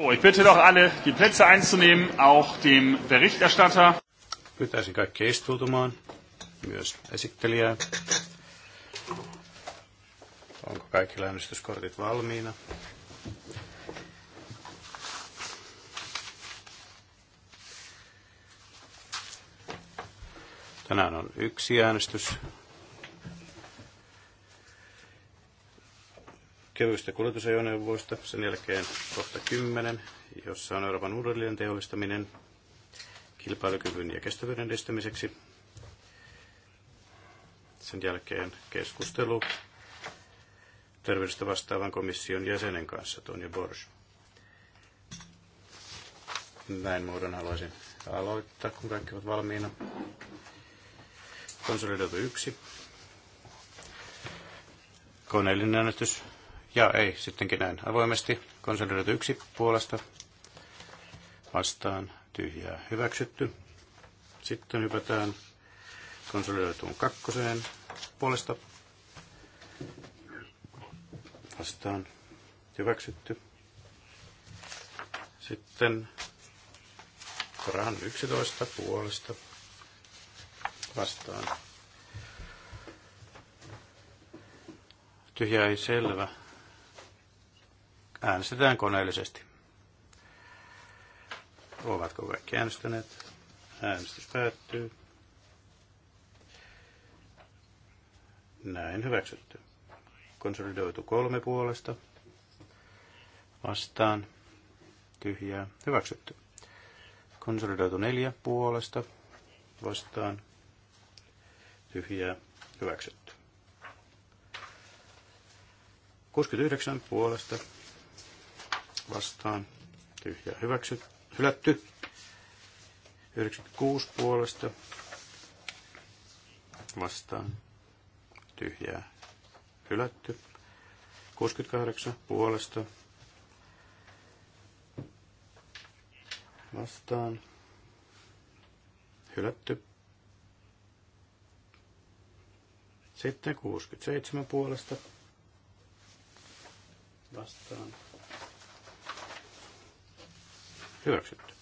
So, ich bitte doch alle, die Plätze einzunehmen, auch dem Berichterstatter. Pyytäisin kaikki istuutumaan, myös esittelijää. Onko kaikki äänestyskortit valmiina? Tänään on yksi äänestys kevyistä kuljetusajoneuvoista. Sen jälkeen kohta 10, jossa on Euroopan uudelleen teollistaminen kilpailukyvyn ja kestävyyden edistämiseksi. Sen jälkeen keskustelu terveydestä vastaavan komission jäsenen kanssa, Tonja Borsch. Näin muodon haluaisin aloittaa, kun kaikki ovat valmiina. Konsolidoitu yksi. Koneellinen äänestys ja ei, sittenkin näin avoimesti. Konsolidoitu yksi puolesta vastaan tyhjää hyväksytty. Sitten hypätään konsolidoituun kakkoseen puolesta vastaan hyväksytty. Sitten korahan 11 puolesta vastaan. Tyhjä ei selvä. Äänestetään koneellisesti. Ovatko kaikki äänestäneet? Äänestys päättyy. Näin hyväksytty. Konsolidoitu kolme puolesta. Vastaan. Tyhjää. Hyväksytty. Konsolidoitu neljä puolesta. Vastaan. Tyhjää. Hyväksytty. 69 puolesta vastaan Tyhjä hyväksy, hylätty. 96 puolesta vastaan tyhjää hylätty. 68 puolesta vastaan hylätty. Sitten 67 puolesta vastaan Hyväksytty.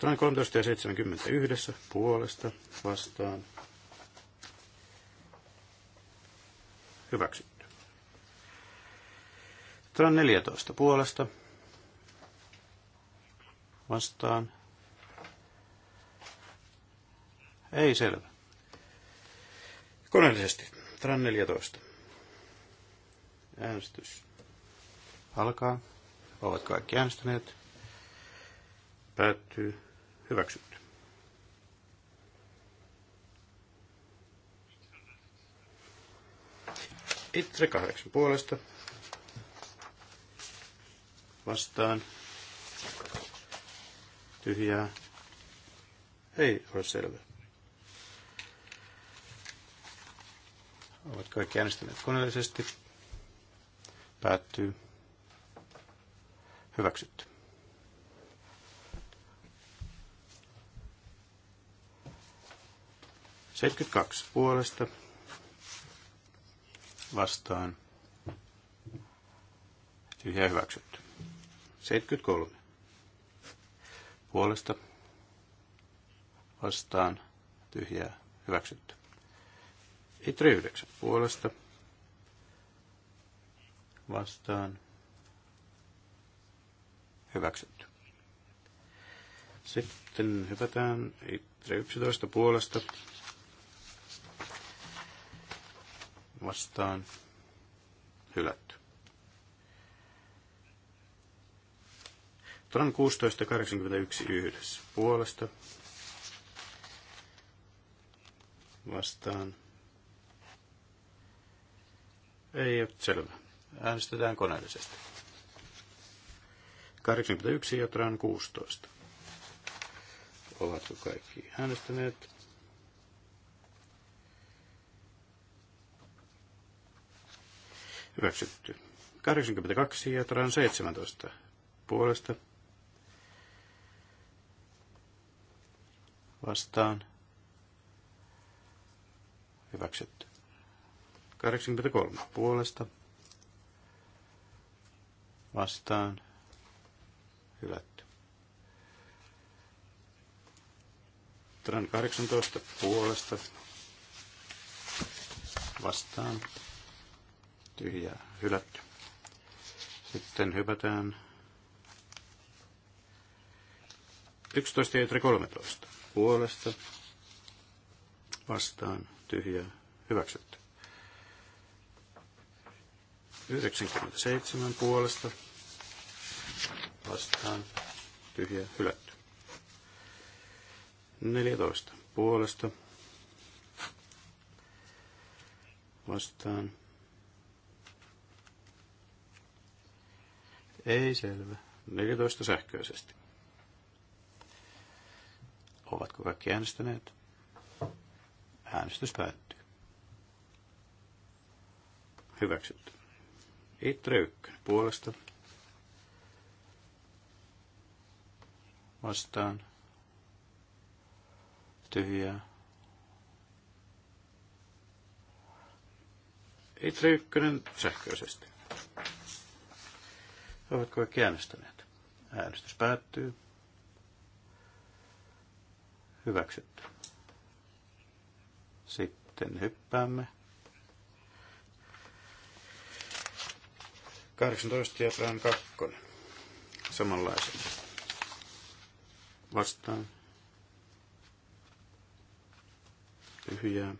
Toinen 13 ja 71 puolesta vastaan. Hyväksytty. Tran 14 puolesta vastaan. Ei selvä. Koneellisesti. Tran 14. Äänestys alkaa. Ovat kaikki äänestäneet. Päättyy. Hyväksytty. Itre kahdeksan puolesta. Vastaan. Tyhjää. Ei ole selvä. Ovat kaikki äänestäneet koneellisesti. Päättyy. Hyväksytty. kaksi puolesta vastaan. Tyhjä hyväksytty. 73 puolesta vastaan. Tyhjää hyväksytty. Itri 9 puolesta vastaan hyväksytty. Sitten hypätään ITRE 11 puolesta vastaan hylätty. Tran 1681 yhdessä puolesta vastaan. Ei ole selvä. Äänestetään koneellisesti. 81 ja Tran 16. Ovatko kaikki äänestäneet? Hyväksytty. 82 ja Tran 17 puolesta. Vastaan. Hyväksytty. 83 puolesta. Vastaan hylätty. Tran 18 puolesta vastaan tyhjä hylätty. Sitten hypätään 11 ja 13 puolesta vastaan tyhjä hyväksytty. 97 puolesta vastaan tyhjä hylätty. 14 puolesta vastaan. Ei selvä. 14 sähköisesti. Ovatko kaikki äänestäneet? Äänestys päättyy. Hyväksytty. Itre ykkönen puolesta vastaan tyhjää. Itse ykkönen sähköisesti. Ovatko kaikki äänestäneet? Äänestys päättyy. Hyväksytty. Sitten hyppäämme. 18 ja 2. Samanlaisena vastaan. Tyhjää.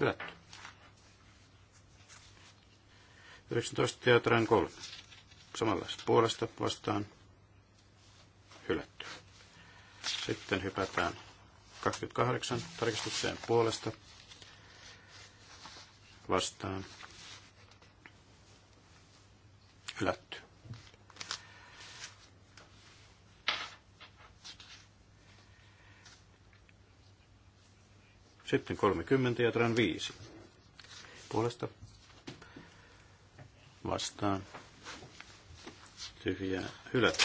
Hylätty. 19 teatran 3. Samanlaista puolesta vastaan. Hylätty. Sitten hypätään 28 tarkistukseen puolesta vastaan. Hylätty. Sitten 30 ja tran 5. Puolesta vastaan tyhjää hylätty.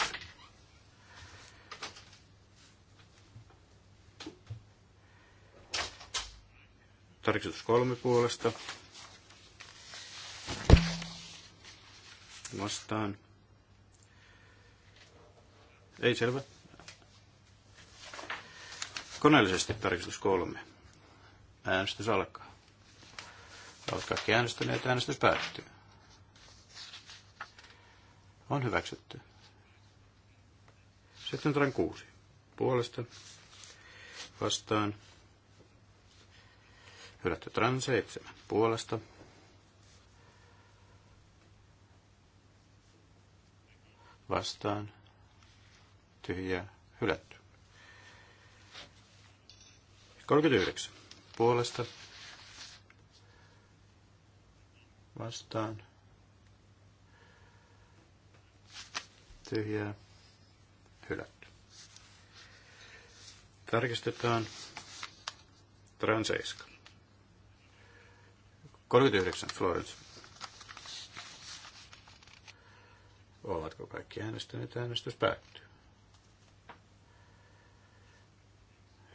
Tarkistus kolme puolesta. Vastaan. Ei selvä. Koneellisesti tarkistus kolme. Äänestys alkaa. Olet kaikki äänestäneet. Äänestys päättyy. On hyväksytty. Sitten tran kuusi. Puolesta vastaan. Hylätty tran seitsemän. Puolesta vastaan. Tyhjä. hylätty. 39 puolesta vastaan tyhjää hylätty. Tarkistetaan transeiska. 39 Florence. Ovatko kaikki äänestäneet? Äänestys päättyy.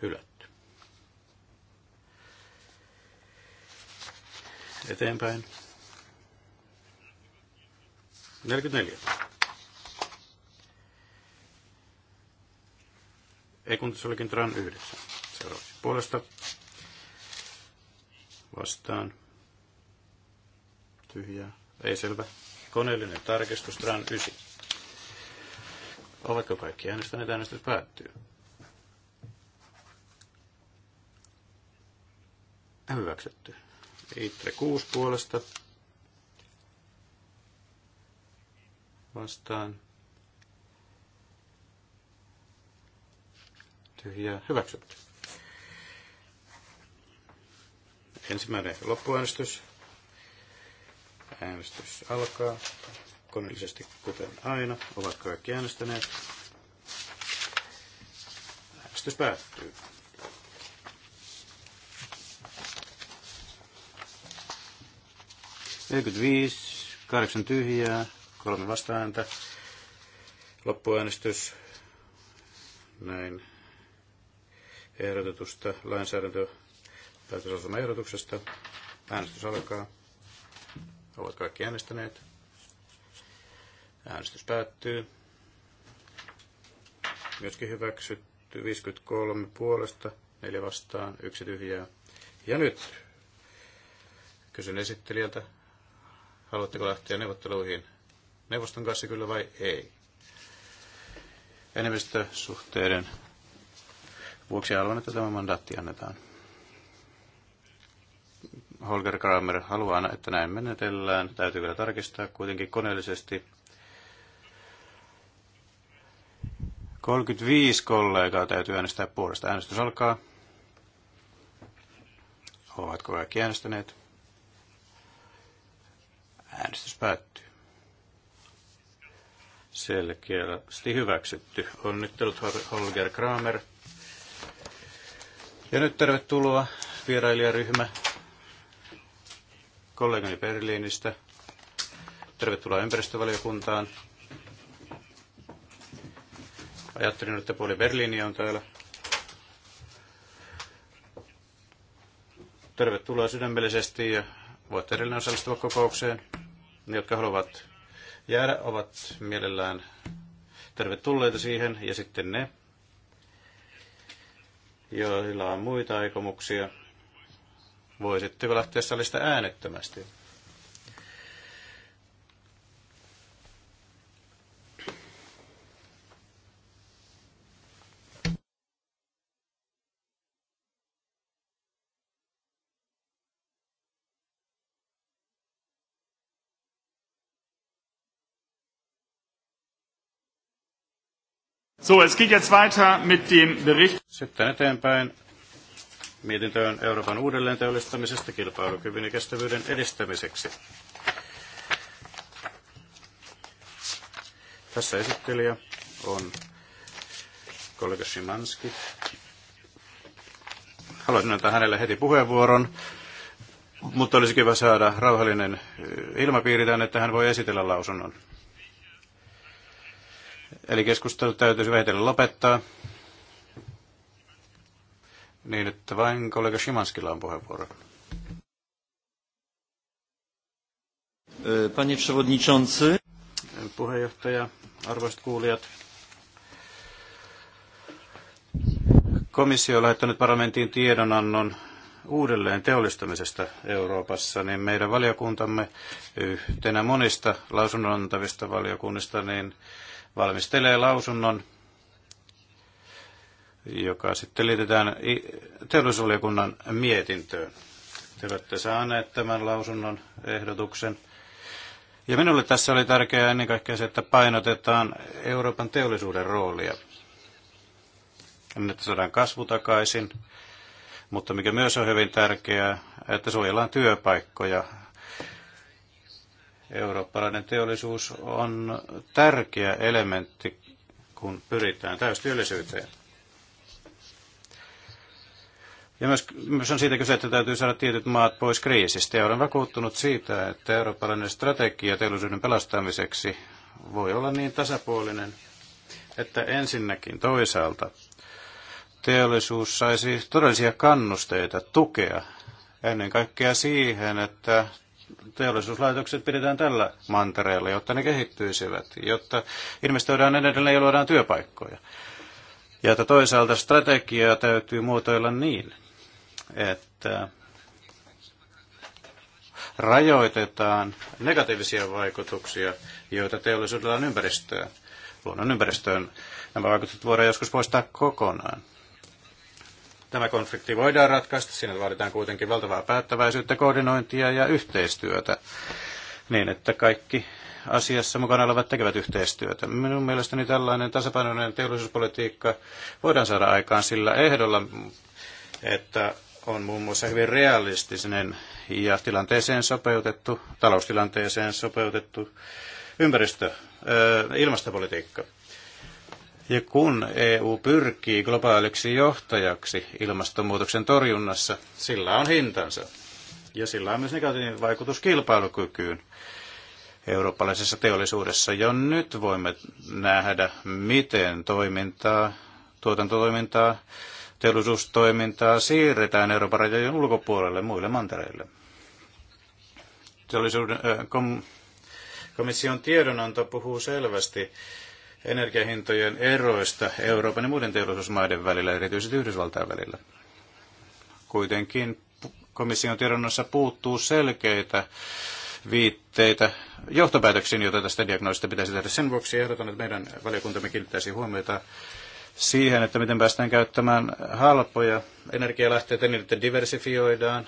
Hylätty. eteenpäin. 44. Ei kun se olikin Tran 9. Seuraavaksi puolesta vastaan tyhjää. Ei selvä. Koneellinen tarkistus Tran 9. Ovatko kaikki äänestäneet? Äänestys päättyy. Hyväksytty. Itre 6 puolesta vastaan. Tyhjää hyväksytty. Ensimmäinen loppuäänestys. Äänestys alkaa. Koneellisesti kuten aina. Ovat kaikki äänestäneet. Äänestys päättyy. 45, 8 tyhjää, 3 vastaääntä. Loppuäänestys näin ehdotetusta ehdotuksesta. Äänestys alkaa. Ovat kaikki äänestäneet. Äänestys päättyy. Myöskin hyväksytty 53 puolesta, 4 vastaan, yksi tyhjää. Ja nyt kysyn esittelijältä, Haluatteko lähteä neuvotteluihin neuvoston kanssa kyllä vai ei? Enemmistösuhteiden vuoksi haluan, että tämä mandaatti annetaan. Holger Kramer haluaa, että näin menetellään. Täytyy vielä tarkistaa kuitenkin koneellisesti. 35 kollegaa täytyy äänestää puolesta. Äänestys alkaa. Ovatko kaikki äänestäneet? Äänestys päättyy. Selkeästi hyväksytty. Onnittelut Holger Kramer. Ja nyt tervetuloa vierailijaryhmä kollegani Berliinistä. Tervetuloa ympäristövaliokuntaan. Ajattelin, että puoli Berliiniä on täällä. Tervetuloa sydämellisesti ja voitte edelleen osallistua kokoukseen. Ne, jotka haluavat jäädä, ovat mielellään tervetulleita siihen. Ja sitten ne, joilla on muita aikomuksia, voisitteko lähteä salista äänettömästi. So, es geht jetzt weiter mit dem Bericht. Sitten eteenpäin mietintöön Euroopan uudelleen teollistamisesta kilpailukyvyn ja kestävyyden edistämiseksi. Tässä esittelijä on kollega Szymanski. Haluaisin antaa hänelle heti puheenvuoron, mutta olisi kiva saada rauhallinen ilmapiiri tänne, että hän voi esitellä lausunnon. Eli keskustelu täytyisi vähitellen lopettaa. Niin, että vain kollega Szymanskilla on puheenvuoro. Panie przewodniczący. Puheenjohtaja, arvoisat kuulijat. Komissio on lähettänyt parlamentin tiedonannon uudelleen teollistamisesta Euroopassa, niin meidän valiokuntamme yhtenä monista lausunnon valiokunnista niin valmistelee lausunnon, joka sitten liitetään teollisuusvaliokunnan mietintöön. Te olette saaneet tämän lausunnon ehdotuksen. Ja minulle tässä oli tärkeää ennen kaikkea se, että painotetaan Euroopan teollisuuden roolia. Ennen niin, että saadaan kasvu takaisin mutta mikä myös on hyvin tärkeää, että suojellaan työpaikkoja. Eurooppalainen teollisuus on tärkeä elementti, kun pyritään täystyöllisyyteen. Ja myös, myös on siitä kyse, että täytyy saada tietyt maat pois kriisistä. Ja olen vakuuttunut siitä, että eurooppalainen strategia teollisuuden pelastamiseksi voi olla niin tasapuolinen, että ensinnäkin toisaalta teollisuus saisi todellisia kannusteita, tukea ennen kaikkea siihen, että teollisuuslaitokset pidetään tällä mantereella, jotta ne kehittyisivät, jotta investoidaan edelleen ja luodaan työpaikkoja. Ja että toisaalta strategiaa täytyy muotoilla niin, että rajoitetaan negatiivisia vaikutuksia, joita teollisuudella on ympäristöön, luonnon ympäristöön. Nämä vaikutukset voidaan joskus poistaa kokonaan. Tämä konflikti voidaan ratkaista, siinä vaaditaan kuitenkin valtavaa päättäväisyyttä, koordinointia ja yhteistyötä niin, että kaikki asiassa mukana olevat tekevät yhteistyötä. Minun mielestäni tällainen tasapainoinen teollisuuspolitiikka voidaan saada aikaan sillä ehdolla, että on muun muassa hyvin realistinen ja tilanteeseen sopeutettu, taloustilanteeseen sopeutettu ympäristö, ilmastopolitiikka. Ja kun EU pyrkii globaaliksi johtajaksi ilmastonmuutoksen torjunnassa, sillä on hintansa. Ja sillä on myös negatiivinen vaikutus kilpailukykyyn eurooppalaisessa teollisuudessa. Jo nyt voimme nähdä, miten toimintaa, tuotantotoimintaa, teollisuustoimintaa siirretään Euroopan rajojen ulkopuolelle muille mantereille. Teollisuuden, äh, kom, komission tiedonanto puhuu selvästi energiahintojen eroista Euroopan ja muiden teollisuusmaiden välillä, erityisesti Yhdysvaltain välillä. Kuitenkin komission tiedonnossa puuttuu selkeitä viitteitä johtopäätöksiin, joita tästä diagnoosista pitäisi tehdä. Sen vuoksi ehdotan, että meidän valiokuntamme kiinnittäisi huomiota siihen, että miten päästään käyttämään halpoja energialähteitä niin, että diversifioidaan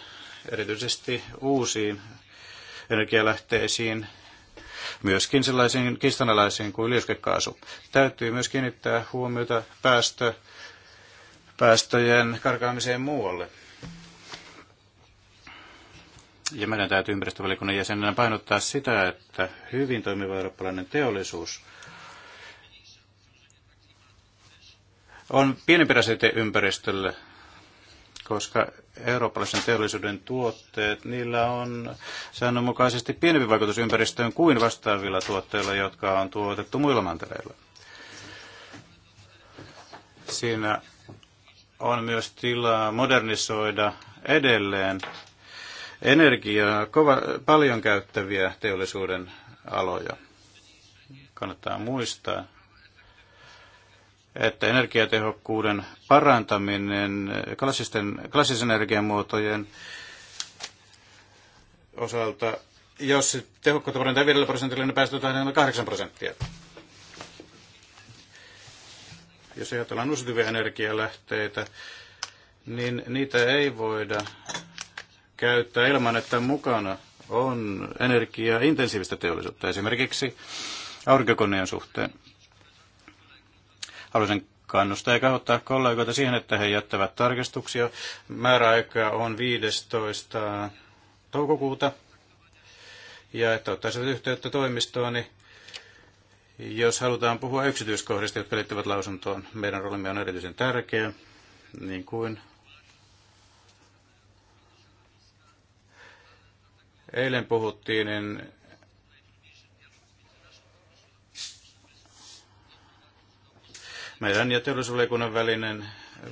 erityisesti uusiin energialähteisiin myöskin sellaisiin kistanalaisiin kuin liuskekaasu. Täytyy myös kiinnittää huomiota päästö, päästöjen karkaamiseen muualle. Ja meidän täytyy ympäristövaliokunnan jäsenenä painottaa sitä, että hyvin toimiva eurooppalainen teollisuus on pienempi ympäristölle koska eurooppalaisen teollisuuden tuotteet, niillä on säännönmukaisesti pienempi vaikutus ympäristöön kuin vastaavilla tuotteilla, jotka on tuotettu muilla mantereilla. Siinä on myös tilaa modernisoida edelleen energiaa kova, paljon käyttäviä teollisuuden aloja. Kannattaa muistaa, että energiatehokkuuden parantaminen klassisten, klassisen energiamuotojen osalta, jos tehokkuutta parantaa 5 prosentilla, niin päästöt on 8 prosenttia. Jos ajatellaan uusiutuvia energialähteitä, niin niitä ei voida käyttää ilman, että mukana on energiaintensiivistä intensiivistä teollisuutta, esimerkiksi aurinkokoneen suhteen. Haluaisin kannustaa ja kehottaa kollegoita siihen, että he jättävät tarkistuksia. Määräaika on 15. toukokuuta ja että ottaisivat yhteyttä toimistoon, niin jos halutaan puhua yksityiskohdista, jotka liittyvät lausuntoon, meidän roolimme on erityisen tärkeä, niin kuin eilen puhuttiin, niin meidän ja teollisuusvaliokunnan välinen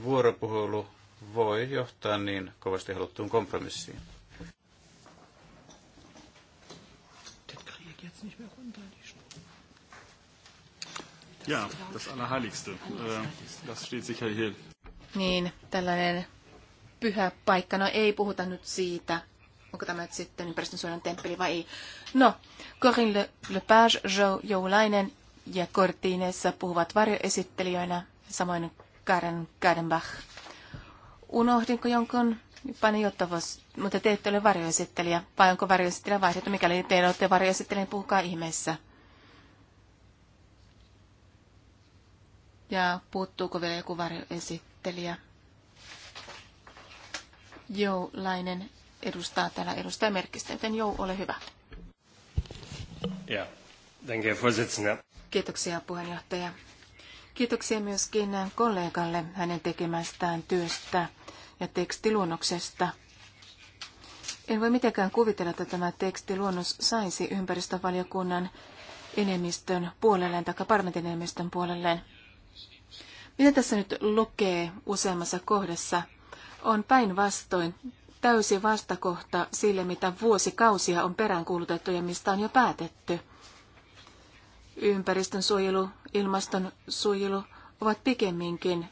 vuoropuhelu voi johtaa niin kovasti haluttuun kompromissiin. Ja, das Allerheiligste. Ähm, das steht sicher hier. Niin, tällainen pyhä paikka. No ei puhuta nyt siitä, onko tämä nyt sitten ympäristönsuojelun temppeli vai ei. No, Corinne Lepage, Joulainen ja Cortinessa puhuvat varjoesittelijöinä, samoin Karen Kadenbach. Unohdinko jonkun Pani Jottavos, mutta te ette ole varjoesittelijä, vai onko varjoesittelijä vaihdettu? Mikäli te olette varjoesittelijä, niin puhukaa ihmeessä. Ja puuttuuko vielä joku varjoesittelijä? Lainen edustaa täällä edustajamerkistä, joten Jou, ole hyvä. Ja, danke, Vorsitzender. Kiitoksia puheenjohtaja. Kiitoksia myöskin kollegalle hänen tekemästään työstä ja tekstiluonnoksesta. En voi mitenkään kuvitella, että tämä tekstiluonnos saisi ympäristövaliokunnan enemmistön puolelleen tai parlamentin enemmistön puolelleen. Mitä tässä nyt lukee useammassa kohdassa? On päinvastoin täysi vastakohta sille, mitä vuosikausia on peräänkuulutettu ja mistä on jo päätetty – ympäristön suojelu, ilmaston suojelu ovat pikemminkin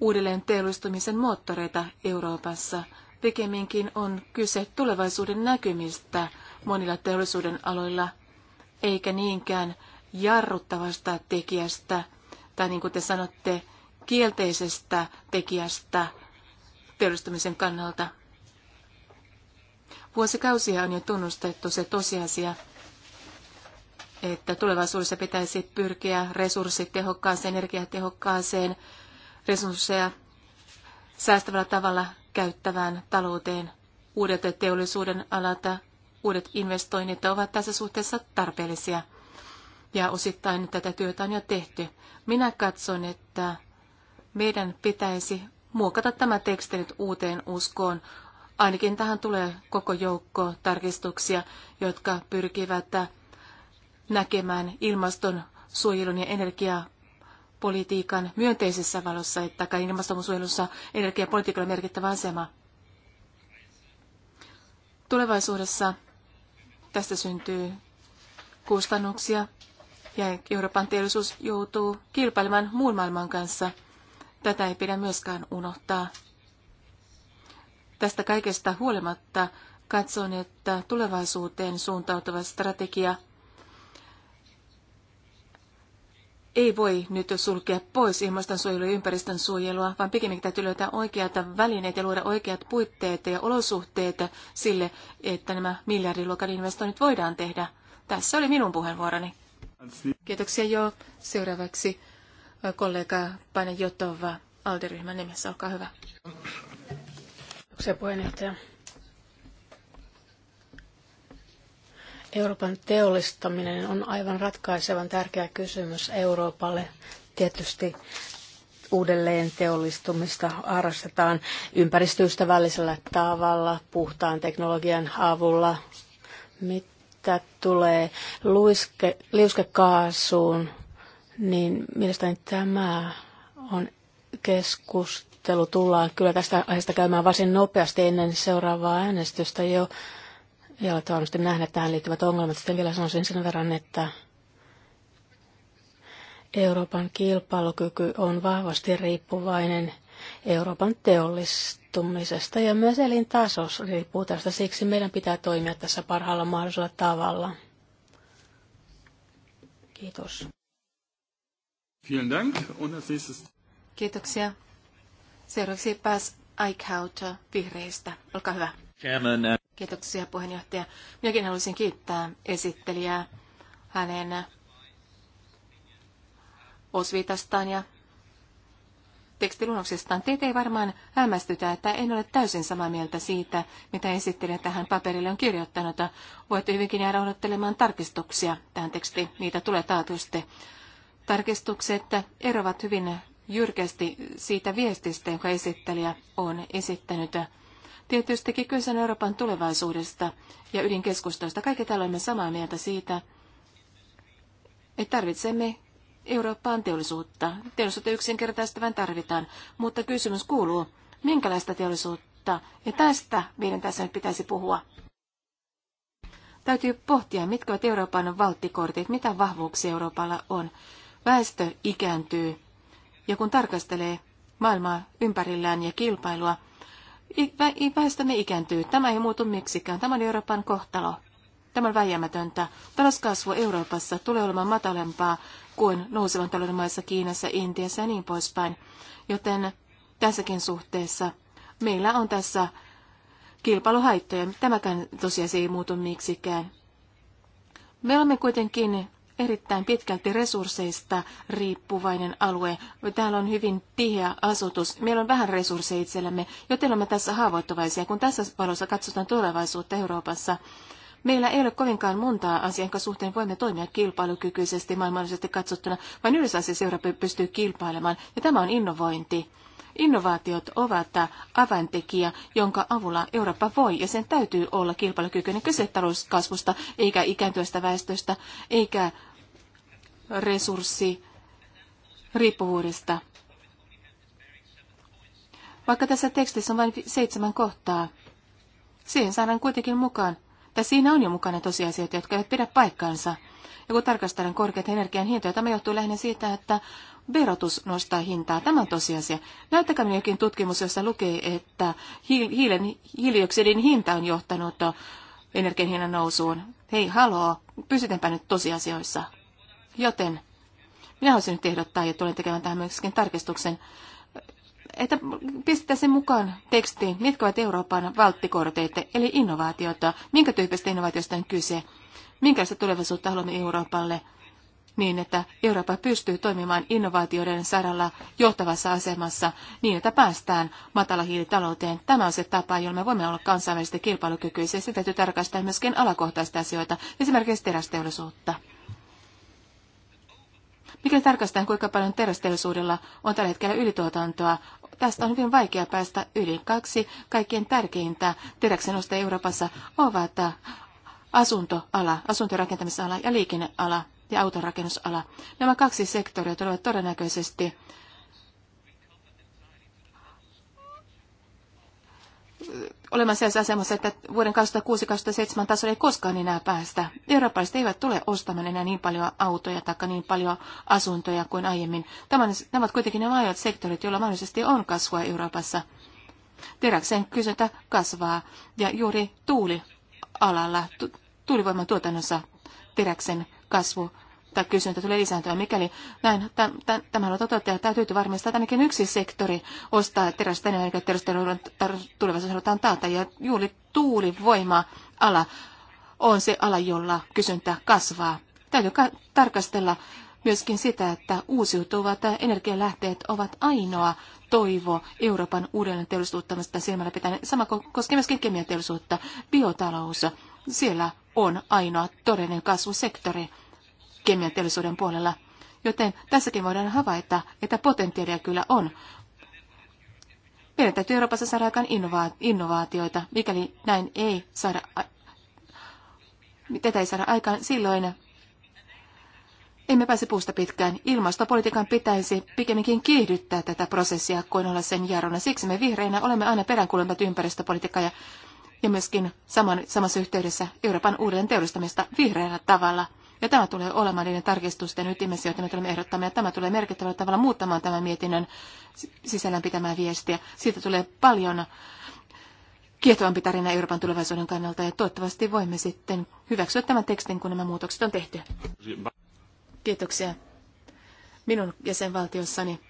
uudelleen teollistumisen moottoreita Euroopassa. Pikemminkin on kyse tulevaisuuden näkymistä monilla teollisuuden aloilla, eikä niinkään jarruttavasta tekijästä tai niin kuin te sanotte, kielteisestä tekijästä teollistumisen kannalta. Vuosikausia on jo tunnustettu se tosiasia, että tulevaisuudessa pitäisi pyrkiä resurssitehokkaaseen, energiatehokkaaseen, resursseja säästävällä tavalla käyttävään talouteen. Uudet teollisuuden alata, uudet investoinnit ovat tässä suhteessa tarpeellisia. Ja osittain tätä työtä on jo tehty. Minä katson, että meidän pitäisi muokata tämä teksti nyt uuteen uskoon. Ainakin tähän tulee koko joukko tarkistuksia, jotka pyrkivät näkemään ilmaston suojelun ja energiapolitiikan myönteisessä valossa, että ilmastonsuojelussa energiapolitiikalla on merkittävä asema. Tulevaisuudessa tästä syntyy kustannuksia ja Euroopan teollisuus joutuu kilpailemaan muun maailman kanssa. Tätä ei pidä myöskään unohtaa. Tästä kaikesta huolimatta katson, että tulevaisuuteen suuntautuva strategia – ei voi nyt sulkea pois ilmastonsuojelua ja ympäristön suojelua, vaan pikemminkin täytyy löytää oikeat välineet ja luoda oikeat puitteet ja olosuhteet sille, että nämä miljardiluokan investoinnit voidaan tehdä. Tässä oli minun puheenvuoroni. Kiitoksia jo. Seuraavaksi kollega Pane Jotova Alderyhmän nimessä. Olkaa hyvä. Kiitoksia puheenjohtaja. Euroopan teollistaminen on aivan ratkaisevan tärkeä kysymys Euroopalle. Tietysti uudelleen teollistumista harrastetaan ympäristöystävällisellä tavalla, puhtaan teknologian avulla. Mitä tulee luiske, liuskekaasuun, niin mielestäni tämä on keskustelu. Tullaan kyllä tästä aiheesta käymään varsin nopeasti ennen seuraavaa äänestystä jo ja olette varmasti nähneet tähän liittyvät ongelmat. Sitten vielä sanoisin sen verran, että Euroopan kilpailukyky on vahvasti riippuvainen Euroopan teollistumisesta ja myös elintasos riippuu tästä. Siksi meidän pitää toimia tässä parhaalla mahdollisella tavalla. Kiitos. Vielen Dank. Kiitoksia. Seuraavaksi pääs Eichhauter vihreistä. Olkaa hyvä. Uh, Kiitoksia puheenjohtaja. Minäkin haluaisin kiittää esittelijää hänen osviitastaan ja tekstiluonnoksestaan. Teitä ei varmaan hämmästytä, että en ole täysin samaa mieltä siitä, mitä esittelijä tähän paperille on kirjoittanut. Voitte hyvinkin jäädä odottelemaan tarkistuksia tähän tekstiin. Niitä tulee taatusti. Tarkistukset erovat hyvin jyrkästi siitä viestistä, jonka esittelijä on esittänyt. Tietystikin kyse on Euroopan tulevaisuudesta ja ydinkeskustoista. Kaikki täällä olemme samaa mieltä siitä, että tarvitsemme Eurooppaan teollisuutta. Teollisuutta yksinkertaistavan tarvitaan, mutta kysymys kuuluu, minkälaista teollisuutta, ja tästä meidän tässä nyt pitäisi puhua. Täytyy pohtia, mitkä ovat Euroopan valttikortit, mitä vahvuuksia Euroopalla on. Väestö ikääntyy, ja kun tarkastelee maailmaa ympärillään ja kilpailua, väestömme ikääntyy. Tämä ei muutu miksikään. Tämä on Euroopan kohtalo. Tämä on väijämätöntä. Talouskasvu Euroopassa tulee olemaan matalempaa kuin nousevan talouden maissa Kiinassa, Intiassa ja niin poispäin. Joten tässäkin suhteessa meillä on tässä kilpailuhaittoja. Tämäkään tosiaan ei muutu miksikään. Me olemme kuitenkin erittäin pitkälti resursseista riippuvainen alue. Täällä on hyvin tiheä asutus. Meillä on vähän resursseja itsellämme, joten olemme tässä haavoittuvaisia. Kun tässä valossa katsotaan tulevaisuutta Euroopassa, Meillä ei ole kovinkaan montaa asiaa, jonka suhteen voimme toimia kilpailukykyisesti maailmallisesti katsottuna, vaan yhdessä asiassa Eurooppa pystyy kilpailemaan, ja tämä on innovointi. Innovaatiot ovat avaintekijä, jonka avulla Eurooppa voi ja sen täytyy olla kilpailukykyinen kyse talouskasvusta, eikä ikääntyvästä väestöstä, eikä resurssi riippuvuudesta. Vaikka tässä tekstissä on vain seitsemän kohtaa, siihen saadaan kuitenkin mukaan, tai siinä on jo mukana tosiasioita, jotka eivät pidä paikkaansa. Ja kun tarkastellaan korkeat energian hintoja, tämä johtuu lähinnä siitä, että verotus nostaa hintaa. Tämä on tosiasia. Näyttäkää minulle jokin tutkimus, jossa lukee, että hiilen, hiilioksidin hinta on johtanut energian hinnan nousuun. Hei, haloo, pysytäänpä nyt tosiasioissa. Joten minä haluaisin nyt ehdottaa, ja tulen tekemään tähän myöskin tarkistuksen, että sen mukaan tekstiin, mitkä ovat Euroopan valttikorteita, eli innovaatiota, minkä tyyppistä innovaatiosta on kyse, minkälaista tulevaisuutta haluamme Euroopalle, niin että Eurooppa pystyy toimimaan innovaatioiden saralla johtavassa asemassa niin, että päästään hiilitalouteen. Tämä on se tapa, jolla me voimme olla kansainvälisesti kilpailukykyisiä. Sitä täytyy tarkastaa myöskin alakohtaisia asioita, esimerkiksi terästeollisuutta. Mikä tarkastetaan, kuinka paljon terästeollisuudella on tällä hetkellä ylituotantoa, tästä on hyvin vaikea päästä yli. Kaksi kaikkien tärkeintä teräksenosta Euroopassa ovat äh, asuntoala, asuntorakentamisala ja liikenneala ja autorakennusala. Nämä kaksi sektoria tulevat todennäköisesti olemassa asemassa, että vuoden 2006-2007 tasolla ei koskaan enää päästä. Eurooppalaiset eivät tule ostamaan enää niin paljon autoja tai niin paljon asuntoja kuin aiemmin. Tämä nämä ovat kuitenkin ne laajat sektorit, joilla mahdollisesti on kasvua Euroopassa. Teräksen kysyntä kasvaa ja juuri tuulialalla, tu, tuulivoiman tuotannossa teräksen kasvu tai kysyntä tulee lisääntyä, mikäli näin tämä on toteuttaa. Niin täytyy varmistaa, että ainakin yksi sektori ostaa terästä energiaa terästeollisuuden tulevaisuus halutaan taata. Ja juuri tuulivoima-ala on se ala, jolla kysyntä kasvaa. Täytyy tarkastella myöskin sitä, että uusiutuvat energialähteet ovat ainoa toivo Euroopan uudelleen teollisuuttamista silmällä pitäen. Sama koskee myöskin kemianteollisuutta, biotalous. Siellä on ainoa todellinen kasvusektori. Kemian teollisuuden puolella. Joten tässäkin voidaan havaita, että potentiaalia kyllä on. Meidän täytyy Euroopassa saada aikaan innovaatioita. Mikäli näin ei saada, tätä ei saada aikaan, silloin emme pääse puusta pitkään. Ilmastopolitiikan pitäisi pikemminkin kiihdyttää tätä prosessia kuin olla sen jarruna. Siksi me vihreinä olemme aina peräänkuulemat ympäristöpolitiikkaa ja, ja myöskin saman, samassa yhteydessä Euroopan uuden teollistamista vihreällä tavalla – ja tämä tulee olemaan niiden tarkistusten ytimessä, joita me tulemme ehdottamaan. Ja tämä tulee merkittävällä tavalla muuttamaan tämän mietinnön sisällään pitämää viestiä. Siitä tulee paljon kiehtovampi tarina Euroopan tulevaisuuden kannalta ja toivottavasti voimme sitten hyväksyä tämän tekstin, kun nämä muutokset on tehty. Kiitoksia. Minun jäsenvaltiossani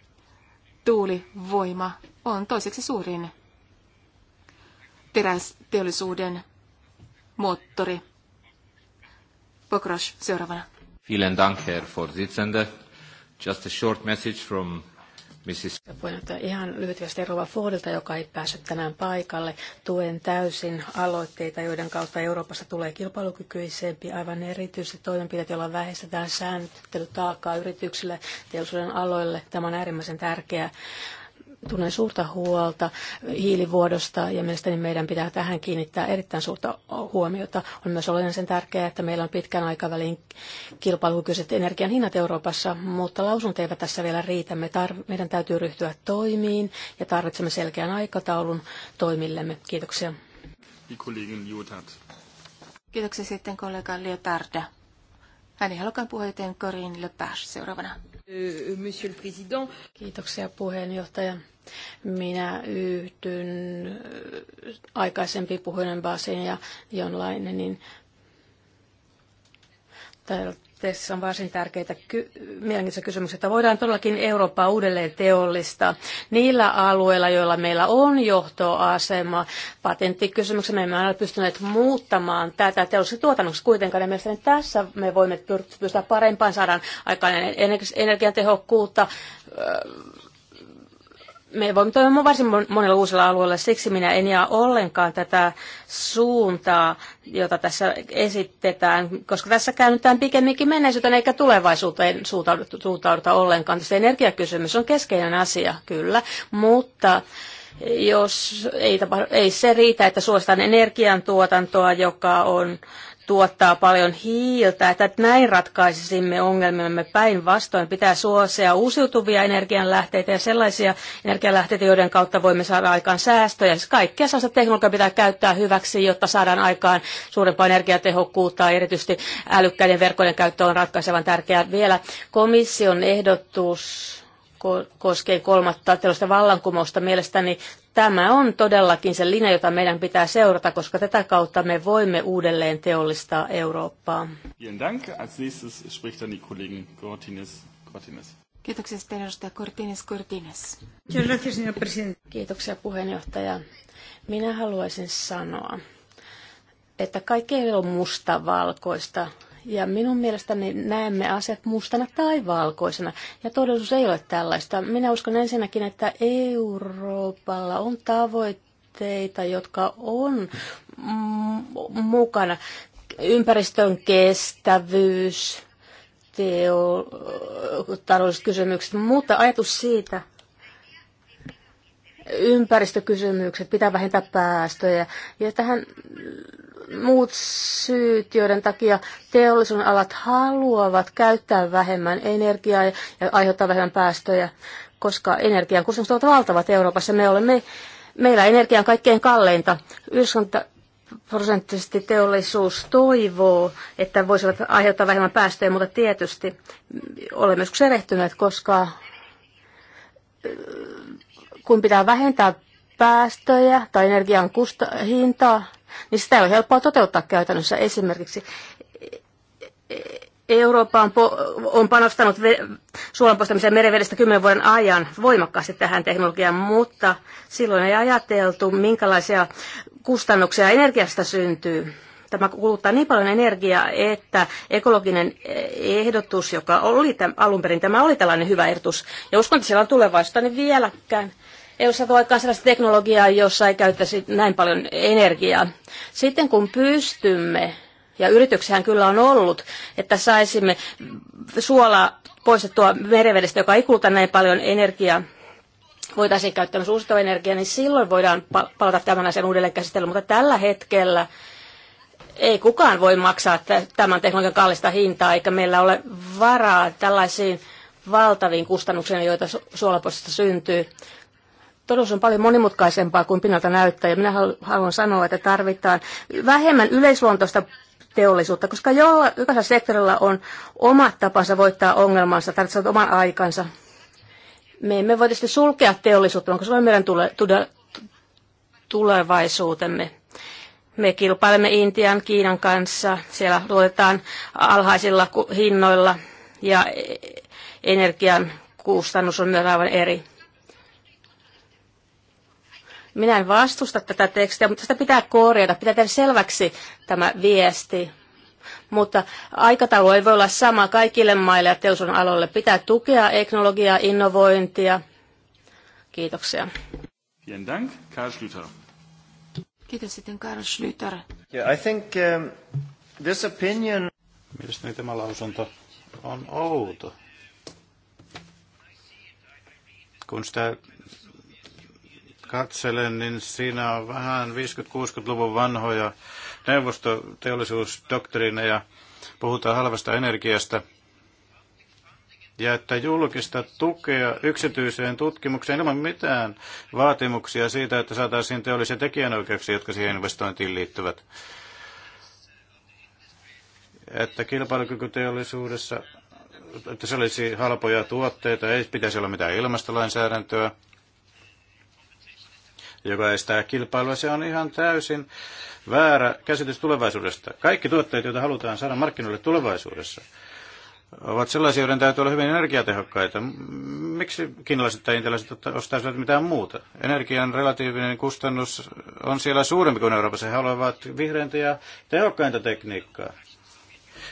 tuulivoima on toiseksi suurin terästeollisuuden moottori Pokros seuraavana. Vielen Dank, Herr Vorsitzende. Just a short message from Mrs. Puheenjohtaja, ihan lyhyesti Rova Fordilta, joka ei päässyt tänään paikalle. Tuen täysin aloitteita, joiden kautta Euroopassa tulee kilpailukykyisempi, aivan erityisesti toimenpiteet, joilla vähestetään sääntelytaakkaa yrityksille, teollisuuden aloille. Tämä on äärimmäisen tärkeää tunnen suurta huolta hiilivuodosta ja mielestäni meidän pitää tähän kiinnittää erittäin suurta huomiota. On myös olennaisen tärkeää, että meillä on pitkän aikavälin kilpailukykyiset energian hinnat Euroopassa, mutta lausunto eivät tässä vielä riitä. Me tar- meidän täytyy ryhtyä toimiin ja tarvitsemme selkeän aikataulun toimillemme. Kiitoksia. Kiitoksia sitten kollega Leotarda. Hän ei halukaan puheenjohtajan Corinne Lepage seuraavana. Euh, monsieur le Président. Kiitoksia puheenjohtaja. Minä yhdyn äh, aikaisempi puhujan Basin ja niin tässä on varsin tärkeitä ky- mielenkiintoisia kysymyksiä, että voidaan todellakin Eurooppaa uudelleen teollistaa niillä alueilla, joilla meillä on johtoasema. Patenttikysymyksiä me emme aina pystyneet muuttamaan tätä teollisessa tuotannossa kuitenkaan. Ja mielestäni tässä me voimme pystyä parempaan, saadaan aikaan energiatehokkuutta, öö, me voimme toimia varsin monella uusilla alueella, siksi minä en jää ollenkaan tätä suuntaa jota tässä esitetään, koska tässä käännytään pikemminkin menneisyyteen eikä tulevaisuuteen suuntauduta ollenkaan. Tästä energiakysymys on keskeinen asia, kyllä, mutta jos ei, ei se riitä, että suositaan energiantuotantoa, joka on tuottaa paljon hiiltä, että näin ratkaisisimme ongelmiamme päinvastoin. Pitää suosia uusiutuvia energianlähteitä ja sellaisia energianlähteitä, joiden kautta voimme saada aikaan säästöjä. Siis kaikkea sellaista teknologiaa pitää käyttää hyväksi, jotta saadaan aikaan suurempaa energiatehokkuutta. Erityisesti älykkäiden verkkojen käyttö on ratkaisevan tärkeää. Vielä komission ehdotus koskee kolmatta tällaista vallankumousta. Mielestäni tämä on todellakin se linja, jota meidän pitää seurata, koska tätä kautta me voimme uudelleen teollistaa Eurooppaa. Kiitoksia sitten edustaja Cortines Cortines. Kiitoksia puheenjohtaja. Minä haluaisin sanoa, että kaikki ei ole mustavalkoista ja minun mielestäni näemme asiat mustana tai valkoisena. Ja todellisuus ei ole tällaista. Minä uskon ensinnäkin, että Euroopalla on tavoitteita, jotka on mm, mukana. Ympäristön kestävyys, teo, taloudelliset kysymykset, mutta ajatus siitä, ympäristökysymykset, pitää vähentää päästöjä. Ja tähän muut syyt, joiden takia teollisuuden alat haluavat käyttää vähemmän energiaa ja aiheuttaa vähemmän päästöjä, koska energian kustannukset ovat valtavat Euroopassa. Me olemme, meillä energia on kaikkein kalleinta. 90 prosenttisesti teollisuus toivoo, että voisivat aiheuttaa vähemmän päästöjä, mutta tietysti olemme joskus erehtyneet, koska äh, kun pitää vähentää päästöjä tai energian kusta- hintaa, niin sitä ei ole helppoa toteuttaa käytännössä. Esimerkiksi Eurooppa on, po- on panostanut ve- suolan merivedestä kymmenen vuoden ajan voimakkaasti tähän teknologiaan, mutta silloin ei ajateltu, minkälaisia kustannuksia energiasta syntyy. Tämä kuluttaa niin paljon energiaa, että ekologinen ehdotus, joka oli tämän, alun perin, tämä oli tällainen hyvä ehdotus, ja uskon, että siellä on tulevaisuutta, niin vieläkään ei ole aikaan sellaista teknologiaa, jossa ei käyttäisi näin paljon energiaa. Sitten kun pystymme, ja yrityksiähän kyllä on ollut, että saisimme suolaa poistettua merivedestä, joka ei kuluta näin paljon energiaa, voitaisiin käyttää myös uusiutuvaa energiaa, niin silloin voidaan palata tämän asian uudelleen käsittelyyn. Mutta tällä hetkellä ei kukaan voi maksaa tämän teknologian kallista hintaa, eikä meillä ole varaa tällaisiin valtaviin kustannuksiin, joita suolapoistosta syntyy todellisuus on paljon monimutkaisempaa kuin pinnalta näyttää. Ja minä haluan sanoa, että tarvitaan vähemmän yleisluontoista teollisuutta, koska jokaisella sektorilla on omat tapansa voittaa ongelmansa, tarvitsee oman aikansa. Me emme voi tietysti sulkea teollisuutta, koska se on meidän tule, tude, tulevaisuutemme. Me kilpailemme Intian, Kiinan kanssa, siellä luotetaan alhaisilla hinnoilla ja e-, e-, energian kustannus on myös aivan eri minä en vastusta tätä tekstiä, mutta sitä pitää korjata, pitää tehdä selväksi tämä viesti. Mutta aikataulu ei voi olla sama kaikille maille ja teollisuuden aloille. Pitää tukea teknologiaa, innovointia. Kiitoksia. Dank, Karl Schlüter. Kiitos sitten Karl Schlüter. Yeah, I think um, this opinion... Mielestäni tämä lausunto on outo. Kun sitä katselen, niin siinä on vähän 50-60-luvun vanhoja neuvostoteollisuusdoktriineja. Puhutaan halvasta energiasta. Ja että julkista tukea yksityiseen tutkimukseen ilman mitään vaatimuksia siitä, että saataisiin teollisia tekijänoikeuksia, jotka siihen investointiin liittyvät. Että kilpailukykyteollisuudessa että se olisi halpoja tuotteita, ei pitäisi olla mitään ilmastolainsäädäntöä joka estää kilpailua. Se on ihan täysin väärä käsitys tulevaisuudesta. Kaikki tuotteet, joita halutaan saada markkinoille tulevaisuudessa, ovat sellaisia, joiden täytyy olla hyvin energiatehokkaita. Miksi kiinalaiset tai intialaiset ostaisivat mitään muuta? Energian relatiivinen kustannus on siellä suurempi kuin Euroopassa. He haluavat vihreintä ja tehokkainta tekniikkaa.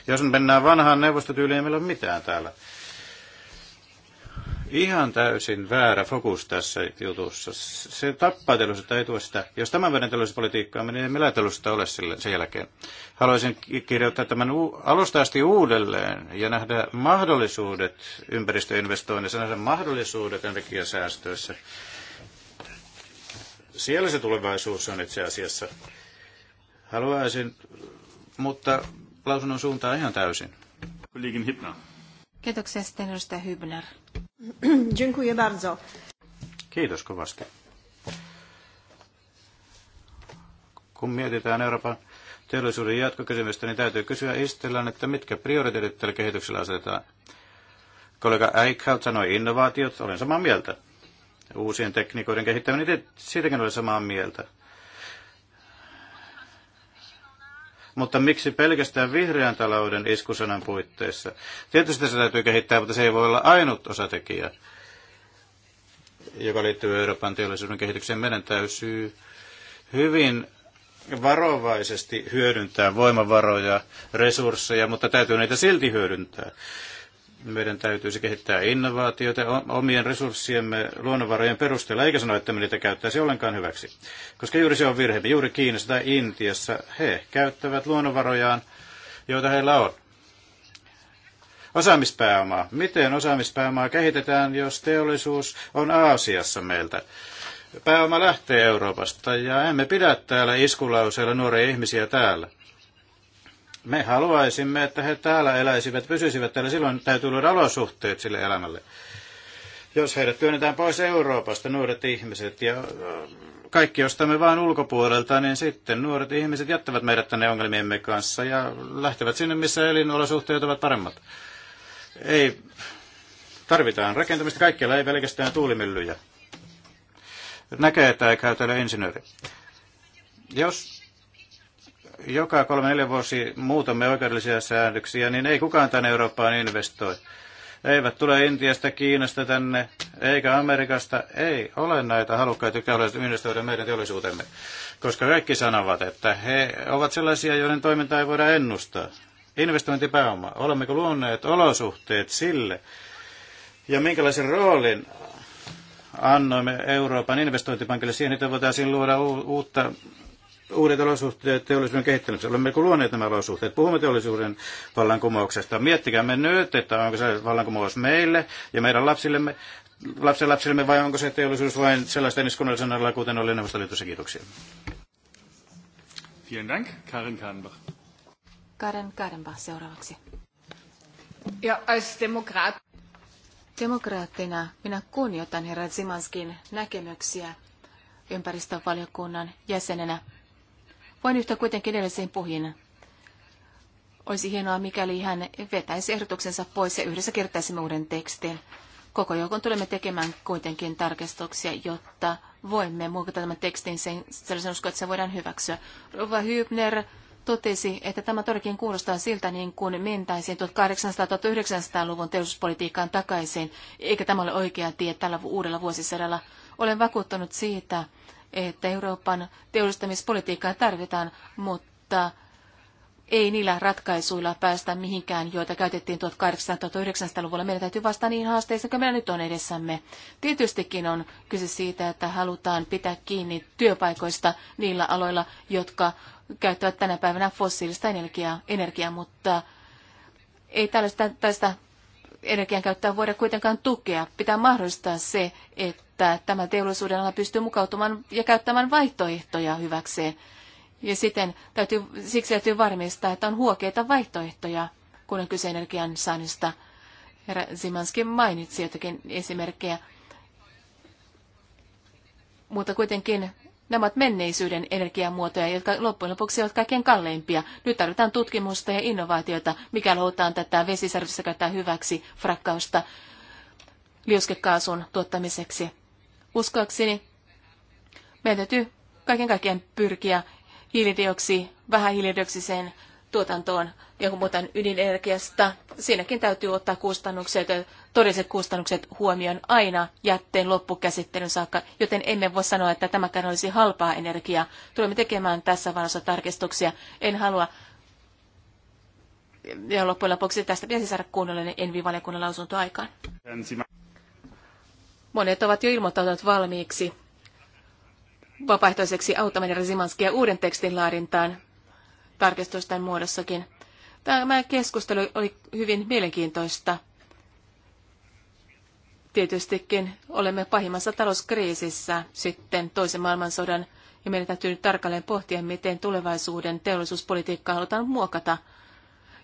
Jos mennään vanhaan neuvostotyyliin, ei meillä ole mitään täällä ihan täysin väärä fokus tässä jutussa. Se tappaa teollisuutta, ei tuo sitä. Jos tämän vuoden teollisuuspolitiikkaa menee, niin millä teollisuutta ole sille, sen jälkeen. Haluaisin kirjoittaa tämän alusta asti uudelleen ja nähdä mahdollisuudet ympäristöinvestoinnissa, nähdä mahdollisuudet energiasäästöissä. Siellä se tulevaisuus on itse asiassa. Haluaisin, mutta lausunnon suuntaa ihan täysin. Kiitoksia sitten edustaja Hybner. Dziękuję bardzo. Kiitos kovasti. Kun mietitään Euroopan teollisuuden jatkokysymystä, niin täytyy kysyä Istellään, että mitkä prioriteetit tällä kehityksellä asetetaan. Kollega Eichhout sanoi innovaatiot, olen samaa mieltä. Uusien tekniikoiden kehittäminen, siitäkin olen samaa mieltä. mutta miksi pelkästään vihreän talouden iskusanan puitteissa? Tietysti se täytyy kehittää, mutta se ei voi olla ainut osatekijä, joka liittyy Euroopan teollisuuden kehitykseen. Meidän täytyy hyvin varovaisesti hyödyntää voimavaroja, resursseja, mutta täytyy niitä silti hyödyntää meidän täytyisi kehittää innovaatioita omien resurssiemme luonnonvarojen perusteella, eikä sanoa, että me niitä käyttäisi ollenkaan hyväksi. Koska juuri se on virhe. Juuri Kiinassa tai Intiassa he käyttävät luonnonvarojaan, joita heillä on. Osaamispääomaa. Miten osaamispääomaa kehitetään, jos teollisuus on Aasiassa meiltä? Pääoma lähtee Euroopasta ja emme pidä täällä iskulauseilla nuoria ihmisiä täällä. Me haluaisimme, että he täällä eläisivät, pysyisivät täällä. Silloin täytyy luoda olosuhteet sille elämälle. Jos heidät työnnetään pois Euroopasta, nuoret ihmiset, ja äh, kaikki ostamme vain ulkopuolelta, niin sitten nuoret ihmiset jättävät meidät tänne ongelmiemme kanssa ja lähtevät sinne, missä elinolosuhteet ovat paremmat. Ei, tarvitaan rakentamista kaikkialla, ei pelkästään tuulimyllyjä. Näkee, että ei käytä insinööri. Jos joka kolme neljä vuosi muutamme oikeudellisia säädöksiä, niin ei kukaan tänne Eurooppaan investoi. Eivät tule Intiasta, Kiinasta tänne, eikä Amerikasta. Ei ole näitä halukkaita, jotka haluaisivat investoida meidän teollisuutemme. Koska kaikki sanovat, että he ovat sellaisia, joiden toiminta ei voida ennustaa. Investointipääoma. Olemmeko luonneet olosuhteet sille? Ja minkälaisen roolin annoimme Euroopan investointipankille siihen, että voitaisiin luoda uutta uudet olosuhteet teollisuuden kehittämisessä. Olemmeko luoneet nämä olosuhteet? Puhumme teollisuuden vallankumouksesta. Miettikäämme nyt, että onko se vallankumous meille ja meidän lapsillemme, lapsen lapsillemme vai onko se teollisuus vain sellaista iskunnallisen alalla, kuten oli Neuvostoliitossa. Kiitoksia. Vielen Dank, Karin Kahnbach. Karen Karenbach seuraavaksi. Ja als demokraat... Demokraattina minä kunnioitan herra Zimanskin näkemyksiä ympäristövaliokunnan jäsenenä. Voin yhtä kuitenkin edelliseen puhin. Olisi hienoa, mikäli hän vetäisi ehdotuksensa pois ja yhdessä kirjoittaisimme uuden tekstin. Koko joukon tulemme tekemään kuitenkin tarkistuksia, jotta voimme muokata tämän tekstin sen, sellaisen uskon, että se voidaan hyväksyä. Rova Hübner totesi, että tämä todellakin kuulostaa siltä niin kuin mentäisiin 1800-1900-luvun teollisuuspolitiikkaan takaisin, eikä tämä ole oikea tie tällä uudella vuosisadalla. Olen vakuuttunut siitä, että Euroopan teollistamispolitiikkaa tarvitaan, mutta ei niillä ratkaisuilla päästä mihinkään, joita käytettiin 1800-1900-luvulla. Meidän täytyy vastata niihin haasteisiin, jotka meillä nyt on edessämme. Tietystikin on kyse siitä, että halutaan pitää kiinni työpaikoista niillä aloilla, jotka käyttävät tänä päivänä fossiilista energiaa, energiaa mutta ei tällaista, tällaista energian käyttöä voida kuitenkaan tukea. Pitää mahdollistaa se, että että tämä teollisuuden ala pystyy mukautumaan ja käyttämään vaihtoehtoja hyväkseen. Ja siten täytyy, siksi täytyy varmistaa, että on huokeita vaihtoehtoja, kun on kyse energian saannista. Herra Zimanski mainitsi jotakin esimerkkejä. Mutta kuitenkin nämä ovat menneisyyden energiamuotoja, jotka loppujen lopuksi ovat kaikkein kalleimpia. Nyt tarvitaan tutkimusta ja innovaatiota, mikä halutaan tätä vesisärvissä käyttää hyväksi, frakkausta liuskekaasun tuottamiseksi. Uskoakseni meidän täytyy kaiken kaikkiaan pyrkiä hiilidioksi, vähän hiilidioksiseen tuotantoon ja kun puhutaan ydinenergiasta, siinäkin täytyy ottaa kustannukset, todelliset kustannukset huomioon aina jätteen loppukäsittelyn saakka, joten emme voi sanoa, että tämäkään olisi halpaa energiaa. Tulemme tekemään tässä vanhassa tarkistuksia. En halua ja loppujen lopuksi tästä pitäisi saada kunnollinen Envi-valiokunnan lausunto aikaan. Monet ovat jo ilmoittautuneet valmiiksi vapaaehtoiseksi auttamaan Rezimanskia uuden tekstin laadintaan tarkistusten muodossakin. Tämä keskustelu oli hyvin mielenkiintoista. Tietystikin olemme pahimmassa talouskriisissä sitten toisen maailmansodan ja meidän täytyy nyt tarkalleen pohtia, miten tulevaisuuden teollisuuspolitiikkaa halutaan muokata –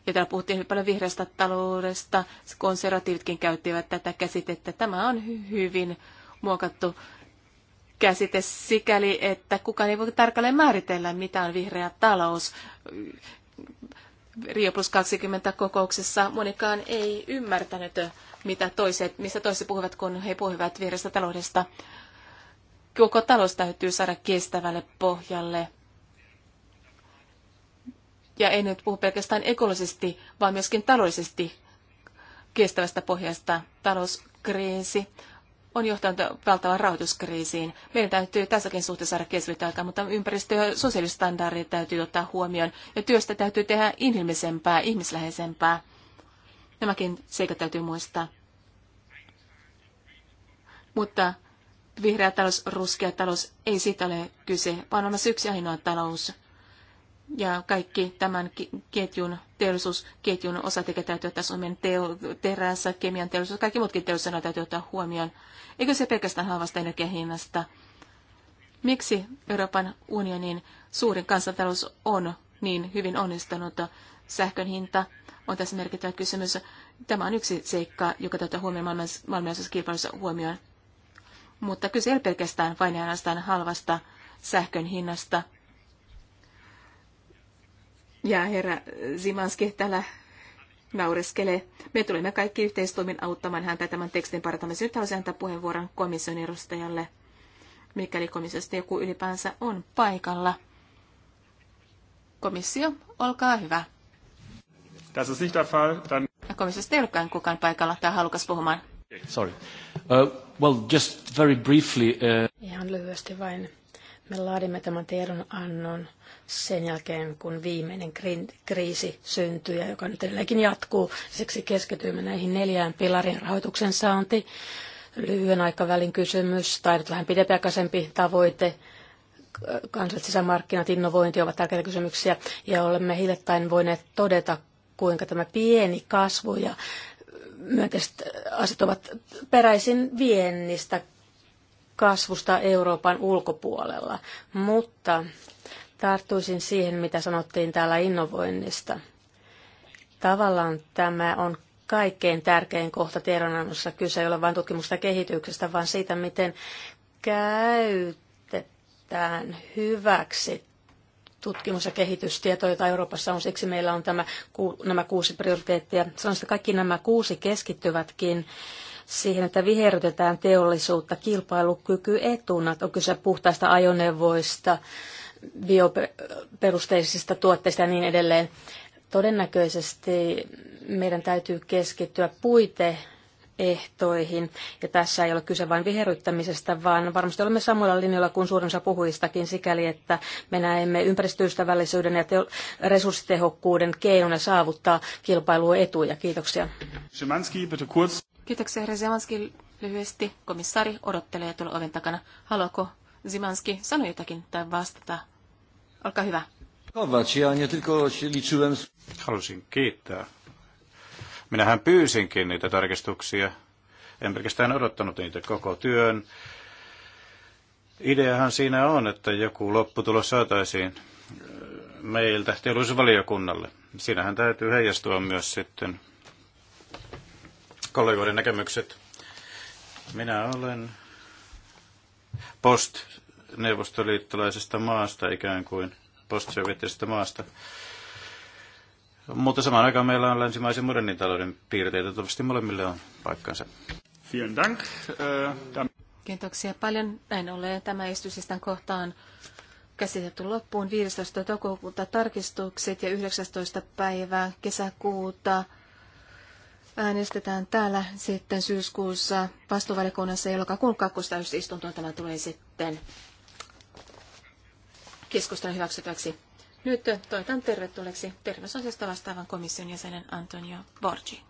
ja täällä puhuttiin hyvin paljon vihreästä taloudesta. Konservatiivitkin käyttivät tätä käsitettä. Tämä on hyvin muokattu käsite sikäli, että kukaan ei voi tarkalleen määritellä, mitä on vihreä talous. Rio plus 20 kokouksessa monikaan ei ymmärtänyt, mitä toiset, mistä toiset puhuvat, kun he puhuvat vihreästä taloudesta. Koko talous täytyy saada kestävälle pohjalle ja en nyt puhu pelkästään ekologisesti, vaan myöskin taloudellisesti kestävästä pohjasta. Talouskriisi on johtanut valtavan rahoituskriisiin. Meidän täytyy tässäkin suhteessa saada kestävyyttä aikaa, mutta ympäristö- ja sosiaalistandardit täytyy ottaa huomioon, ja työstä täytyy tehdä inhimillisempää, ihmisläheisempää. Nämäkin seikat täytyy muistaa. Mutta vihreä talous, ruskea talous, ei siitä ole kyse, vaan on myös yksi ainoa talous, ja kaikki tämän ketjun, teollisuusketjun osatekijät täytyy ottaa Suomen teo, terässä, kemian teollisuus, kaikki muutkin teollisuusalat täytyy ottaa huomioon. Eikö se pelkästään halvasta energiahinnasta? Miksi Euroopan unionin suurin kansantalous on niin hyvin onnistunut? Sähkön hinta on tässä merkittävä kysymys. Tämä on yksi seikka, joka täytyy huomioon maailmanlaajuisessa huomioon. Mutta kyse ei pelkästään vain ainoastaan halvasta sähkön hinnasta, ja herra Zimanski täällä naureskelee. Me tulemme kaikki yhteistoimin auttamaan häntä tämän tekstin parantamisen. Nyt haluaisin antaa puheenvuoron komission edustajalle, mikäli komissiosta joku ylipäänsä on paikalla. Komissio, olkaa hyvä. Das nicht der Fall, dann... Komissiosta ei olekaan kukaan paikalla tai halukas puhumaan. Sorry. Uh, well, just very briefly... Uh... Ihan lyhyesti vain me laadimme tämän tiedonannon sen jälkeen, kun viimeinen kriisi syntyi, ja joka nyt edelleenkin jatkuu. Siksi keskityimme näihin neljään pilarin rahoituksen saanti, lyhyen aikavälin kysymys tai nyt vähän pidempiaikaisempi tavoite, kansalliset sisämarkkinat, innovointi ovat tärkeitä kysymyksiä, ja olemme hiljattain voineet todeta, kuinka tämä pieni kasvu ja myönteiset asiat ovat peräisin viennistä kasvusta Euroopan ulkopuolella, mutta tarttuisin siihen, mitä sanottiin täällä innovoinnista. Tavallaan tämä on kaikkein tärkein kohta tiedonannossa. Kyse ei ole vain tutkimusta kehityksestä, vaan siitä, miten käytetään hyväksi tutkimus- ja kehitystietoja, joita Euroopassa on. Siksi meillä on tämä, nämä kuusi prioriteettia. Sanoisin, että kaikki nämä kuusi keskittyvätkin siihen, että viherrytetään teollisuutta kilpailukykyetuna. On kyse puhtaista ajoneuvoista, bioperusteisista tuotteista ja niin edelleen. Todennäköisesti meidän täytyy keskittyä puite ehtoihin. Ja tässä ei ole kyse vain viherryttämisestä, vaan varmasti olemme samoilla linjoilla kuin suurin osa puhujistakin sikäli, että me näemme ympäristöystävällisyyden ja teo- resurssitehokkuuden keinona saavuttaa kilpailuetuja. Kiitoksia. Szymanski, bitte kurz. Kiitoksia, herra Zemanski. Lyhyesti komissaari odottelee tuolla oven takana. Haluaako Zimanski sanoa jotakin tai vastata? Olkaa hyvä. Halusin kiittää. Minähän pyysinkin niitä tarkistuksia. En pelkästään odottanut niitä koko työn. Ideahan siinä on, että joku lopputulos saataisiin äh, meiltä teollisuusvaliokunnalle. Siinähän täytyy heijastua myös sitten kollegoiden näkemykset. Minä olen post-neuvostoliittolaisesta maasta ikään kuin, post-sovjetisesta maasta. Mutta samaan aikaan meillä on länsimaisen modernin talouden piirteitä. Toivottavasti molemmille on paikkansa. Vielen dank. Äh, Kiitoksia paljon. Näin ollen tämä esitysistän kohtaan käsitelty loppuun 15. toukokuuta tarkistukset ja 19. päivää kesäkuuta äänestetään täällä sitten syyskuussa vastuuvalikunnassa ja lokakuun kakkostäysistuntoon tämä tulee sitten keskustelun hyväksytäksi. Nyt toivotan tervetulleeksi terveysasiasta vastaavan komission jäsenen Antonio Borgi.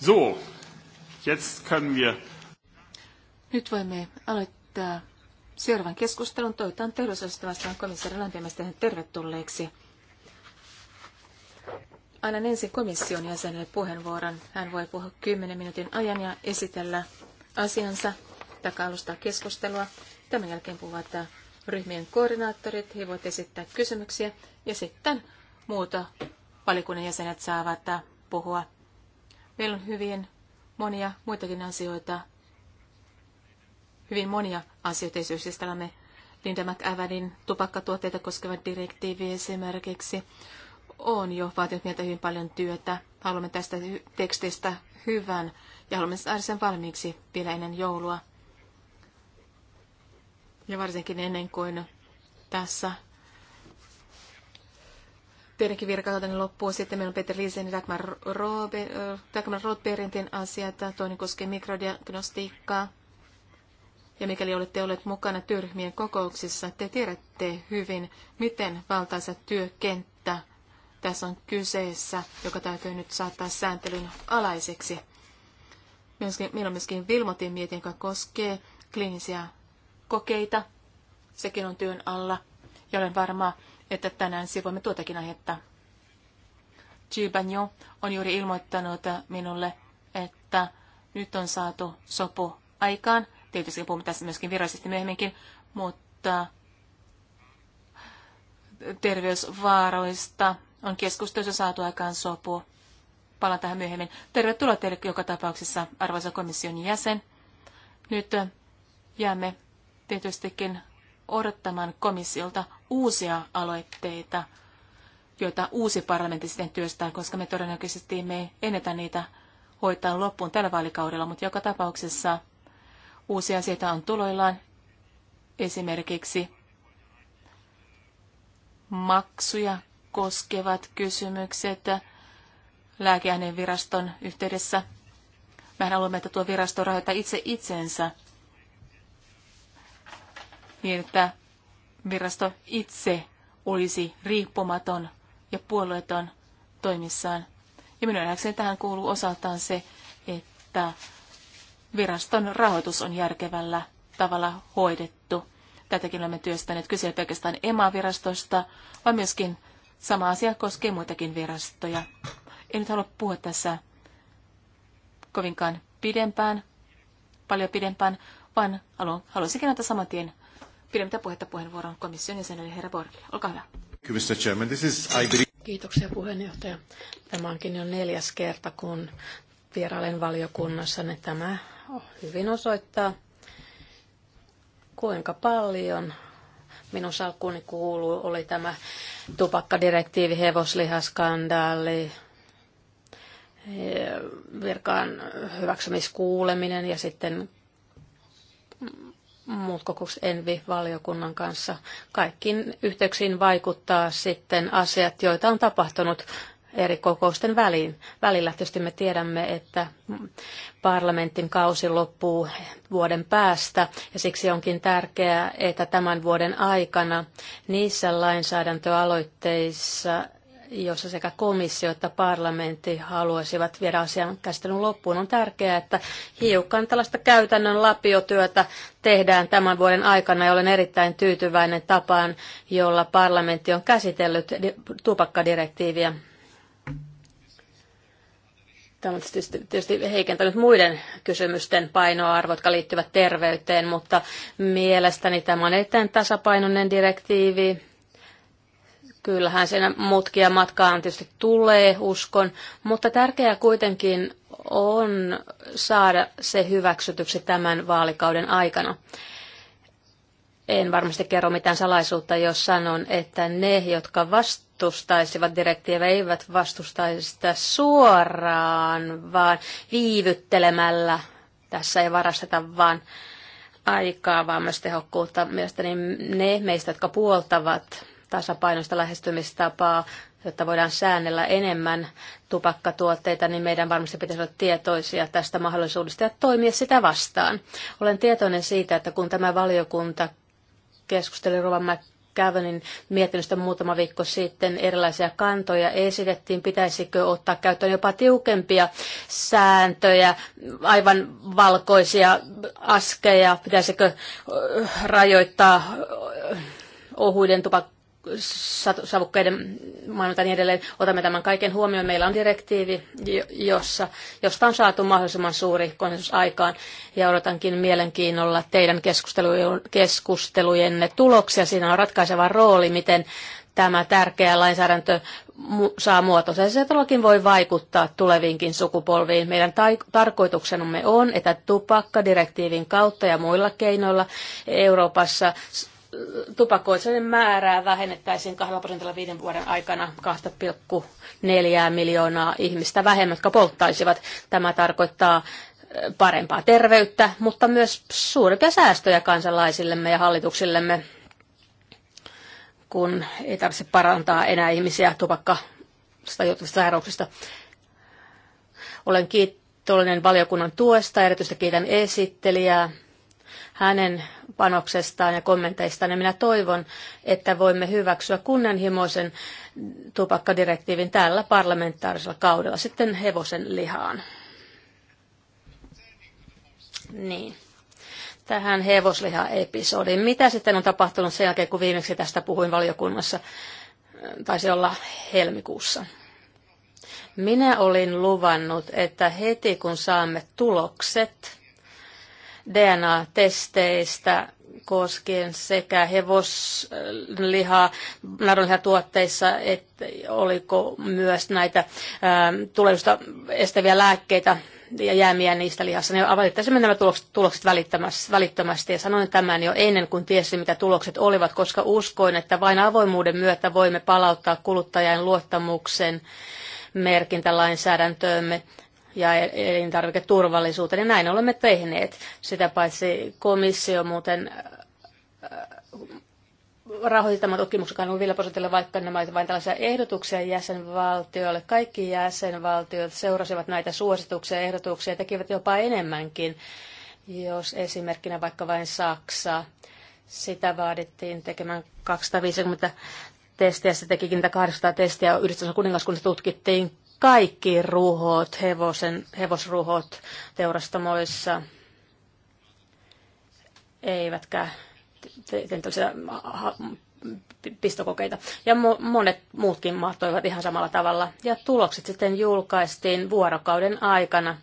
So, jetzt können wir... Nyt voimme aloittaa seuraavan keskustelun. Toivotan terveysasioista vastaan komissaari lämpimästi tervetulleeksi. Annan ensin komission jäsenelle puheenvuoron. Hän voi puhua 10 minuutin ajan ja esitellä asiansa takaalustaa alustaa keskustelua. Tämän jälkeen puhuvat ryhmien koordinaattorit. He voivat esittää kysymyksiä ja sitten muuta valikunnan jäsenet saavat puhua Meillä on hyvin monia muitakin asioita, hyvin monia asioita esityslistallamme. Siis Linda McAvanin tupakkatuotteita koskeva direktiivi esimerkiksi on jo vaatinut meiltä hyvin paljon työtä. Haluamme tästä tekstistä hyvän ja haluamme saada sen valmiiksi vielä ennen joulua. Ja varsinkin ennen kuin tässä Teidänkin virkakautenne niin loppuu. Sitten meillä on Peter Liisen niin ja Dagmar, Rothbergin asiat. Toinen koskee mikrodiagnostiikkaa. Ja mikäli olette olleet mukana työryhmien kokouksissa, te tiedätte hyvin, miten valtaisa työkenttä tässä on kyseessä, joka täytyy nyt saattaa sääntelyn alaiseksi. Myöskin, meillä on myöskin Vilmotin mietin, joka koskee kliinisiä kokeita. Sekin on työn alla. Ja olen varma, että tänään sivuimme siis tuotakin aihetta. Chibanyo on juuri ilmoittanut minulle, että nyt on saatu sopu aikaan. Tietysti puhumme tässä myöskin virallisesti myöhemminkin, mutta terveysvaaroista on keskustelussa saatu aikaan sopu. Palaan tähän myöhemmin. Tervetuloa teille joka tapauksessa, arvoisa komission jäsen. Nyt jäämme tietystikin odottamaan komissiolta uusia aloitteita, joita uusi parlamentti sitten työstää, koska me todennäköisesti me ennetä niitä hoitaa loppuun tällä vaalikaudella, mutta joka tapauksessa uusia asioita on tuloillaan. Esimerkiksi maksuja koskevat kysymykset lääkeaineviraston yhteydessä. Mehän haluamme, että tuo virasto rahoittaa itse itsensä niin, että virasto itse olisi riippumaton ja puolueeton toimissaan. Ja minun nähdäkseni tähän kuuluu osaltaan se, että viraston rahoitus on järkevällä tavalla hoidettu. Tätäkin olemme työstäneet kyse pelkästään emavirastosta, vaan myöskin sama asia koskee muitakin virastoja. En nyt halua puhua tässä kovinkaan pidempään, paljon pidempään, vaan haluaisinkin antaa saman tien pidemmittä puhetta puheenvuoron komission jäsenelle herra Borgille. Olkaa hyvä. Kiitoksia puheenjohtaja. Tämä onkin jo neljäs kerta, kun vierailen valiokunnassa, niin tämä hyvin osoittaa, kuinka paljon minun salkkuuni kuuluu. Oli tämä tupakkadirektiivi, hevoslihaskandaali, eh, virkaan hyväksymiskuuleminen ja sitten muut Envi-valiokunnan kanssa. Kaikkiin yhteyksiin vaikuttaa sitten asiat, joita on tapahtunut eri kokousten väliin. välillä. Tietysti me tiedämme, että parlamentin kausi loppuu vuoden päästä ja siksi onkin tärkeää, että tämän vuoden aikana niissä lainsäädäntöaloitteissa, jossa sekä komissio että parlamentti haluaisivat viedä asian käsittelyn loppuun. On tärkeää, että hiukan tällaista käytännön lapiotyötä tehdään tämän vuoden aikana ja olen erittäin tyytyväinen tapaan, jolla parlamentti on käsitellyt tupakkadirektiiviä. Tämä on tietysti heikentänyt muiden kysymysten painoarvot, jotka liittyvät terveyteen, mutta mielestäni tämä on erittäin tasapainoinen direktiivi Kyllähän siinä mutkia matkaan tietysti tulee, uskon, mutta tärkeää kuitenkin on saada se hyväksytyksi tämän vaalikauden aikana. En varmasti kerro mitään salaisuutta, jos sanon, että ne, jotka vastustaisivat direktiivejä, eivät vastustaisi sitä suoraan, vaan viivyttelemällä. Tässä ei varasteta vaan aikaa, vaan myös tehokkuutta. Mielestäni ne meistä, jotka puoltavat tasapainoista lähestymistapaa, jotta voidaan säännellä enemmän tupakkatuotteita, niin meidän varmasti pitäisi olla tietoisia tästä mahdollisuudesta ja toimia sitä vastaan. Olen tietoinen siitä, että kun tämä valiokunta keskusteli Rovan McGavinin mietinnöstä muutama viikko sitten erilaisia kantoja esitettiin, pitäisikö ottaa käyttöön jopa tiukempia sääntöjä, aivan valkoisia askeja, pitäisikö rajoittaa ohuiden tupak- savukkeiden mainonta niin edelleen. Otamme tämän kaiken huomioon. Meillä on direktiivi, jossa, josta on saatu mahdollisimman suuri konsensus aikaan. Ja odotankin mielenkiinnolla teidän keskustelujenne tuloksia. Siinä on ratkaiseva rooli, miten tämä tärkeä lainsäädäntö saa muotonsa. Se todellakin voi vaikuttaa tuleviinkin sukupolviin. Meidän tarkoituksenamme on, että tupakkadirektiivin kautta ja muilla keinoilla Euroopassa tupakoitsijoiden määrää vähennettäisiin 2 prosentilla viiden vuoden aikana 2,4 miljoonaa ihmistä vähemmän, jotka polttaisivat. Tämä tarkoittaa parempaa terveyttä, mutta myös suurempia säästöjä kansalaisillemme ja hallituksillemme, kun ei tarvitse parantaa enää ihmisiä tupakkasta johtuvista sairauksista. Olen kiitollinen valiokunnan tuesta, erityisesti kiitän esittelijää hänen panoksestaan ja kommenteistaan. Ja minä toivon, että voimme hyväksyä kunnianhimoisen tupakkadirektiivin tällä parlamentaarisella kaudella sitten hevosen lihaan. Niin tähän hevosliha-episodiin. Mitä sitten on tapahtunut sen jälkeen, kun viimeksi tästä puhuin valiokunnassa? Taisi olla helmikuussa. Minä olin luvannut, että heti kun saamme tulokset DNA-testeistä koskien sekä hevoslihaa, narunlihatuotteissa, että oliko myös näitä ää, ähm, tulehdusta estäviä lääkkeitä ja jäämiä niistä lihassa. Ne valittaisimme nämä tulokset, tulokset välittömästi ja sanoin tämän jo ennen kuin tiesin, mitä tulokset olivat, koska uskoin, että vain avoimuuden myötä voimme palauttaa kuluttajien luottamuksen merkintälainsäädäntöömme ja elintarviketurvallisuuteen, ja näin olemme tehneet. Sitä paitsi komissio muuten äh, rahoitti tämän tutkimuksen kannalta 5 prosentilla, vaikka nämä olivat vain tällaisia ehdotuksia jäsenvaltioille. Kaikki jäsenvaltiot seurasivat näitä suosituksia ja ehdotuksia ja tekivät jopa enemmänkin. Jos esimerkkinä vaikka vain Saksa, sitä vaadittiin tekemään 250 testiä, se tekikin niitä 800 testiä, yhdistössä kuningaskunnassa tutkittiin kaikki ruhot, hevosen, hevosruhot teurastamoissa, eivätkä tällaisia pistokokeita. Ja monet muutkin mahtoivat ihan samalla tavalla. Ja tulokset sitten julkaistiin vuorokauden aikana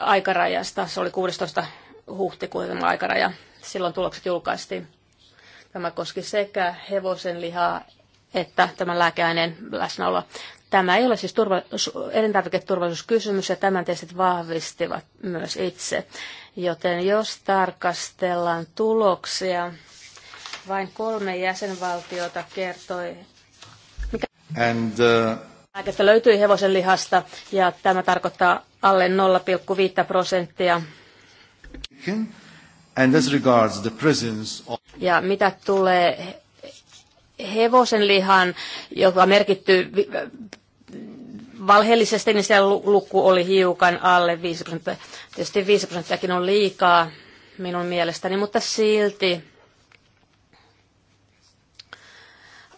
aikarajasta. Se oli 16. huhtikuuta tämä aikaraja. Silloin tulokset julkaistiin. Tämä koski sekä hevosen lihaa että tämän lääkeaineen läsnäoloa. Tämä ei ole siis turva, elintarviketurvallisuuskysymys ja tämän testit vahvistivat myös itse. Joten jos tarkastellaan tuloksia, vain kolme jäsenvaltiota kertoi, mikä And, uh... löytyi hevosen lihasta ja tämä tarkoittaa alle 0,5 prosenttia. And as regards the presence of... Ja mitä tulee hevosen lihan, joka merkitty valheellisesti, niin siellä luku oli hiukan alle 5 prosenttia. Tietysti 5 prosenttiakin on liikaa minun mielestäni, mutta silti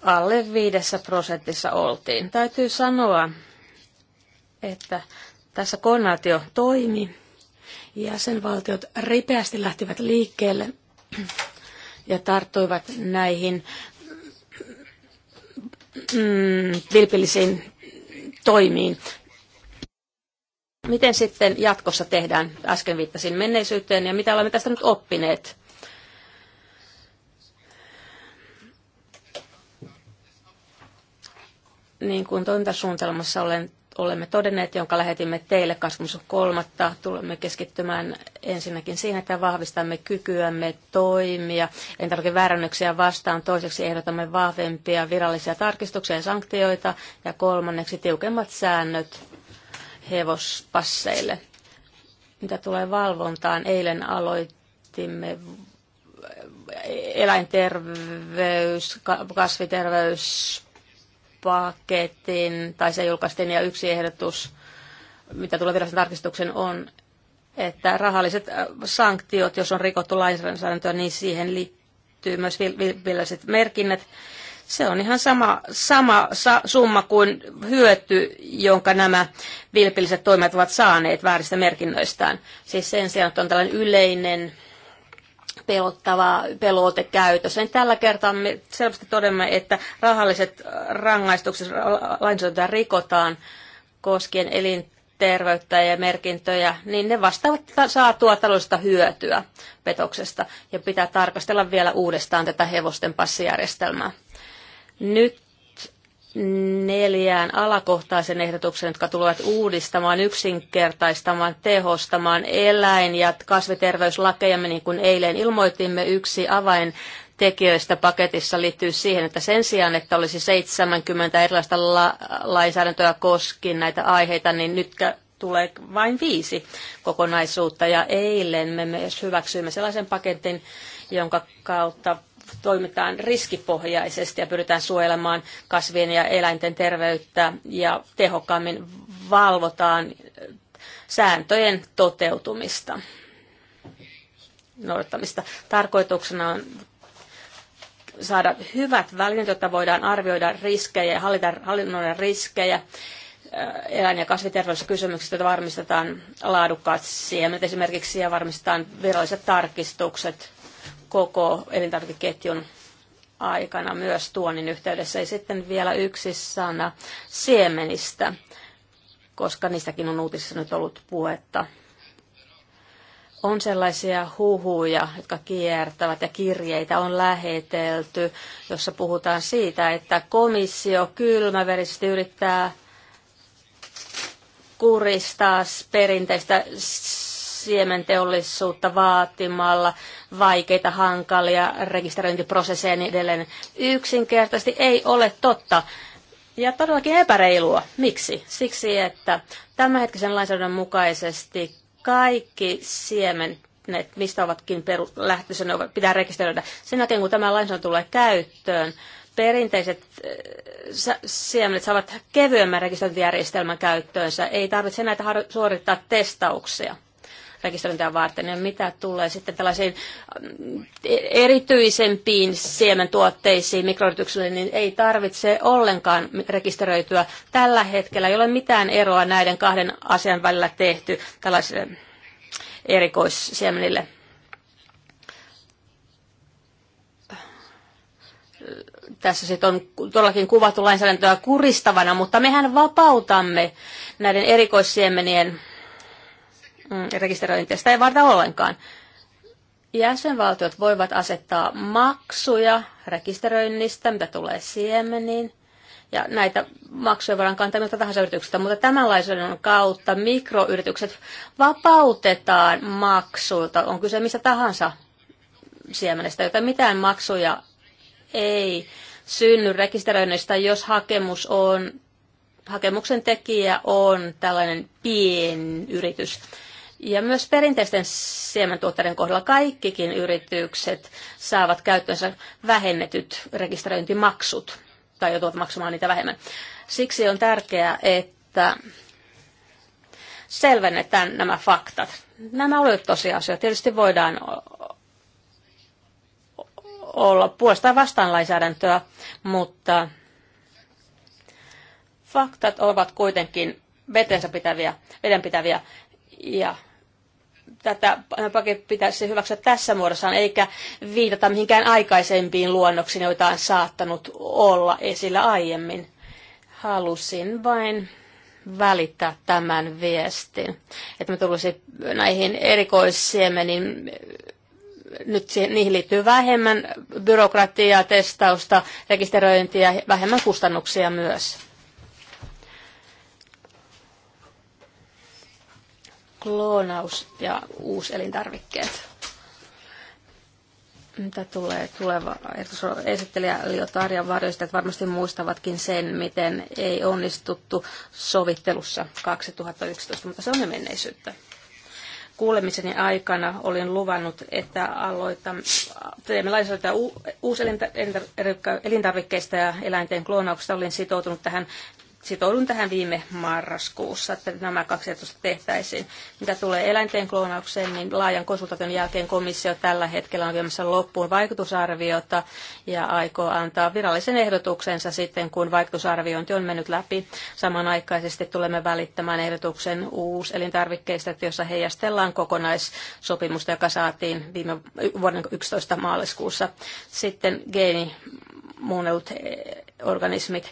alle 5 prosentissa oltiin. Täytyy sanoa, että tässä koordinaatio toimi. Jäsenvaltiot ripeästi lähtivät liikkeelle ja tarttuivat näihin mm, vilpillisiin toimiin. Miten sitten jatkossa tehdään? Äsken viittasin menneisyyteen ja mitä olemme tästä nyt oppineet? Niin kuin toimintasuunnitelmassa olen olemme todenneet, jonka lähetimme teille 23. Tulemme keskittymään ensinnäkin siihen, että vahvistamme kykyämme toimia elintarvikeväärännyksiä vastaan. Toiseksi ehdotamme vahvempia virallisia tarkistuksia ja sanktioita. Ja kolmanneksi tiukemmat säännöt hevospasseille. Mitä tulee valvontaan, eilen aloitimme eläinterveys, kasviterveys, paketin, tai se julkaistiin, ja yksi ehdotus, mitä tulee virallisen tarkistuksen, on, että rahalliset äh, sanktiot, jos on rikottu lainsäädäntöä, niin siihen liittyy myös vilpilliset merkinnät. Se on ihan sama, sama sa, summa kuin hyöty, jonka nämä vilpilliset toimet ovat saaneet vääristä merkinnöistään. Siis sen sijaan, että on tällainen yleinen pelottava pelote käytössä. Niin tällä kertaa me selvästi todemme, että rahalliset rangaistukset lainsäädäntöä rikotaan koskien elinterveyttä ja merkintöjä, niin ne vastaavat saatua taloudellista hyötyä petoksesta. Ja pitää tarkastella vielä uudestaan tätä hevosten passijärjestelmää. Nyt neljään alakohtaisen ehdotuksen, jotka tulevat uudistamaan, yksinkertaistamaan, tehostamaan eläin- ja kasviterveyslakejamme, niin kuin eilen ilmoitimme, yksi avain tekijöistä paketissa liittyy siihen, että sen sijaan, että olisi 70 erilaista la- lainsäädäntöä koskien näitä aiheita, niin nyt tulee vain viisi kokonaisuutta. Ja eilen me myös hyväksyimme sellaisen paketin, jonka kautta toimitaan riskipohjaisesti ja pyritään suojelemaan kasvien ja eläinten terveyttä ja tehokkaammin valvotaan eh, sääntöjen toteutumista, noudattamista. Tarkoituksena on saada hyvät välineet, jotta voidaan arvioida riskejä ja hallita, hallinnoida riskejä eh, eläin- ja kasviterveyskysymyksistä, joita varmistetaan laadukkaat siemenet esimerkiksi ja varmistetaan viralliset tarkistukset koko elintarvikeketjun aikana myös tuonnin yhteydessä. Ja sitten vielä yksi sana siemenistä, koska niistäkin on uutisissa nyt ollut puhetta. On sellaisia huhuja, jotka kiertävät ja kirjeitä on lähetelty, jossa puhutaan siitä, että komissio kylmäverisesti yrittää kuristaa perinteistä siementeollisuutta vaatimalla vaikeita, hankalia rekisteröintiprosesseja ja niin edelleen. Yksinkertaisesti ei ole totta ja todellakin epäreilua. Miksi? Siksi, että tämänhetkisen lainsäädännön mukaisesti kaikki ne, mistä ovatkin peru- ne pitää rekisteröidä. Sen jälkeen, kun tämä lainsäädäntö tulee käyttöön, perinteiset äh, siemenet saavat kevyemmän rekisteröintijärjestelmän käyttöönsä. Ei tarvitse näitä suorittaa testauksia rekisteröintiä varten. Ja niin mitä tulee sitten tällaisiin mm, e- erityisempiin siementuotteisiin mikroyrityksille, niin ei tarvitse ollenkaan rekisteröityä. Tällä hetkellä ei ole mitään eroa näiden kahden asian välillä tehty tällaisille erikoissiemenille. tässä sitten on todellakin kuvattu lainsäädäntöä kuristavana, mutta mehän vapautamme näiden erikoissiemenien Mm, rekisteröintiä. Sitä ei varta ollenkaan. Jäsenvaltiot voivat asettaa maksuja rekisteröinnistä, mitä tulee siemeniin, ja näitä maksuja voidaan kantaa miltä tahansa yrityksestä, mutta tämän lainsäädännön kautta mikroyritykset vapautetaan maksuilta, on kyse missä tahansa siemenestä, joten mitään maksuja ei synny rekisteröinnistä, jos hakemus on, hakemuksen tekijä on tällainen pienyritys. yritys ja myös perinteisten siementuotteiden kohdalla kaikkikin yritykset saavat käyttöönsä vähennetyt rekisteröintimaksut tai joutuvat maksamaan niitä vähemmän. Siksi on tärkeää, että selvennetään nämä faktat. Nämä olivat tosiasioita. Tietysti voidaan olla puolestaan vastaan lainsäädäntöä, mutta faktat ovat kuitenkin vetensä pitäviä, vedenpitäviä ja tätä pakettia pitäisi hyväksyä tässä muodossaan, eikä viitata mihinkään aikaisempiin luonnoksiin, joita on saattanut olla esillä aiemmin. Halusin vain välittää tämän viestin, että me tulisi näihin erikoissiemeniin nyt siihen, niihin liittyy vähemmän byrokratiaa, testausta, rekisteröintiä, vähemmän kustannuksia myös. kloonaus ja uuselintarvikkeet. Mitä tulee tuleva esittelijä Liotarjan varjoista, että varmasti muistavatkin sen, miten ei onnistuttu sovittelussa 2011, mutta se on jo menneisyyttä kuulemiseni aikana olin luvannut, että teemme lainsäädäntöä uuselintarvikkeista ja eläinten kloonauksesta. Olin sitoutunut tähän sitoudun tähän viime marraskuussa, että nämä kaksi ehdotusta tehtäisiin. Mitä tulee eläinten kloonaukseen, niin laajan konsultaation jälkeen komissio tällä hetkellä on viemässä loppuun vaikutusarviota ja aikoo antaa virallisen ehdotuksensa sitten, kun vaikutusarviointi on mennyt läpi. Samanaikaisesti tulemme välittämään ehdotuksen uus elintarvikkeista, jossa heijastellaan kokonaissopimusta, joka saatiin viime vuoden 11 maaliskuussa. Sitten geeni muunnellut eh, organismit.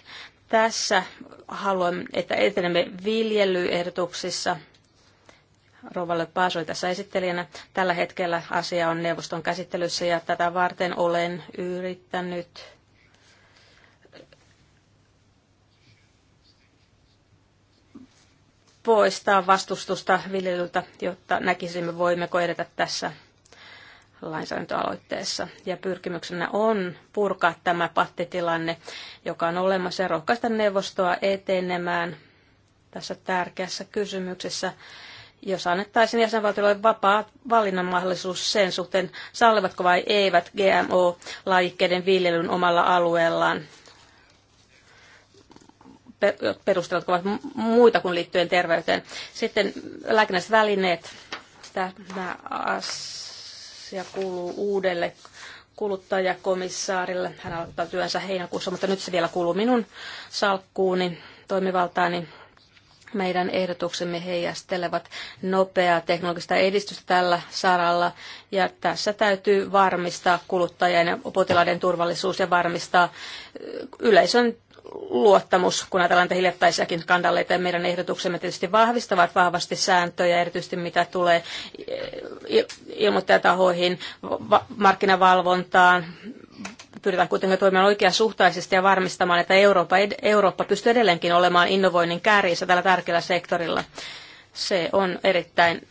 Tässä haluan, että etenemme viljelyehdotuksissa. Rovalle Paas tässä esittelijänä. Tällä hetkellä asia on neuvoston käsittelyssä ja tätä varten olen yrittänyt poistaa vastustusta viljelyltä, jotta näkisimme voimmeko edetä tässä lainsäädäntöaloitteessa. Ja pyrkimyksenä on purkaa tämä pattitilanne, joka on olemassa, ja rohkaista neuvostoa etenemään tässä tärkeässä kysymyksessä, jos annettaisiin jäsenvaltioille vapaa valinnan mahdollisuus sen suhteen, sallivatko vai eivät GMO-lajikkeiden viljelyn omalla alueellaan perustelut ovat muita kuin liittyen terveyteen. Sitten lääkinnäiset välineet, tämä as. Asia kuuluu uudelle kuluttajakomissaarille. Hän aloittaa työnsä heinäkuussa, mutta nyt se vielä kuuluu minun salkkuuni, toimivaltaani. Meidän ehdotuksemme heijastelevat nopeaa teknologista edistystä tällä saralla ja tässä täytyy varmistaa kuluttajien ja potilaiden turvallisuus ja varmistaa yleisön luottamus, kun ajatellaan näitä hiljattaisiakin skandaleita ja meidän ehdotuksemme tietysti vahvistavat vahvasti sääntöjä, erityisesti mitä tulee ilmoittajatahoihin, markkinavalvontaan, pyritään kuitenkin toimimaan oikeasuhtaisesti ja varmistamaan, että Eurooppa, Eurooppa pystyy edelleenkin olemaan innovoinnin kärjessä tällä tärkeällä sektorilla. Se on erittäin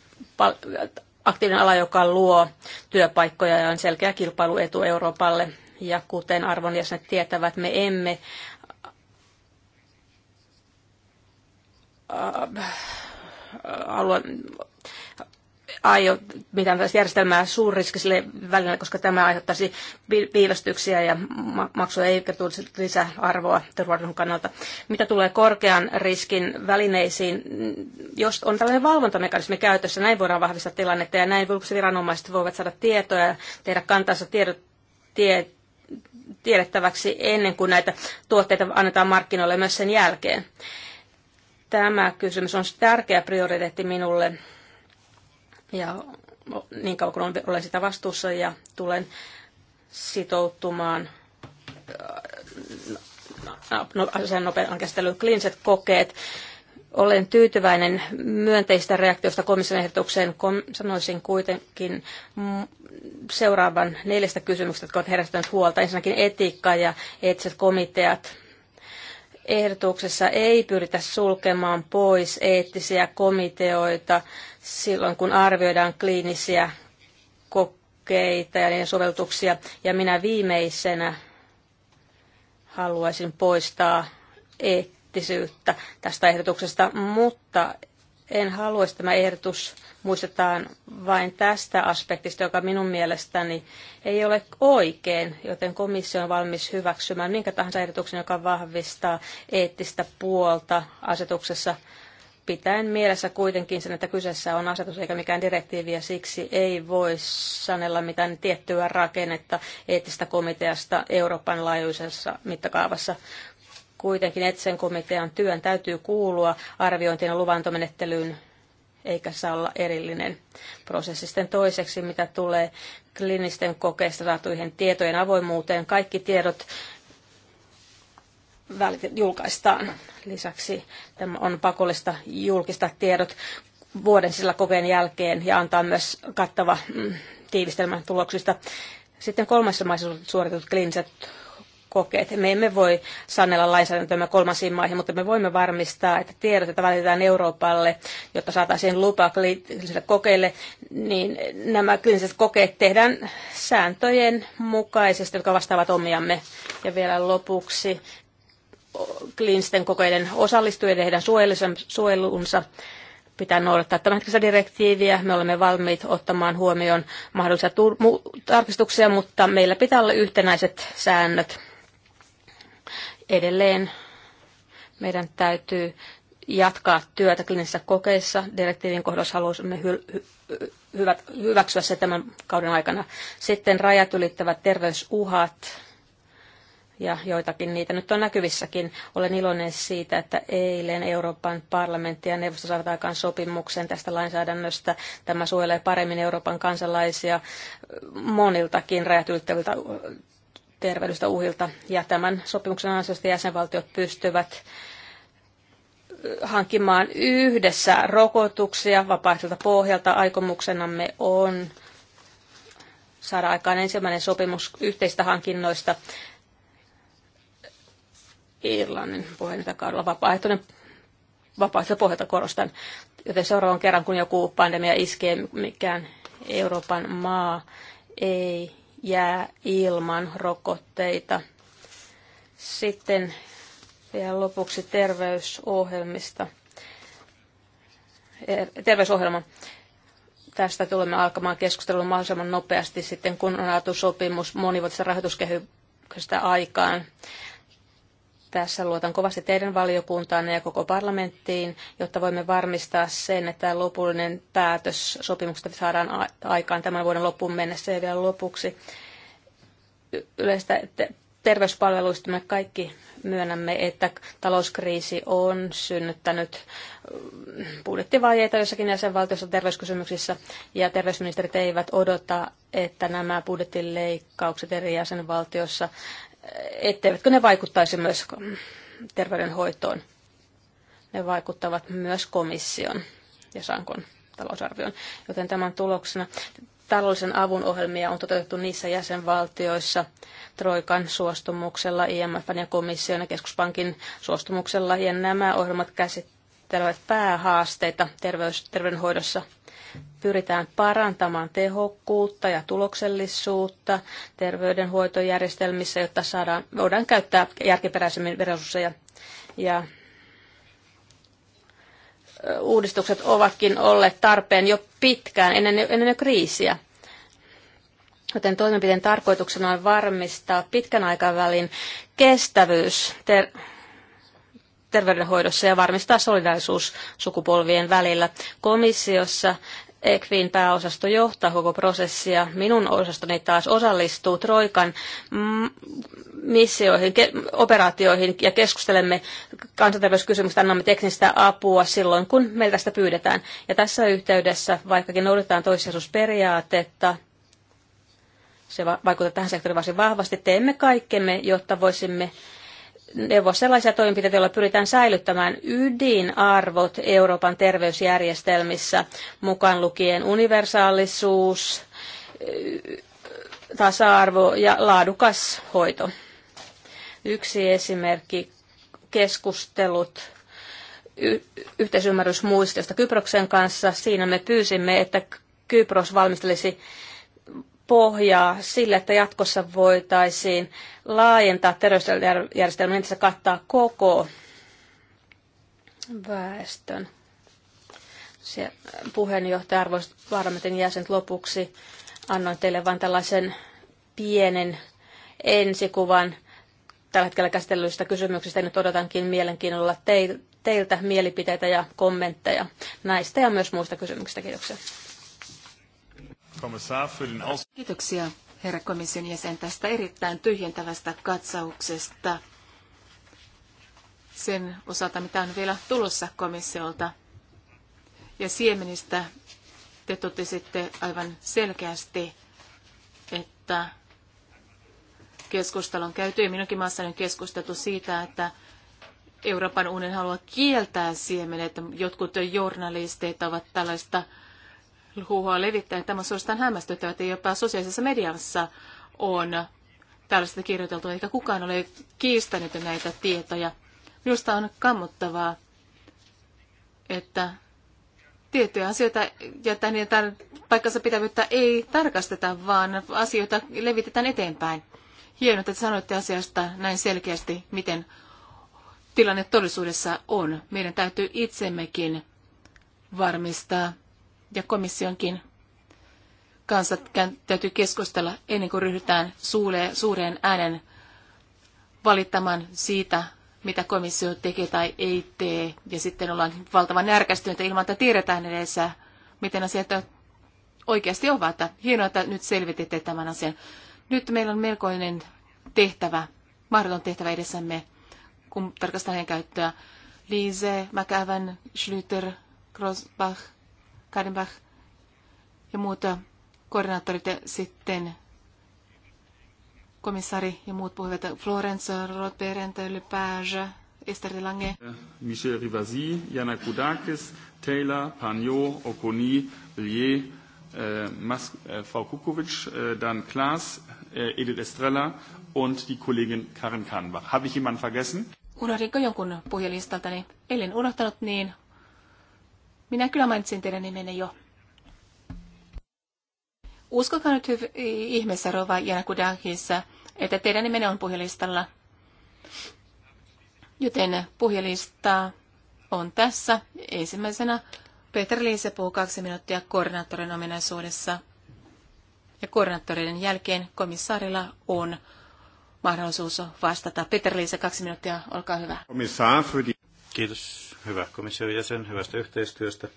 aktiivinen ala, joka luo työpaikkoja ja on selkeä kilpailuetu Euroopalle. Ja kuten arvon jäsenet tietävät, me emme alue, äh, äh, äh, aio mitään tällaista järjestelmää suurriskiselle välillä, koska tämä aiheuttaisi viivästyksiä ja maksuja ei tulisi lisäarvoa terveydenhuollon kannalta. Mitä tulee korkean riskin välineisiin, jos on tällainen valvontamekanismi käytössä, näin voidaan vahvistaa tilannetta ja näin viranomaiset voivat saada tietoja ja tehdä kantansa tiedot, tie, tiedettäväksi ennen kuin näitä tuotteita annetaan markkinoille myös sen jälkeen. Tämä kysymys on tärkeä prioriteetti minulle ja niin kauan kun olen sitä vastuussa ja tulen sitoutumaan no, sen nopean käsittelyyn kliiniset kokeet. Olen tyytyväinen myönteistä reaktiosta komission ehdotukseen. sanoisin kuitenkin seuraavan neljästä kysymyksestä, jotka ovat herättäneet huolta. Ensinnäkin etiikka ja eettiset komiteat ehdotuksessa ei pyritä sulkemaan pois eettisiä komiteoita silloin, kun arvioidaan kliinisiä kokeita ja niiden sovellutuksia. Ja minä viimeisenä haluaisin poistaa eettisyyttä tästä ehdotuksesta, mutta en halua, että tämä ehdotus muistetaan vain tästä aspektista, joka minun mielestäni ei ole oikein, joten komissio on valmis hyväksymään minkä tahansa ehdotuksen, joka vahvistaa eettistä puolta asetuksessa pitäen mielessä kuitenkin sen, että kyseessä on asetus eikä mikään direktiivi ja siksi ei voi sanella mitään tiettyä rakennetta eettistä komiteasta Euroopan laajuisessa mittakaavassa. Kuitenkin Etsen komitean työn täytyy kuulua arviointiin ja luvantomenettelyyn eikä saa olla erillinen prosessi. Sitten toiseksi, mitä tulee klinisten kokeista saatuihin tietojen avoimuuteen, kaikki tiedot julkaistaan. Lisäksi tämä on pakollista julkistaa tiedot vuoden sillä kokeen jälkeen ja antaa myös kattava mm, tiivistelmä tuloksista. Sitten kolmessa maissa suoritetut kliiniset kokeet. Me emme voi sanella lainsäädäntöämme kolmansiin maihin, mutta me voimme varmistaa, että tiedot, joita välitetään Euroopalle, jotta saataisiin lupa kliinisille kokeille, niin nämä kliiniset kokeet tehdään sääntöjen mukaisesti, jotka vastaavat omiamme. Ja vielä lopuksi kliinisten kokeiden osallistujien ja heidän suojelunsa pitää noudattaa tämänhetkistä direktiiviä. Me olemme valmiit ottamaan huomioon mahdollisia tarkistuksia, mutta meillä pitää olla yhtenäiset säännöt Edelleen meidän täytyy jatkaa työtä klinisissä kokeissa. Direktiivin kohdassa haluaisimme hy- hy- hyvät, hyväksyä se tämän kauden aikana. Sitten rajat ylittävät terveysuhat ja joitakin niitä nyt on näkyvissäkin. Olen iloinen siitä, että eilen Euroopan parlamentti ja neuvosto saivat aikaan sopimuksen tästä lainsäädännöstä. Tämä suojelee paremmin Euroopan kansalaisia moniltakin rajat ylittäviltä terveydestä uhilta. Ja tämän sopimuksen ansiosta jäsenvaltiot pystyvät hankkimaan yhdessä rokotuksia vapaaehtoiselta pohjalta. Aikomuksenamme on saada aikaan ensimmäinen sopimus yhteistä hankinnoista Irlannin puheenjohtajakaudella vapaaehtoinen vapaaehtoiselta pohjalta korostan. Joten seuraavan kerran, kun joku pandemia iskee, mikään Euroopan maa ei jää ilman rokotteita. Sitten vielä lopuksi terveysohjelmista. Er, terveysohjelma. Tästä tulemme alkamaan keskustelua mahdollisimman nopeasti sitten, kun on saatu sopimus monivuotisesta rahoituskehyksestä aikaan. Tässä luotan kovasti teidän valiokuntaanne ja koko parlamenttiin, jotta voimme varmistaa sen, että lopullinen päätös sopimuksesta saadaan aikaan tämän vuoden loppuun mennessä ja vielä lopuksi yleistä terveyspalveluista me kaikki myönnämme, että talouskriisi on synnyttänyt mm, budjettivajeita jossakin jäsenvaltiossa terveyskysymyksissä, ja terveysministerit eivät odota, että nämä budjettileikkaukset eri jäsenvaltiossa etteivätkö ne vaikuttaisi myös terveydenhoitoon. Ne vaikuttavat myös komission ja Sankon talousarvioon, joten tämän tuloksena taloudellisen avun ohjelmia on toteutettu niissä jäsenvaltioissa Troikan suostumuksella, IMFn ja komission ja keskuspankin suostumuksella, ja nämä ohjelmat käsittelevät päähaasteita terveys, terveydenhoidossa – pyritään parantamaan tehokkuutta ja tuloksellisuutta terveydenhoitojärjestelmissä, jotta saadaan, voidaan käyttää järkiperäisemmin resursseja. Ja uudistukset ovatkin olleet tarpeen jo pitkään ennen, ennen jo kriisiä. Joten toimenpiteen tarkoituksena on varmistaa pitkän aikavälin kestävyys ter- terveydenhoidossa ja varmistaa solidaarisuus sukupolvien välillä. Komissiossa ECFin pääosasto johtaa koko prosessia. Minun osastoni taas osallistuu Troikan mm, missioihin, operaatioihin ja keskustelemme kansanterveyskysymyksistä, annamme teknistä apua silloin, kun meiltä sitä pyydetään. Ja tässä yhteydessä, vaikkakin noudatetaan toissijaisuusperiaatetta, se vaikuttaa tähän sektoriin varsin vahvasti, teemme kaikkemme, jotta voisimme neuvoa sellaisia toimenpiteitä, joilla pyritään säilyttämään ydinarvot Euroopan terveysjärjestelmissä, mukaan lukien universaalisuus, tasa-arvo ja laadukas hoito. Yksi esimerkki keskustelut y- muistiosta Kyproksen kanssa. Siinä me pyysimme, että Kypros valmistelisi pohjaa sille, että jatkossa voitaisiin laajentaa terveysjärjestelmä niin, se kattaa koko väestön. Se puheenjohtaja, arvoisat parlamentin jäsenet, lopuksi annoin teille vain tällaisen pienen ensikuvan tällä hetkellä käsitellyistä kysymyksistä. Nyt odotankin mielenkiinnolla teiltä mielipiteitä ja kommentteja näistä ja myös muista kysymyksistä. Kiitoksia. Kiitoksia herra komission jäsen tästä erittäin tyhjentävästä katsauksesta sen osalta, mitä on vielä tulossa komissiolta. Ja siemenistä te totesitte aivan selkeästi, että keskustelun käyty ja minunkin maassani on keskusteltu siitä, että Euroopan unioni haluaa kieltää siemenet. Jotkut journalisteita ovat tällaista huuhua levittää. Tämä on suorastaan hämmästyttävää, että jopa sosiaalisessa mediassa on tällaista kirjoiteltu, eikä kukaan ole kiistänyt näitä tietoja. Minusta on kammottavaa, että tiettyjä asioita ja niitä paikkansa pitävyyttä ei tarkasteta, vaan asioita levitetään eteenpäin. Hienoa, että sanoitte asiasta näin selkeästi, miten tilanne todellisuudessa on. Meidän täytyy itsemmekin varmistaa ja komissionkin kanssa täytyy keskustella ennen kuin ryhdytään suureen äänen valittamaan siitä, mitä komissio tekee tai ei tee. Ja sitten ollaan valtavan närkästyneitä ilman, että tiedetään edessä, miten asiat oikeasti ovat. Hienoa, että nyt selvititte tämän asian. Nyt meillä on melkoinen tehtävä, mahdoton tehtävä edessämme, kun tarkastellaan käyttöä. Liise, Mäkävän, Schlüter, Grossbach, Kadenbach ja muut koordinaattorit ja sitten komissaari ja muut puhuivat Florence, Rodberent, Lepage, Esther de Lange. Michel Rivasi, Jana Kudakis, Taylor, Pagnot, Oconi, Lier, äh, äh, Frau Kukovic, äh, dann Klaas, äh, Edith Estrella und die Kollegin Karin Kahnbach. Habe ich jemanden vergessen? Unohdinko jonkun puhujalistaltani? Ellen unohtanut, niin minä kyllä mainitsin teidän nimenne jo. Uskokaa nyt hyv- ihmeessä, Rova Janakudakissa, että teidän nimenne on puhelistalla. Joten puhelista on tässä. Ensimmäisenä Peter Liise puhuu kaksi minuuttia koordinaattorin ominaisuudessa. Ja koordinaattoreiden jälkeen komissaarilla on mahdollisuus vastata. Peter Liise, kaksi minuuttia, olkaa hyvä. Kiitos hyvä komission jäsen, hyvästä yhteistyöstä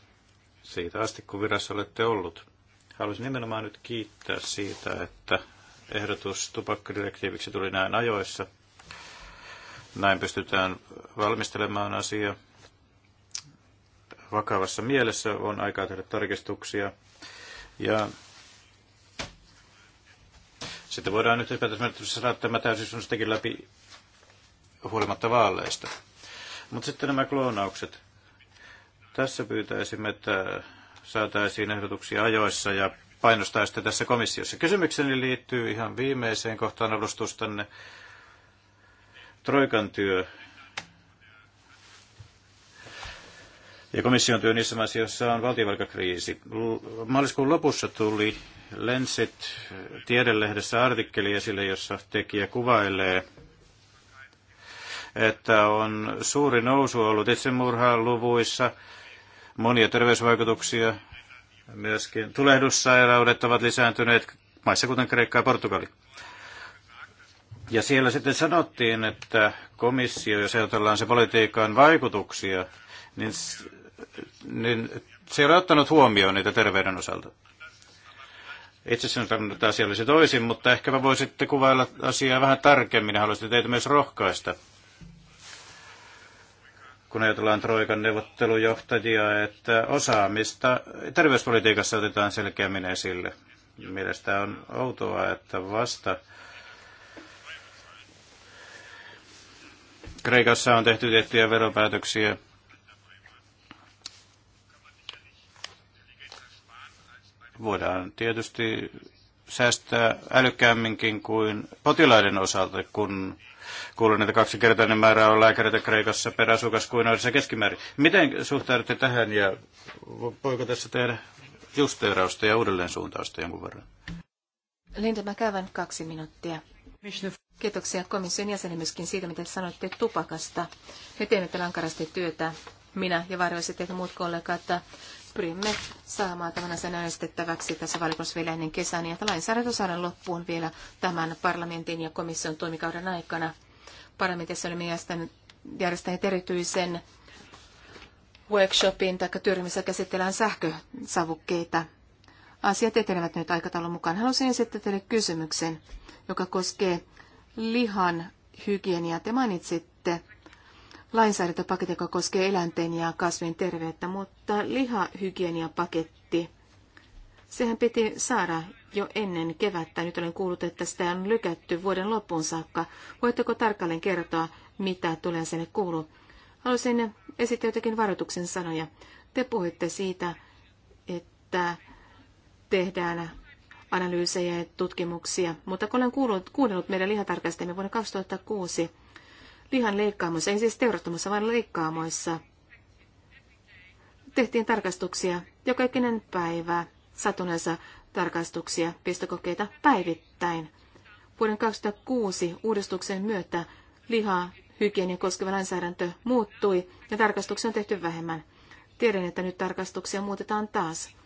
siitä asti, kun virassa olette ollut. Haluaisin nimenomaan nyt kiittää siitä, että ehdotus tupakkadirektiiviksi tuli näin ajoissa. Näin pystytään valmistelemaan asia. Vakavassa mielessä on aikaa tehdä tarkistuksia. Ja sitten voidaan yhteispäätösmenettelyssä saada tämä täysin läpi huolimatta vaaleista. Mutta sitten nämä kloonaukset. Tässä pyytäisimme, että saataisiin ehdotuksia ajoissa ja painostaa sitten tässä komissiossa. Kysymykseni liittyy ihan viimeiseen kohtaan alustustanne. Troikan työ ja komission työ niissä maissa, joissa on valtiovalkakriisi. Maaliskuun lopussa tuli Lensit tiedelehdessä artikkeli esille, jossa tekijä kuvailee että on suuri nousu ollut itsemurhaan luvuissa, monia terveysvaikutuksia, myöskin tulehdussairaudet ovat lisääntyneet maissa kuten Kreikka ja Portugali. Ja siellä sitten sanottiin, että komissio, jos ajatellaan se politiikan vaikutuksia, niin, niin se ei ole ottanut huomioon niitä terveyden osalta. Itse asiassa sanon, että asia olisi toisin, mutta ehkä voisitte kuvailla asiaa vähän tarkemmin. Haluaisin teitä myös rohkaista kun ajatellaan Troikan neuvottelujohtajia, että osaamista terveyspolitiikassa otetaan selkeämmin esille. Mielestäni on outoa, että vasta Kreikassa on tehty tiettyjä veropäätöksiä, voidaan tietysti säästää älykkäämminkin kuin potilaiden osalta, kun kaksi kertaa niin määrää on lääkäreitä Kreikassa peräsukas kuin noissa keskimäärin. Miten suhtaudutte tähän ja voiko tässä tehdä justeerausta ja uudelleen suuntausta jonkun verran? Linda mä käyn kaksi minuuttia. Kiitoksia komission jäsenen myöskin siitä, mitä sanoitte tupakasta. Me teemme tällä työtä, minä ja varjoiset ja muut kollegat, pyrimme saamaan tämän asian äänestettäväksi tässä valikossa vielä ennen kesää, niin että lainsäädäntö saadaan loppuun vielä tämän parlamentin ja komission toimikauden aikana. Parlamentissa olemme järjestäneet erityisen workshopin tai työryhmissä käsitellään sähkösavukkeita. Asiat etenevät nyt aikataulun mukaan. Haluaisin esittää teille kysymyksen, joka koskee lihan hygieniaa. Te mainitsitte lainsäädäntöpaketti, joka koskee eläinten ja kasvien terveyttä, mutta lihahygieniapaketti, sehän piti saada jo ennen kevättä. Nyt olen kuullut, että sitä on lykätty vuoden loppuun saakka. Voitteko tarkalleen kertoa, mitä tulee sinne kuuluu? Haluaisin esittää jotakin varoituksen sanoja. Te puhuitte siitä, että tehdään analyysejä ja tutkimuksia, mutta kun olen kuullut, kuunnellut meidän lihatarkastajamme vuonna 2006, lihan leikkaamoissa, ei siis teurastamossa, vaan leikkaamoissa. Tehtiin tarkastuksia joka ikinen päivä, satunnaisia tarkastuksia, pistokokeita päivittäin. Vuoden 2006 uudistuksen myötä lihaa hygienia koskeva lainsäädäntö muuttui ja tarkastuksia on tehty vähemmän. Tiedän, että nyt tarkastuksia muutetaan taas,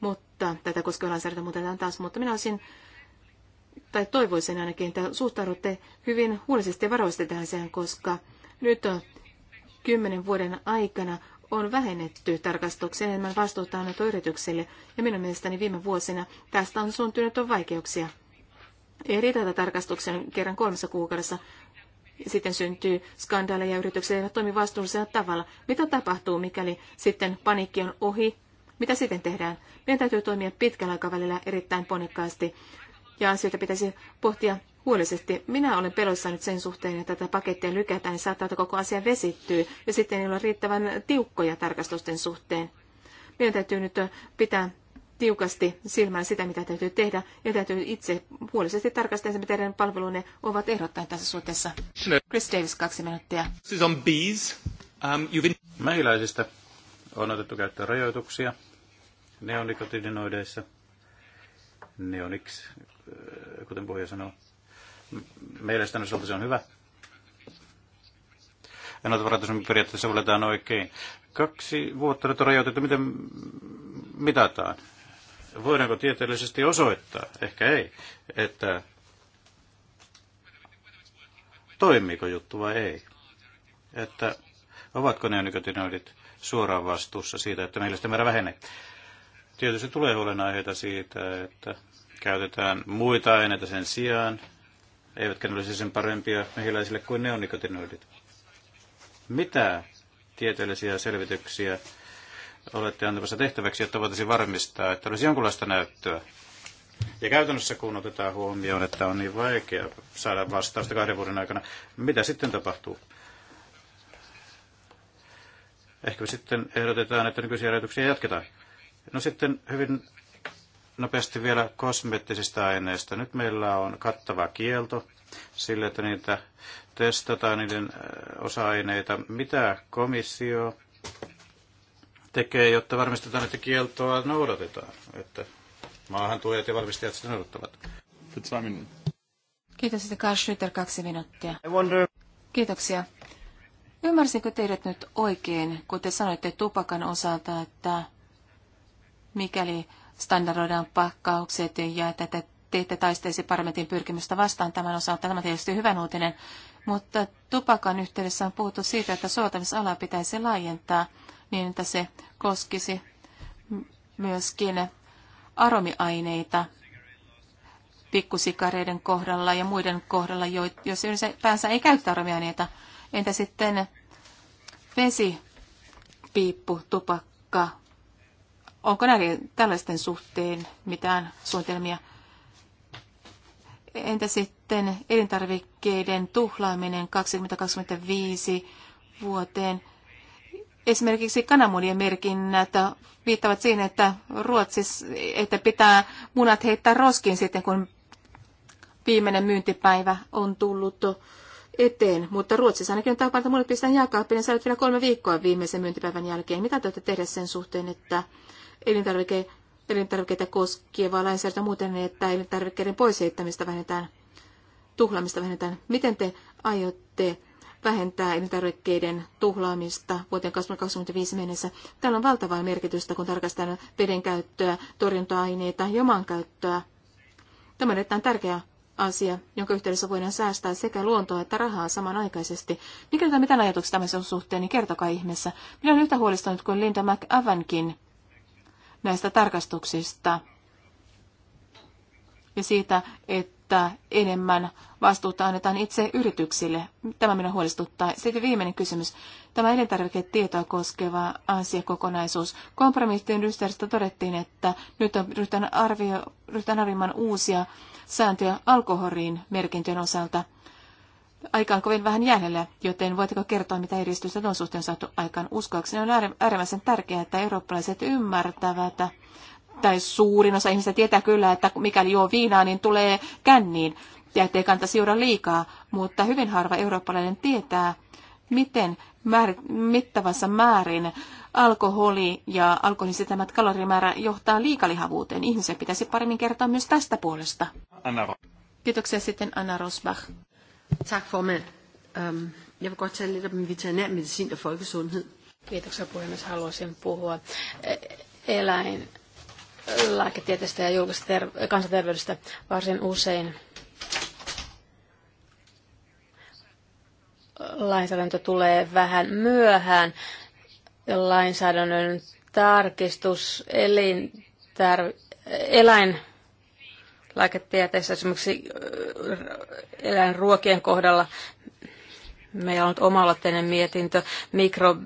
mutta tätä koskeva lainsäädäntö muutetaan taas, mutta minä olisin tai toivoisin ainakin, että suhtaudutte hyvin huolellisesti ja tähän asiaan, koska nyt on kymmenen vuoden aikana on vähennetty tarkastuksen enemmän vastuuta annettu yritykselle. ja minun mielestäni viime vuosina tästä on syntynyt on vaikeuksia. Eri tätä tarkastuksen kerran kolmessa kuukaudessa. Sitten syntyy skandaaleja, yritykset eivät toimi vastuullisella tavalla. Mitä tapahtuu, mikäli sitten paniikki on ohi? Mitä sitten tehdään? Meidän täytyy toimia pitkällä aikavälillä erittäin ponnekkaasti ja asioita pitäisi pohtia huolellisesti. Minä olen pelossa nyt sen suhteen, että tätä pakettia lykätään, niin saattaa, että koko asia vesittyy ja sitten ei ole riittävän tiukkoja tarkastusten suhteen. Meidän täytyy nyt pitää tiukasti silmään sitä, mitä täytyy tehdä, ja täytyy itse huolellisesti tarkastaa, mitä teidän palvelunne ovat ehdottaneet tässä suhteessa. Chris Davis, kaksi minuuttia. This on bees. Um, you've been... Mehiläisistä on otettu käyttöön rajoituksia neonikotidinoideissa. neoniks kuten puhuja sanoo. Mielestäni osalta se on hyvä. Ennaltavaraisuus periaatteessa valitaan oikein. Kaksi vuotta nyt on rajoitettu, miten mitataan. Voidaanko tieteellisesti osoittaa, ehkä ei, että toimiiko juttu vai ei. Että ovatko ne nikotinoidit suoraan vastuussa siitä, että meillä sitä määrä vähenee. Tietysti tulee huolenaiheita siitä, että käytetään muita aineita sen sijaan, eivätkä ne olisi sen parempia mehiläisille kuin neonikotinoidit. Mitä tieteellisiä selvityksiä olette antamassa tehtäväksi, jotta voitaisiin varmistaa, että olisi jonkinlaista näyttöä? Ja käytännössä kun otetaan huomioon, että on niin vaikea saada vastausta kahden vuoden aikana, mitä sitten tapahtuu? Ehkä sitten ehdotetaan, että nykyisiä rajoituksia jatketaan. No sitten hyvin Nopeasti vielä kosmettisista aineista. Nyt meillä on kattava kielto sille, että niitä testataan, niiden osa-aineita. Mitä komissio tekee, jotta varmistetaan, että kieltoa noudatetaan, että maahantuojat ja valmistajat sitä noudattavat? Kiitos, että Karl Schlüter, kaksi minuuttia. Kiitoksia. Ymmärsinkö teidät nyt oikein, kun te sanoitte tupakan osalta, että mikäli standardoidaan pakkaukset ja että te, te ette taisteisi parlamentin pyrkimystä vastaan tämän osalta. Tämä on tietysti hyvän uutinen, mutta tupakan yhteydessä on puhuttu siitä, että soveltamisalaa pitäisi laajentaa niin, että se koskisi myöskin aromiaineita pikkusikareiden kohdalla ja muiden kohdalla, jos päänsä ei käytä aromiaineita. Entä sitten piippu tupakka, Onko näiden tällaisten suhteen mitään suunnitelmia? Entä sitten elintarvikkeiden tuhlaaminen 2025 vuoteen? Esimerkiksi kananmunien merkinnät viittavat siihen, että Ruotsissa että pitää munat heittää roskiin sitten, kun viimeinen myyntipäivä on tullut eteen. Mutta Ruotsissa ainakin on tapana, että munat pistetään jääkaappiin ja vielä kolme viikkoa viimeisen myyntipäivän jälkeen. Mitä te olette tehdä sen suhteen, että elintarvike, elintarvikeita koskevaa lainsäädäntöä muuten, että elintarvikkeiden poisheittämistä vähennetään, tuhlaamista vähennetään. Miten te aiotte vähentää elintarvikkeiden tuhlaamista vuoteen 2025 mennessä. Täällä on valtavaa merkitystä, kun tarkastetaan veden käyttöä, torjunta-aineita ja maan käyttöä. Tämä on erittäin tärkeä asia, jonka yhteydessä voidaan säästää sekä luontoa että rahaa samanaikaisesti. Mikä tai mitään ajatuksia tämmöisen suhteen, niin kertokaa ihmeessä. Minä olen yhtä huolestunut kuin Linda McAvankin näistä tarkastuksista ja siitä, että enemmän vastuuta annetaan itse yrityksille. Tämä minua huolestuttaa. Sitten viimeinen kysymys. Tämä elintarviketietoa koskeva asiakokonaisuus. Kompromissin ystävistä todettiin, että nyt on, ryhtynyt arvio, arvioimaan uusia sääntöjä alkoholin merkintöjen osalta – aika on kovin vähän jäljellä, joten voitteko kertoa, mitä edistystä on suhteen saatu aikaan uskoakseni? On äärimmäisen tärkeää, että eurooppalaiset ymmärtävät, tai suurin osa ihmistä tietää kyllä, että mikäli juo viinaa, niin tulee känniin ja ettei kanta siura liikaa, mutta hyvin harva eurooppalainen tietää, miten määr, mittavassa määrin alkoholi ja alkoholin sitämät kalorimäärä johtaa liikalihavuuteen. Ihmisen pitäisi paremmin kertoa myös tästä puolesta. Anna. Kiitoksia sitten Anna Rosbach. Tak formand. Um, jeg vil godt tale lidt om veterinærmedicin og folkesundhed. Kiitoksia puhemies. Haluaisin puhua eh, eläin lääketieteestä ja julkisesta ter- kansanterveydestä varsin usein. Lainsäädäntö tulee vähän myöhään. Lainsäädännön tarkistus elin, eläin lääketieteessä, esimerkiksi eläinruokien kohdalla. Meillä on omalla mietintö mikro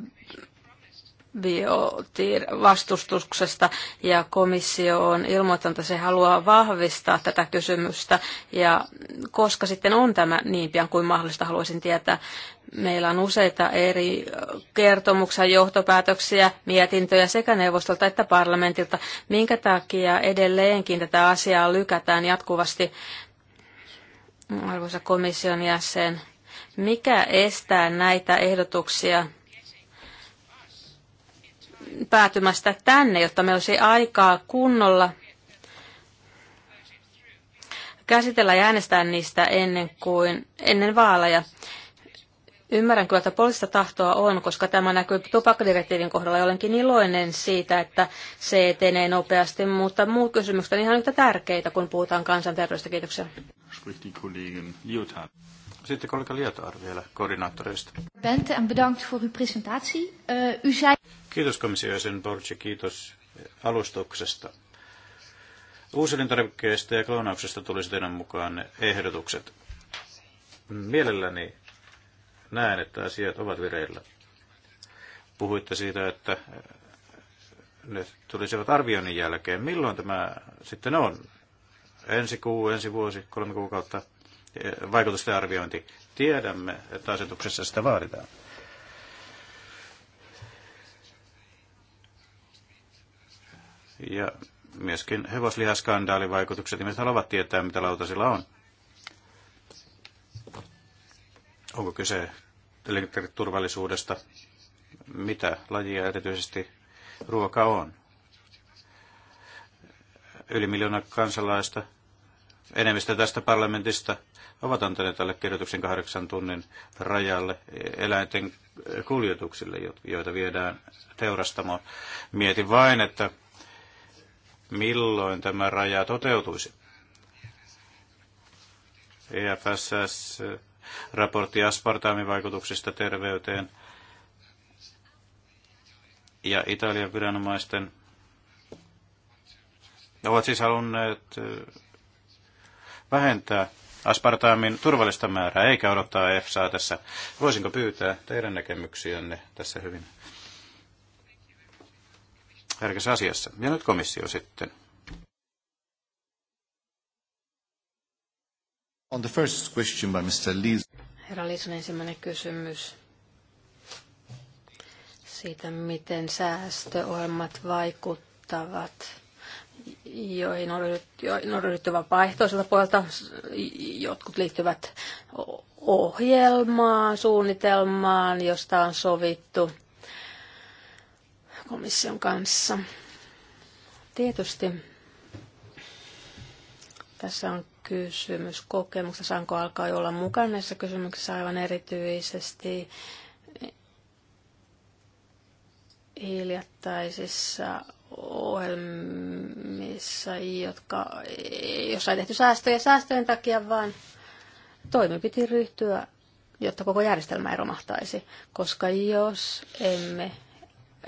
vastustuksesta ja komissio on ilmoittanut, että se haluaa vahvistaa tätä kysymystä ja koska sitten on tämä niin pian kuin mahdollista haluaisin tietää. Meillä on useita eri kertomuksia, johtopäätöksiä, mietintöjä sekä neuvostolta että parlamentilta, minkä takia edelleenkin tätä asiaa lykätään jatkuvasti. Arvoisa komission jäsen, mikä estää näitä ehdotuksia päätymästä tänne, jotta me olisi aikaa kunnolla käsitellä ja äänestää niistä ennen, kuin, ennen vaaleja. Ymmärrän kyllä, että poliittista tahtoa on, koska tämä näkyy tupakkadirektiivin kohdalla. Olenkin iloinen siitä, että se etenee nopeasti, mutta muut kysymykset on ihan yhtä tärkeitä, kun puhutaan kansanterveydestä. Kiitoksia. Sitten kollega Lietaar vielä koordinaattoreista. Bente, en bedankt voor uw presentatie. Uh, u zei... Kiitos komissio jäsen Borgi, kiitos alustuksesta. Uuselintarvikkeista ja kloonauksesta tulisi teidän mukaan ehdotukset. Mielelläni näen, että asiat ovat vireillä. Puhuitte siitä, että ne tulisivat arvioinnin jälkeen. Milloin tämä sitten on? Ensi kuu, ensi vuosi, kolme kuukautta? vaikutusten arviointi. Tiedämme, että asetuksessa sitä vaaditaan. Ja myöskin hevoslihaskandaalivaikutukset, vaikutukset, ihmiset niin haluavat tietää, mitä lautasilla on. Onko kyse elintarviketurvallisuudesta, mitä lajia erityisesti ruoka on. Yli miljoona kansalaista, enemmistö tästä parlamentista ovat antaneet alle kirjoituksen kahdeksan tunnin rajalle eläinten kuljetuksille, joita viedään teurastamaan. Mietin vain, että milloin tämä raja toteutuisi. EFSS-raportti vaikutuksista terveyteen ja Italian viranomaisten ovat siis halunneet vähentää aspartaamin turvallista määrää, eikä odottaa EFSAa tässä. Voisinko pyytää teidän näkemyksiänne tässä hyvin tärkeässä asiassa? Ja nyt komissio sitten. On the first question by Mr. Lees. Herra Liisan ensimmäinen kysymys siitä, miten säästöohjelmat vaikuttavat joihin on ryhdytty, on ryhdytty vapaaehtoiselta puolelta. Jotkut liittyvät ohjelmaan, suunnitelmaan, josta on sovittu komission kanssa. Tietysti tässä on kysymys kokemuksesta. Saanko alkaa olla mukana näissä kysymyksissä aivan erityisesti hiljattaisissa ohjelmissa, jotka, jossa ei tehty säästöjä säästöjen takia, vaan toimi piti ryhtyä, jotta koko järjestelmä ei romahtaisi. Koska jos emme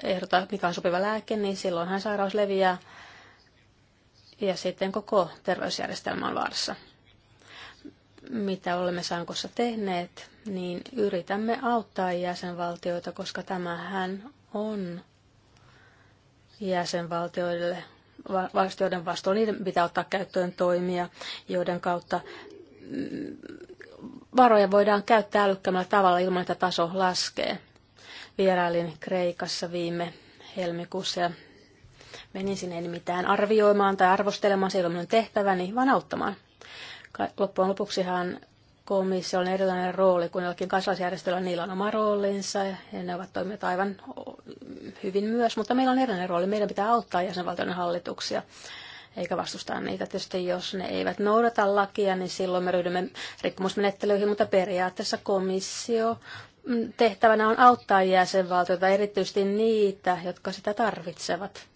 ehdota, mikä on sopiva lääke, niin silloinhan sairaus leviää ja sitten koko terveysjärjestelmä on vaarassa. Mitä olemme Sankossa tehneet, niin yritämme auttaa jäsenvaltioita, koska tämähän on jäsenvaltioille valtioiden vastuun. Niiden pitää ottaa käyttöön toimia, joiden kautta mm, varoja voidaan käyttää älykkäämmällä tavalla ilman, että taso laskee. Vierailin Kreikassa viime helmikuussa ja menin sinne mitään arvioimaan tai arvostelemaan, se ei ole minun tehtäväni, vaan auttamaan. Loppujen lopuksihan Komissio on erilainen rooli, kun jollakin kansalaisjärjestöllä niillä on oma roolinsa ja ne ovat toimineet aivan hyvin myös, mutta meillä on erilainen rooli. Meidän pitää auttaa jäsenvaltioiden hallituksia eikä vastustaa niitä. Tietysti jos ne eivät noudata lakia, niin silloin me ryhdymme rikkomusmenettelyihin, mutta periaatteessa komissio mm, tehtävänä on auttaa jäsenvaltioita, erityisesti niitä, jotka sitä tarvitsevat.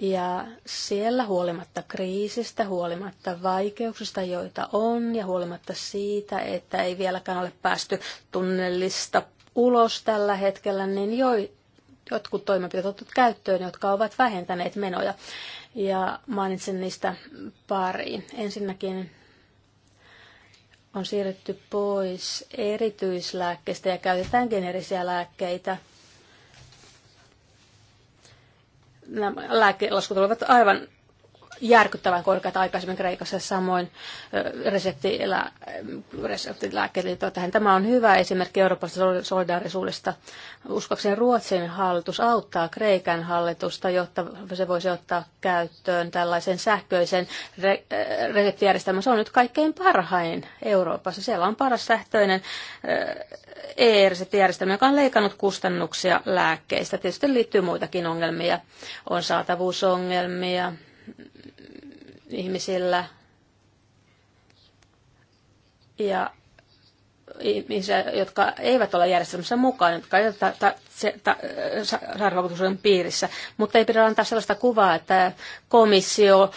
Ja siellä huolimatta kriisistä, huolimatta vaikeuksista, joita on, ja huolimatta siitä, että ei vieläkään ole päästy tunnellista ulos tällä hetkellä, niin jo, jotkut toimenpiteet on käyttöön, jotka ovat vähentäneet menoja. Ja mainitsen niistä pari. Ensinnäkin on siirretty pois erityislääkkeistä ja käytetään geneerisiä lääkkeitä – nämä lääkelaskut olivat aivan järkyttävän korkeat aikaisemmin Kreikassa, samoin reseptilä, reseptilääkkeet tähän. Tämä on hyvä esimerkki Euroopasta solidaarisuudesta. Uskoakseni Ruotsin hallitus auttaa Kreikan hallitusta, jotta se voisi ottaa käyttöön tällaisen sähköisen re- reseptijärjestelmän. Se on nyt kaikkein parhain Euroopassa. Siellä on paras sähköinen e-reseptijärjestelmä, joka on leikannut kustannuksia lääkkeistä. Tietysti liittyy muitakin ongelmia. On saatavuusongelmia, ihmisillä ja ihmisiä, jotka eivät ole järjestelmässä mukaan, jotka eivät ta, ta, piirissä. Mutta ei pidä antaa sellaista kuvaa, että komissio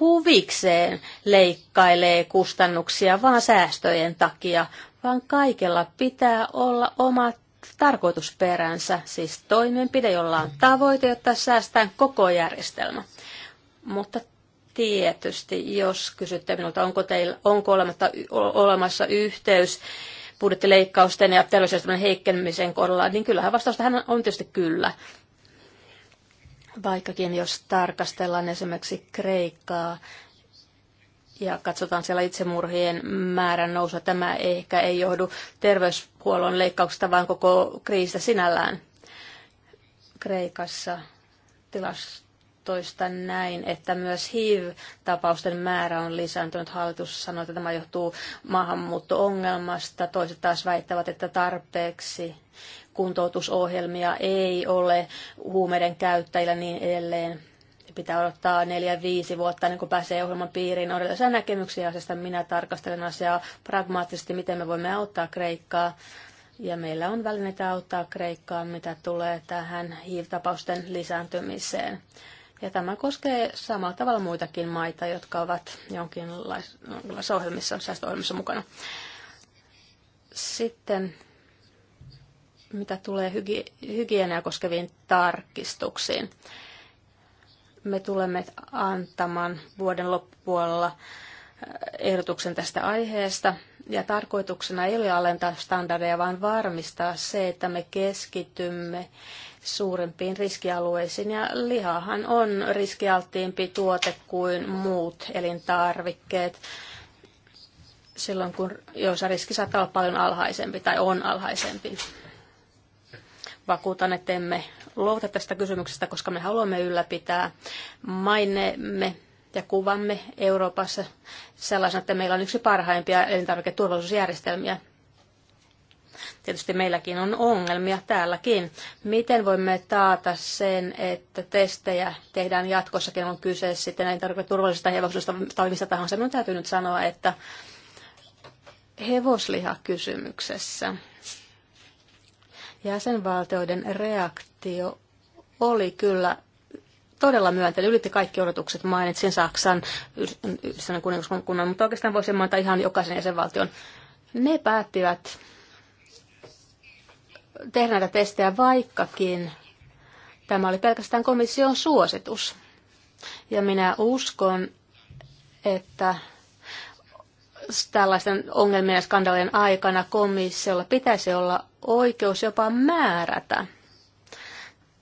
huvikseen leikkailee kustannuksia vaan säästöjen takia, vaan kaikella pitää olla omat tarkoitusperänsä, siis toimenpide, jolla on tavoite, jotta säästään koko järjestelmä. Mutta tietysti, jos kysytte minulta, onko, teillä, onko olematta, olemassa yhteys budjettileikkausten ja terveysjärjestelmän heikkenemisen kohdalla, niin kyllähän vastaus tähän on tietysti kyllä. Vaikkakin jos tarkastellaan esimerkiksi Kreikkaa ja katsotaan siellä itsemurhien määrän nousua, tämä ehkä ei johdu terveyshuollon leikkauksesta, vaan koko kriisistä sinällään. Kreikassa tilasto toista näin, että myös HIV-tapausten määrä on lisääntynyt. Hallitus sanoi, että tämä johtuu maahanmuutto-ongelmasta. Toiset taas väittävät, että tarpeeksi kuntoutusohjelmia ei ole huumeiden käyttäjillä niin edelleen. Pitää odottaa neljä, viisi vuotta ennen kuin pääsee ohjelman piiriin. Odotetaan näkemyksiä asiasta. Minä tarkastelen asiaa pragmaattisesti, miten me voimme auttaa Kreikkaa. Ja meillä on välineitä auttaa Kreikkaa, mitä tulee tähän hiv lisääntymiseen ja tämä koskee samalla tavalla muitakin maita, jotka ovat jonkinlaisissa ohjelmissa, säästöohjelmissa mukana. Sitten mitä tulee hygi- hygieniaa koskeviin tarkistuksiin. Me tulemme antamaan vuoden loppupuolella äh, ehdotuksen tästä aiheesta. Ja tarkoituksena ei ole alentaa standardeja, vaan varmistaa se, että me keskitymme suurempiin riskialueisiin. Ja lihahan on riskialttiimpi tuote kuin muut elintarvikkeet silloin, kun joissa riski saattaa olla paljon alhaisempi tai on alhaisempi. Vakuutan, että emme luota tästä kysymyksestä, koska me haluamme ylläpitää maineemme ja kuvamme Euroopassa sellaisena, että meillä on yksi parhaimpia elintarviketurvallisuusjärjestelmiä. Tietysti meilläkin on ongelmia täälläkin. Miten voimme taata sen, että testejä tehdään jatkossakin, on kyse sitten ei tarkoita turvallisesta hevosesta tai mistä tahansa. Minun täytyy nyt sanoa, että hevoslihakysymyksessä jäsenvaltioiden reaktio oli kyllä todella myönteinen, ylitti kaikki odotukset. Mainitsin Saksan yhdistyneen kuningaskunnan, mutta oikeastaan voisi mainita ihan jokaisen jäsenvaltion. Ne päättivät tehdä näitä testejä, vaikkakin tämä oli pelkästään komission suositus. Ja minä uskon, että tällaisten ongelmien ja skandaalien aikana komissiolla pitäisi olla oikeus jopa määrätä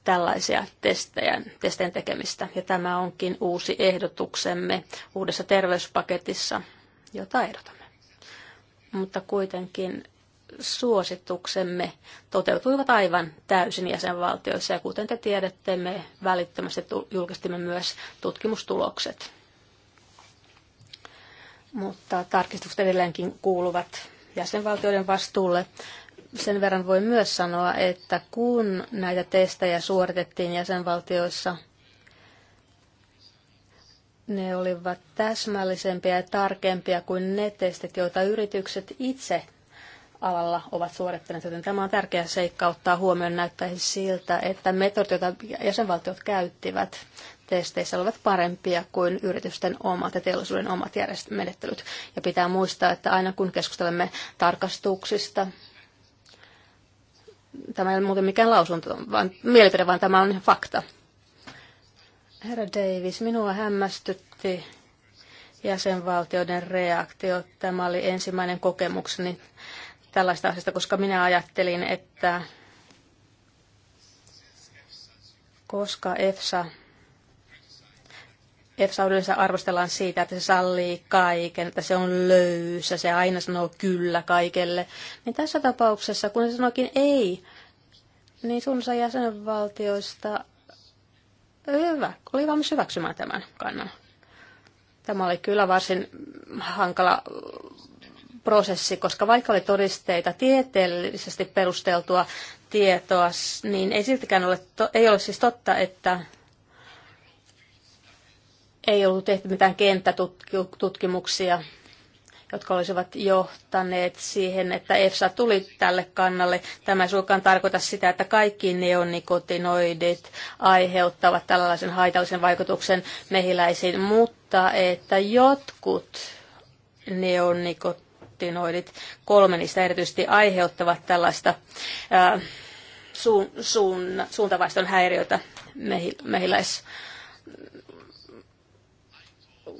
tällaisia testejä, testien tekemistä. Ja tämä onkin uusi ehdotuksemme uudessa terveyspaketissa, jota ehdotamme. Mutta kuitenkin suosituksemme toteutuivat aivan täysin jäsenvaltioissa ja kuten te tiedätte, me välittömästi julkistimme myös tutkimustulokset. Mutta tarkistukset edelleenkin kuuluvat jäsenvaltioiden vastuulle. Sen verran voi myös sanoa, että kun näitä testejä suoritettiin jäsenvaltioissa, ne olivat täsmällisempiä ja tarkempia kuin ne testit, joita yritykset itse alalla ovat suorittaneet, joten tämä on tärkeä seikka ottaa huomioon. Näyttäisi siltä, että metodit, joita jäsenvaltiot käyttivät testeissä, olivat parempia kuin yritysten omat ja teollisuuden omat menettelyt. Ja pitää muistaa, että aina kun keskustelemme tarkastuksista, tämä ei ole muuten mikään lausunto, vaan mielipide, vaan tämä on fakta. Herra Davis, minua hämmästytti jäsenvaltioiden reaktio. Tämä oli ensimmäinen kokemukseni tällaista asiasta, koska minä ajattelin, että koska EFSA EFSA yleensä arvostellaan siitä, että se sallii kaiken, että se on löysä, se aina sanoo kyllä kaikelle. Niin tässä tapauksessa, kun se sanoikin ei, niin sun jäsenvaltioista hyvä, oli valmis hyväksymään tämän kannan. Tämä oli kyllä varsin hankala prosessi, koska vaikka oli todisteita tieteellisesti perusteltua tietoa, niin ei siltikään ole, to, ei ole siis totta, että ei ollut tehty mitään kenttätutkimuksia, jotka olisivat johtaneet siihen, että EFSA tuli tälle kannalle. Tämä ei suinkaan tarkoita sitä, että kaikki neonikotinoidit aiheuttavat tällaisen haitallisen vaikutuksen mehiläisiin, mutta että jotkut neonikotinoidit retinoidit, kolme niistä erityisesti aiheuttavat tällaista ää, suun, suun, suuntavaiston häiriötä mehiläis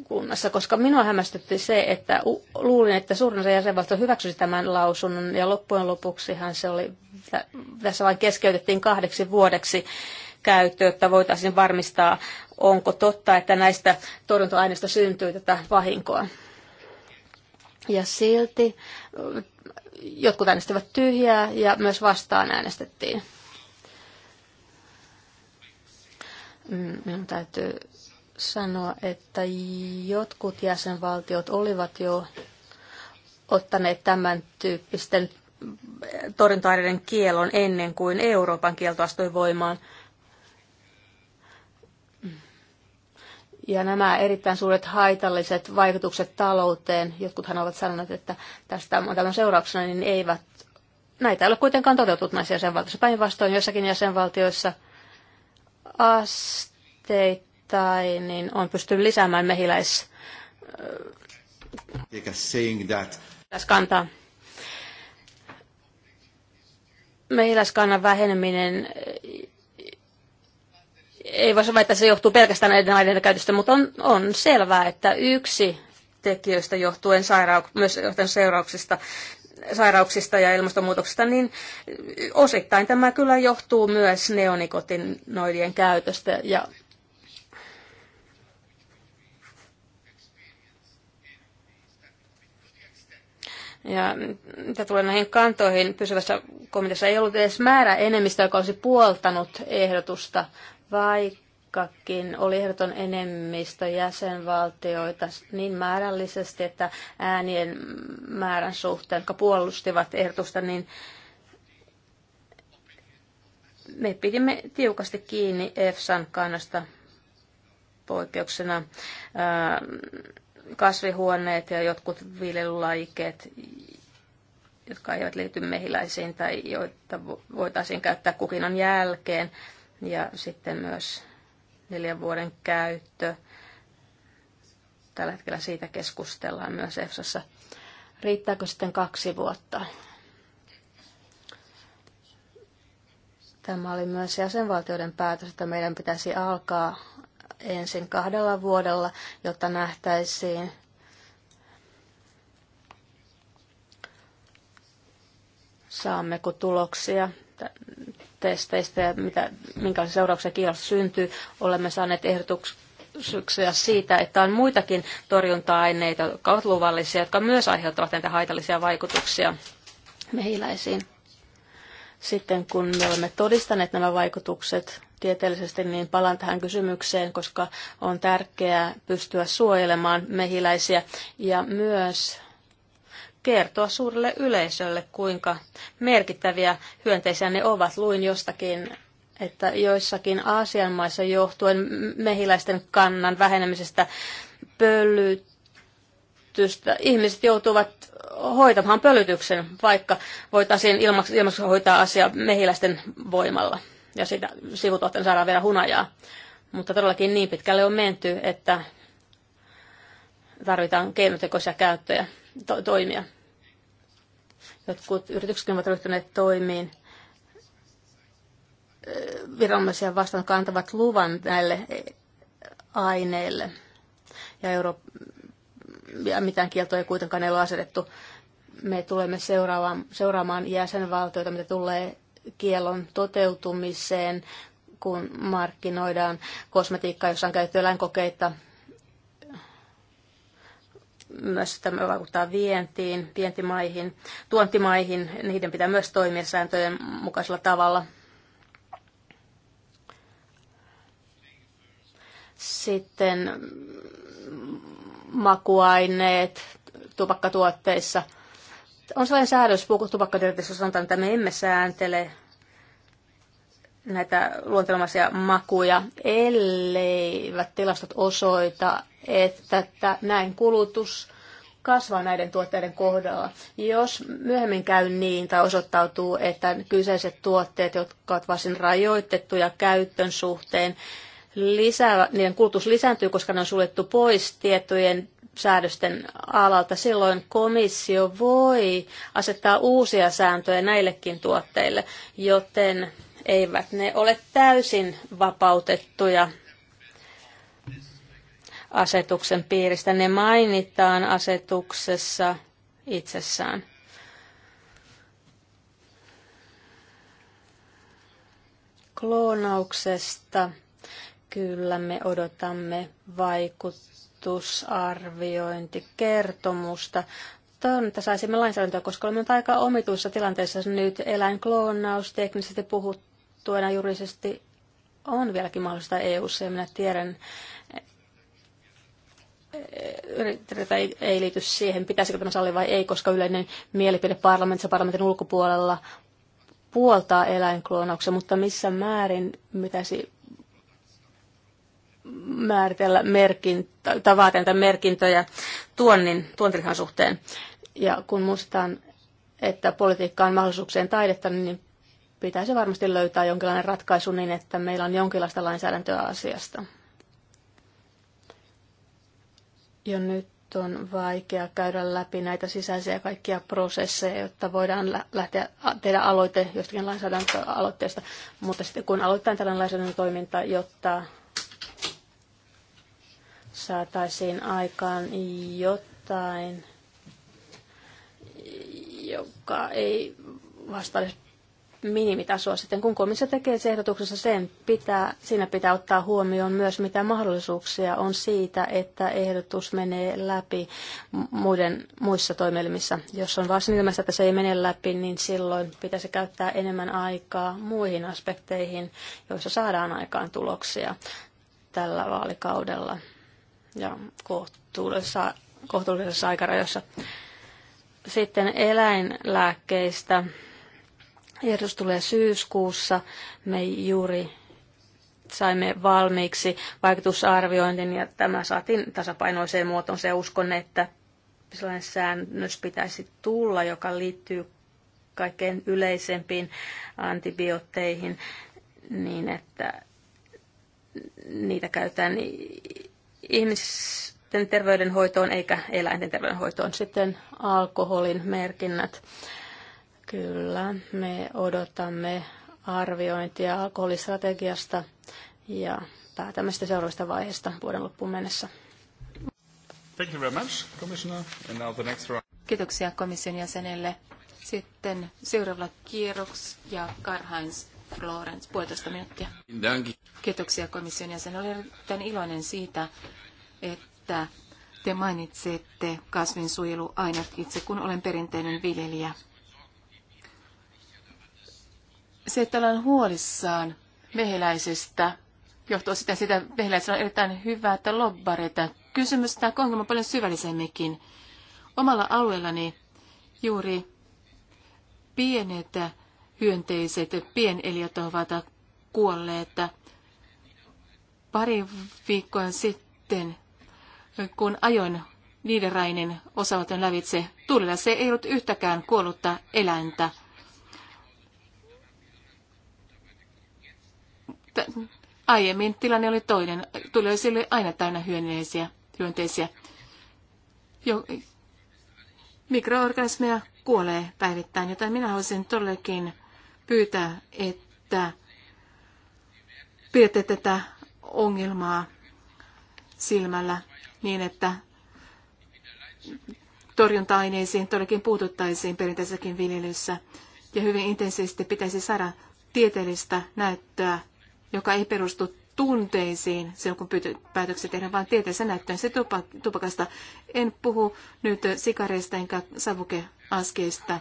kunnassa, koska minua hämmästytti se, että luulin, että suurin osa jäsenvaltio hyväksyisi tämän lausunnon, ja loppujen lopuksihan se oli, tässä vain keskeytettiin kahdeksi vuodeksi käyttö, että voitaisiin varmistaa, onko totta, että näistä torjunta-aineista syntyy tätä vahinkoa. Ja silti jotkut äänestivät tyhjää ja myös vastaan äänestettiin. Mm, minun täytyy sanoa, että jotkut jäsenvaltiot olivat jo ottaneet tämän tyyppisten torjunta kielon ennen kuin Euroopan kielto astui voimaan – Ja nämä erittäin suuret haitalliset vaikutukset talouteen, jotkuthan ovat sanoneet, että tästä on tämän seurauksena, niin eivät, näitä ei ole kuitenkaan toteutunut näissä jäsenvaltioissa. Päinvastoin joissakin jäsenvaltioissa asteittain niin on pystynyt lisäämään mehiläis... Kantaa. Mehiläiskannan väheneminen ei voi sanoa, että se johtuu pelkästään näiden aineiden käytöstä, mutta on, on selvää, että yksi tekijöistä johtuen sairauk- myös johtuen seurauksista, sairauksista ja ilmastonmuutoksesta, niin osittain tämä kyllä johtuu myös neonikotinoidien käytöstä ja Ja mitä tulee näihin kantoihin, pysyvässä komiteassa ei ollut edes määrä enemmistö, joka olisi puoltanut ehdotusta, vaikkakin oli ehdoton enemmistö jäsenvaltioita niin määrällisesti, että äänien määrän suhteen, jotka puolustivat ehdotusta, niin me pidimme tiukasti kiinni EFSAn kannasta poikkeuksena kasvihuoneet ja jotkut viljelylajikkeet, jotka eivät liity mehiläisiin tai joita voitaisiin käyttää kukinan jälkeen ja sitten myös neljän vuoden käyttö. Tällä hetkellä siitä keskustellaan myös EFSassa. Riittääkö sitten kaksi vuotta? Tämä oli myös jäsenvaltioiden päätös, että meidän pitäisi alkaa ensin kahdella vuodella, jotta nähtäisiin saammeko tuloksia testeistä ja mitä, minkälaisia seurauksia kiellosta syntyy. Olemme saaneet ehdotuksia siitä, että on muitakin torjunta-aineita, jotka ovat luvallisia, jotka myös aiheuttavat näitä haitallisia vaikutuksia mehiläisiin. Sitten kun me olemme todistaneet nämä vaikutukset tieteellisesti, niin palaan tähän kysymykseen, koska on tärkeää pystyä suojelemaan mehiläisiä ja myös kertoa suurelle yleisölle, kuinka merkittäviä hyönteisiä ne ovat. Luin jostakin että joissakin Aasian maissa johtuen mehiläisten kannan vähenemisestä pölytystä ihmiset joutuvat hoitamaan pölytyksen, vaikka voitaisiin ilmaksi, hoitaa asia mehiläisten voimalla. Ja siitä sivutuotteen saadaan vielä hunajaa. Mutta todellakin niin pitkälle on menty, että tarvitaan keinotekoisia käyttöjä to- toimia. Jotkut yritykset ovat ryhtyneet toimiin viranomaisia vastaan kantavat luvan näille aineille. Ja, euro- ja mitään kieltoa ei kuitenkaan ei ole asetettu. Me tulemme seuraamaan, seuraamaan jäsenvaltioita, mitä tulee kielon toteutumiseen, kun markkinoidaan kosmetiikkaa, jossa on käytetty eläinkokeita myös tämä vaikuttaa vientiin, vientimaihin, tuontimaihin. Niiden pitää myös toimia sääntöjen mukaisella tavalla. Sitten makuaineet tupakkatuotteissa. On sellainen säädös tupakkatuotteissa sanotaan, että me emme sääntele näitä luontelmaisia makuja, elleivät tilastot osoita, että näin kulutus kasvaa näiden tuotteiden kohdalla. Jos myöhemmin käy niin tai osoittautuu, että kyseiset tuotteet, jotka ovat varsin rajoitettuja käyttön suhteen, lisää, niiden kulutus lisääntyy, koska ne on suljettu pois tiettyjen säädösten alalta, silloin komissio voi asettaa uusia sääntöjä näillekin tuotteille, joten eivät ne ole täysin vapautettuja asetuksen piiristä. Ne mainitaan asetuksessa itsessään. Kloonauksesta kyllä me odotamme vaikutusarviointikertomusta toivon, että saisimme lainsäädäntöä, koska olemme aika omituissa tilanteissa nyt eläinkloonaus teknisesti puhuttuena juridisesti on vieläkin mahdollista eu -ssa, ja minä tiedän, ei, ei liity siihen, pitäisikö tämä salli vai ei, koska yleinen mielipide parlamentissa parlamentin ulkopuolella puoltaa eläinkloonauksen, mutta missä määrin pitäisi määritellä merkintä, tai vaatia merkintöjä tuonnin, tuontilihan suhteen. Ja kun muistetaan, että politiikka on mahdollisuuksien taidetta, niin pitäisi varmasti löytää jonkinlainen ratkaisu niin, että meillä on jonkinlaista lainsäädäntöä asiasta jo nyt on vaikea käydä läpi näitä sisäisiä kaikkia prosesseja, jotta voidaan lähteä tehdä aloite jostakin lainsäädäntöaloitteesta. Mutta sitten kun aloittaa tällainen lainsäädäntötoiminta, jotta saataisiin aikaan jotain, joka ei vastaisi minimitasoa sitten, kun komissio tekee se ehdotuksessa, sen pitää, siinä pitää ottaa huomioon myös, mitä mahdollisuuksia on siitä, että ehdotus menee läpi muiden muissa toimielimissä. Jos on varsin ilmeistä, että se ei mene läpi, niin silloin pitäisi käyttää enemmän aikaa muihin aspekteihin, joissa saadaan aikaan tuloksia tällä vaalikaudella ja kohtuullisessa, kohtuullisessa aikarajoissa. Sitten eläinlääkkeistä Ehdotus tulee syyskuussa. Me juuri saimme valmiiksi vaikutusarvioinnin ja tämä saatiin tasapainoiseen muotoon. Se uskon, että sellainen säännös pitäisi tulla, joka liittyy kaikkein yleisempiin antibiootteihin niin, että niitä käytetään ihmisten terveydenhoitoon eikä eläinten terveydenhoitoon. Sitten alkoholin merkinnät. Kyllä, me odotamme arviointia alkoholistrategiasta ja päätämme sitten seuraavista vaiheista vuoden loppuun mennessä. Thank you very much, Commissioner. And now the next round. Kiitoksia komission jäsenelle. Sitten seuraavalla kierroks ja Karhans Florence, puolitoista minuuttia. Kiitoksia komission jäsen. Olen erittäin iloinen siitä, että te mainitsette kasvinsuojeluaineet itse, kun olen perinteinen viljelijä. Se, että ollaan huolissaan mehiläisestä, johtuu sitä, että mehiläisellä on erittäin hyvää, että lobbareita. Kysymys tämä ongelma paljon syvällisemminkin. Omalla alueellani juuri pienet hyönteiset pieneliöt ovat kuolleet. Pari viikkoa sitten, kun ajoin niiden rainin osavaltion lävitse, tuulilla se ei ollut yhtäkään kuollutta eläintä – aiemmin tilanne oli toinen. Tuli sille aina täynnä hyönteisiä. hyönteisiä. Jo, mikroorganismeja kuolee päivittäin, joten minä haluaisin todellakin pyytää, että pidätte tätä ongelmaa silmällä niin, että torjunta-aineisiin todellakin puututtaisiin perinteisessäkin viljelyssä ja hyvin intensiivisesti pitäisi saada tieteellistä näyttöä joka ei perustu tunteisiin silloin, kun päätöksiä tehdään, vaan tieteessä näyttöön se tupakasta. En puhu nyt sikareista enkä savukeaskeista.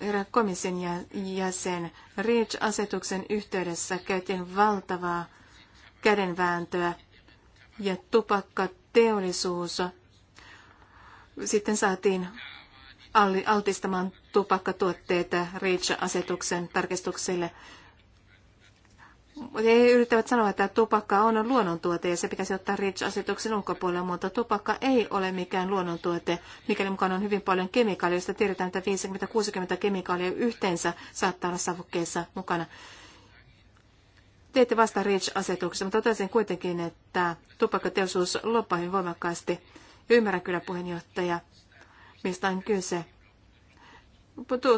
Herra komission jäsen, REACH-asetuksen yhteydessä käytiin valtavaa kädenvääntöä ja tupakkateollisuus sitten saatiin altistamaan tupakkatuotteita REACH-asetuksen tarkistukselle he yrittävät sanoa, että tupakka on luonnontuote ja se pitäisi ottaa REACH-asetuksen ulkopuolella, mutta tupakka ei ole mikään luonnontuote, mikäli mukaan on hyvin paljon kemikaalia, josta tiedetään, että 50-60 kemikaalia yhteensä saattaa olla savukkeessa mukana. Teette vasta REACH-asetuksen, mutta totesin kuitenkin, että tupakkateollisuus loppaa hyvin voimakkaasti. Ymmärrän kyllä puheenjohtaja, mistä on kyse.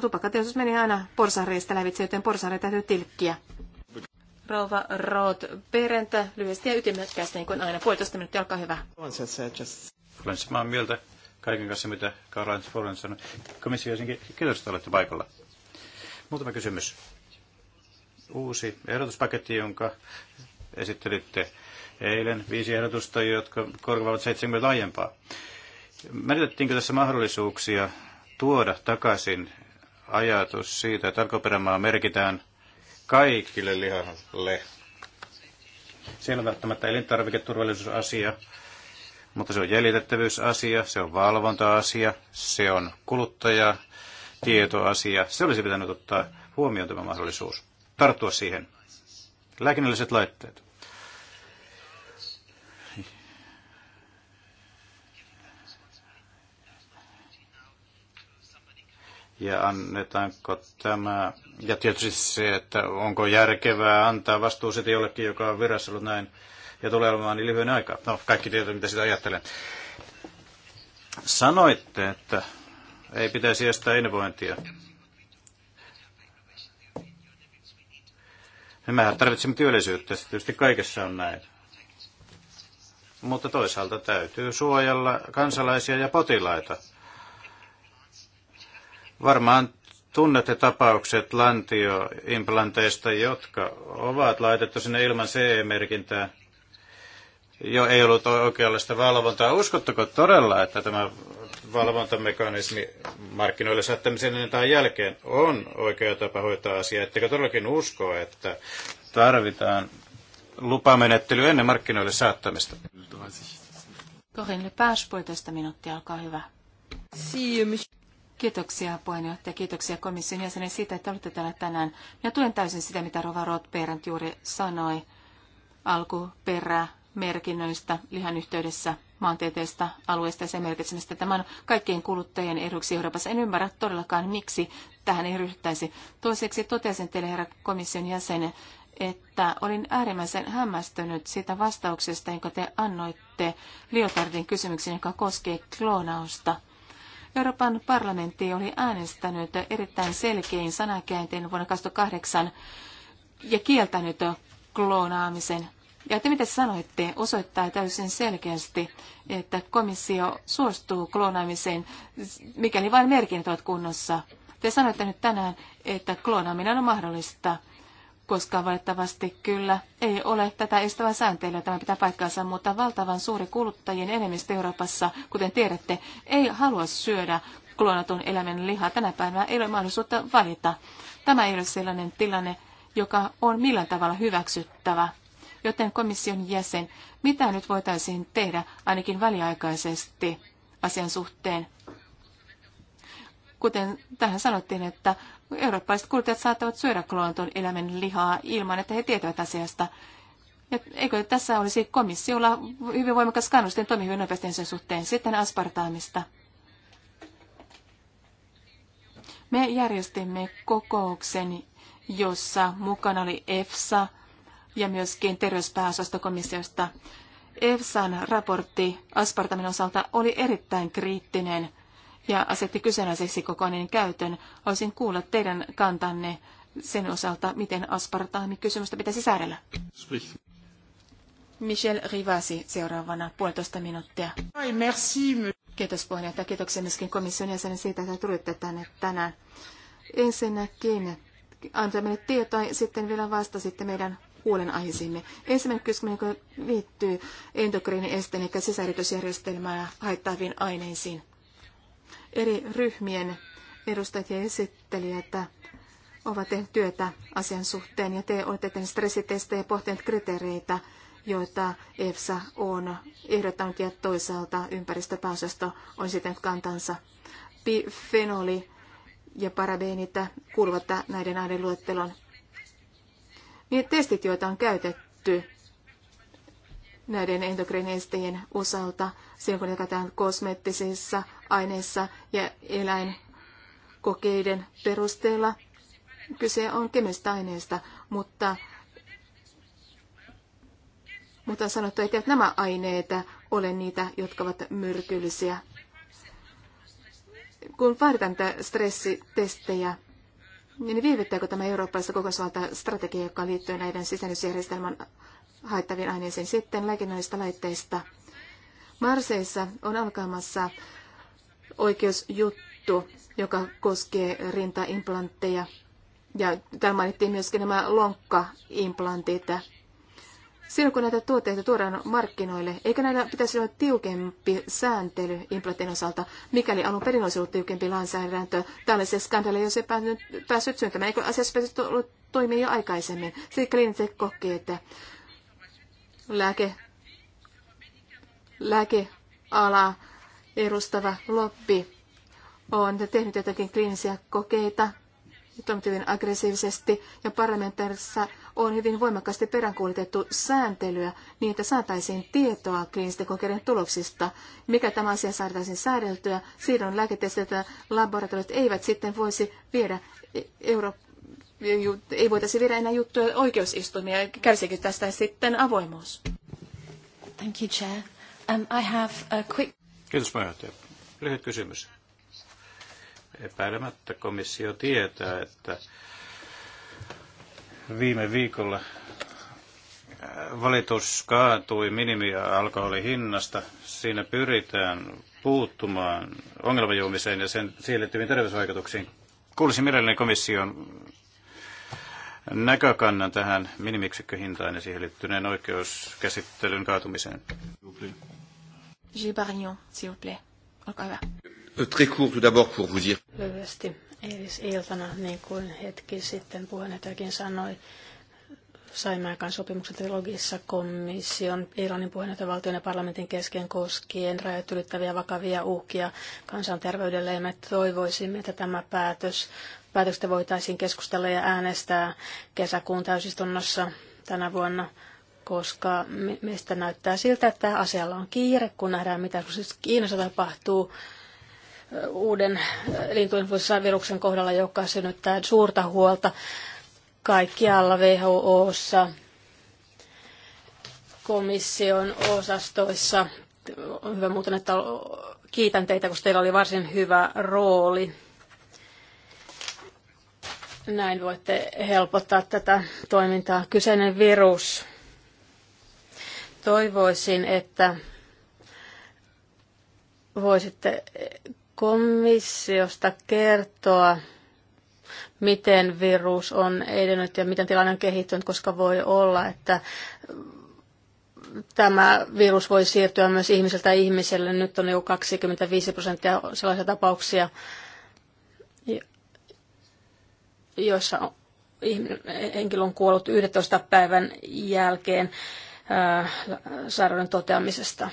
Tupakkateollisuus meni aina porsareista lävitse, joten porsareita täytyy tilkkiä. Rouva Roth Perentä, lyhyesti ja ytimekkäästi niin kuin aina. Puolitoista minuuttia, olkaa hyvä. Olen samaa mieltä kaiken kanssa, mitä Karl-Heinz Foren sanoi. Komissio jäsenkin, kiitos, että olette paikalla. Muutama kysymys. Uusi ehdotuspaketti, jonka esittelitte eilen, viisi ehdotusta, jotka korvaavat 70 aiempaa. Menetettiinkö tässä mahdollisuuksia tuoda takaisin ajatus siitä, että alkuperämaa merkitään kaikille lihalle. Se ei ole välttämättä elintarviketurvallisuusasia, mutta se on jäljitettävyysasia, se on valvonta-asia, se on kuluttaja, tietoasia. Se olisi pitänyt ottaa huomioon tämä mahdollisuus, tarttua siihen. Lääkinnälliset laitteet. ja annetaanko tämä, ja tietysti se, että onko järkevää antaa vastuu sitten jollekin, joka on virassa ollut näin ja tulee olemaan niin lyhyen aikaa. No, kaikki tietävät, mitä sitä ajattelen. Sanoitte, että ei pitäisi estää innovointia. Niin mehän tarvitsemme työllisyyttä, se tietysti kaikessa on näin. Mutta toisaalta täytyy suojella kansalaisia ja potilaita Varmaan tunnette tapaukset lantioimplanteista, jotka ovat laitettu sinne ilman CE-merkintää. Jo ei ollut oikeanlaista valvontaa. Uskotteko todella, että tämä valvontamekanismi markkinoille saattamisen ennen tai jälkeen on oikea tapa hoitaa asiaa? Ettekö todellakin usko, että tarvitaan lupamenettely ennen markkinoille saattamista? Korin Lepage, puolitoista minuuttia, olkaa hyvä. Kiitoksia puheenjohtaja, kiitoksia komission jäsenen siitä, että olette täällä tänään. Minä tuen täysin sitä, mitä Rova Rothberg juuri sanoi alkuperämerkinnöistä lihan yhteydessä maantieteestä, alueesta ja sen merkitsemistä. Tämä on kaikkien kuluttajien eduksi Euroopassa. En ymmärrä todellakaan, miksi tähän ei ryhtäisi. Toiseksi totesin teille, herra komission jäsen, että olin äärimmäisen hämmästynyt siitä vastauksesta, jonka te annoitte Liotardin kysymyksiin, joka koskee kloonausta – Euroopan parlamentti oli äänestänyt erittäin selkein sanakäänteen vuonna 2008 ja kieltänyt kloonaamisen. Ja te mitä sanoitte, osoittaa täysin selkeästi, että komissio suostuu kloonaamiseen, mikäli vain merkinnät ovat kunnossa. Te sanoitte nyt tänään, että kloonaaminen on mahdollista koska valitettavasti kyllä ei ole tätä estävää sääntelyä, tämä pitää paikkaansa, mutta valtavan suuri kuluttajien enemmistö Euroopassa, kuten tiedätte, ei halua syödä kloonatun eläimen lihaa. Tänä päivänä ei ole mahdollisuutta valita. Tämä ei ole sellainen tilanne, joka on millään tavalla hyväksyttävä. Joten komission jäsen, mitä nyt voitaisiin tehdä ainakin väliaikaisesti asian suhteen? Kuten tähän sanottiin, että eurooppalaiset kuluttajat saattavat syödä kloonatun eläimen lihaa ilman, että he tietävät asiasta. Ja eikö tässä olisi komissiolla hyvin voimakas kannustin toimi hyvin nopeasti sen suhteen sitten aspartaamista? Me järjestimme kokouksen, jossa mukana oli EFSA ja myöskin terveyspääosastokomissiosta. EFSAn raportti aspartamin osalta oli erittäin kriittinen – ja asetti kyseenalaiseksi koko aineen käytön. Olisin kuulla teidän kantanne sen osalta, miten aspartaami kysymystä pitäisi säädellä. Michel Rivasi seuraavana puolitoista minuuttia. Ai, merci. Kiitos puheenjohtaja. Kiitoksia myöskin komission jäsenen siitä, että tulitte tänne tänään. Ensinnäkin antaa meille tietoa ja sitten vielä vasta sitten meidän huolenaiheisiimme. Ensimmäinen kysymys liittyy endokriiniesteen eli sisäritysjärjestelmää haittaaviin aineisiin. Eri ryhmien edustajat ja esittelijät ovat tehneet työtä asian suhteen ja te olette tehneet stressitestejä ja pohtineet kriteereitä, joita EFSA on ehdottanut ja toisaalta ympäristöpääosasto on sitten kantansa. Bifenoli ja parabeenit kuuluvat näiden aineiden luettelon. Niin testit, joita on käytetty näiden endokriineistajien osalta, silloin kun käytetään kosmeettisissa aineissa ja eläinkokeiden perusteella. Kyse on kemistä aineista, mutta, mutta on sanottu, että nämä aineet ole niitä, jotka ovat myrkyllisiä. Kun vaaditaan stressitestejä, niin viivyttääkö tämä eurooppalaista kokonaisvalta strategia, joka liittyy näiden sisällysjärjestelmän haittaviin aineisiin sitten lääkinnällisistä laitteista? Marseissa on alkamassa oikeusjuttu, joka koskee rintaimplantteja. Ja täällä mainittiin myöskin nämä lonkkaimplantit. Silloin kun näitä tuotteita tuodaan markkinoille, eikä näillä pitäisi olla tiukempi sääntely implantin osalta, mikäli alun perin olisi ollut tiukempi lainsäädäntö. Tällaisia skandaaleja ei päässyt, päässyt syntymään, eikö asiassa pitäisi toimia jo aikaisemmin. Sitten kliiniset kokeet, lääke lääkeala edustava loppi on tehnyt jotakin kliinisiä kokeita toiminut hyvin aggressiivisesti ja parlamentaarissa on hyvin voimakkaasti peräänkuulutettu sääntelyä niin, että saataisiin tietoa kliinisten kokeiden tuloksista. Mikä tämä asia saataisiin säädeltyä, siitä on lääketesteitä laboratoriot eivät sitten voisi viedä euro ei voitaisi viedä enää juttuja oikeusistuimia. Kärsikin tästä sitten avoimuus. Thank you, Chair. Um, I have a quick... Kiitos puheenjohtaja. Lyhyt kysymys. Epäilemättä komissio tietää, että viime viikolla äh, valitus kaatui minimiä alkoholihinnasta. Siinä pyritään puuttumaan ongelmajuumiseen ja sen siihen liittyviin terveysvaikutuksiin. Kuulisin mielelläni komission näkökannan tähän minimiksikköhintaan ja siihen liittyneen oikeuskäsittelyn kaatumiseen. Gilles Barignon, s'il vous plaît. Olkaa hyvä. Euh, très court tout d'abord pour vous dire. Lyhyesti. Eilis-iltana, niin kuin hetki sitten puheenjohtajakin sanoi, saimme aikaan sopimuksen trilogissa komission Iranin puheenjohtajavaltion ja parlamentin kesken koskien rajat ylittäviä vakavia uhkia kansanterveydelle. Ja me toivoisimme, että tämä päätös, päätöstä voitaisiin keskustella ja äänestää kesäkuun täysistunnossa tänä vuonna koska meistä näyttää siltä, että asialla on kiire, kun nähdään, mitä siis Kiinassa tapahtuu uuden lintuinfluenssaviruksen kohdalla, joka synnyttää suurta huolta kaikkialla WHOssa, komission osastoissa. On hyvä muuten, että kiitän teitä, koska teillä oli varsin hyvä rooli. Näin voitte helpottaa tätä toimintaa. Kyseinen virus Toivoisin, että voisitte komissiosta kertoa, miten virus on edennyt ja miten tilanne on kehittynyt, koska voi olla, että tämä virus voi siirtyä myös ihmiseltä ihmiselle. Nyt on jo 25 prosenttia sellaisia tapauksia, joissa henkilö on kuollut 11 päivän jälkeen sairauden toteamisesta.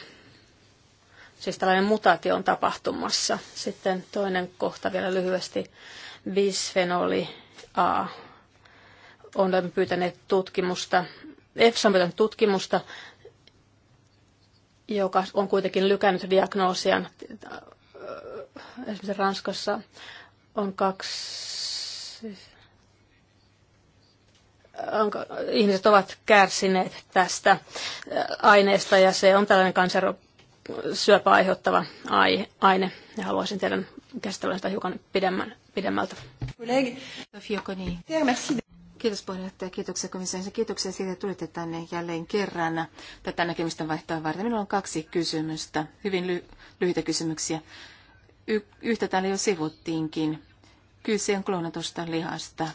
Siis tällainen mutaatio on tapahtumassa. Sitten toinen kohta vielä lyhyesti. Bisfenoli A. Olemme pyytäneet tutkimusta. EFSA on pyytänyt tutkimusta, joka on kuitenkin lykännyt diagnoosia. Esimerkiksi Ranskassa on kaksi onko, ihmiset ovat kärsineet tästä aineesta ja se on tällainen kansero, syöpää aiheuttava aine. Ja haluaisin teidän käsitellä sitä hiukan pidemmän, pidemmältä. Kiitos puheenjohtaja, kiitoksia komissaarissa. Kiitoksia siitä, että tulitte tänne jälleen kerran tätä näkemystä vaihtoa varten. Minulla on kaksi kysymystä, hyvin ly- lyhyitä kysymyksiä. Y- yhtä täällä jo sivuttiinkin. Kyse on kloonatusta lihasta.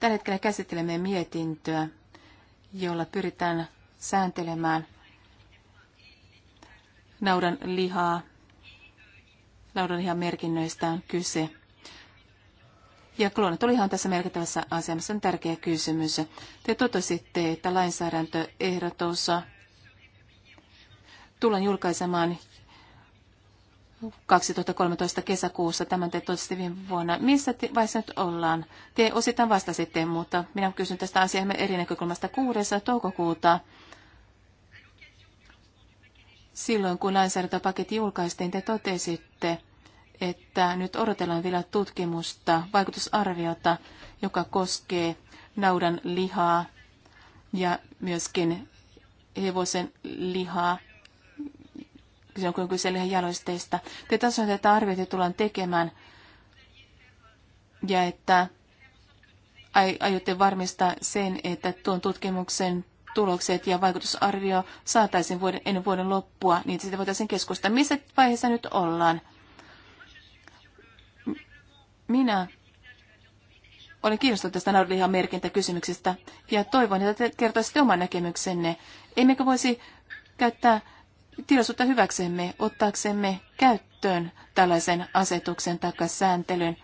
Tällä hetkellä käsittelemme mietintöä, jolla pyritään sääntelemään naudan lihaa. Naudan lihan merkinnöistä on kyse. Ja kloonat on tässä merkittävässä asemassa on tärkeä kysymys. Te totesitte, että lainsäädäntöehdotus tullaan julkaisemaan 2013 kesäkuussa, tämän te totesitte viime vuonna. Missä vaiheessa nyt ollaan? Te osittain sitten mutta minä kysyn tästä asiaa eri näkökulmasta 6. toukokuuta. Silloin kun lainsäädäntöpaketti julkaistiin, te totesitte, että nyt odotellaan vielä tutkimusta, vaikutusarviota, joka koskee naudan lihaa ja myöskin hevosen lihaa silloin kun kyse jalosteista. Te on tätä arvioita tullaan tekemään ja että aiotte varmistaa sen, että tuon tutkimuksen tulokset ja vaikutusarvio saataisiin vuoden, ennen vuoden loppua, niin sitä voitaisiin keskustella. Missä vaiheessa nyt ollaan? Minä olen kiinnostunut tästä naudanlihan merkintäkysymyksestä ja toivon, että te kertoisitte oman näkemyksenne. Emmekö voisi käyttää tilaisuutta hyväksemme, ottaaksemme käyttöön tällaisen asetuksen tai sääntelyn.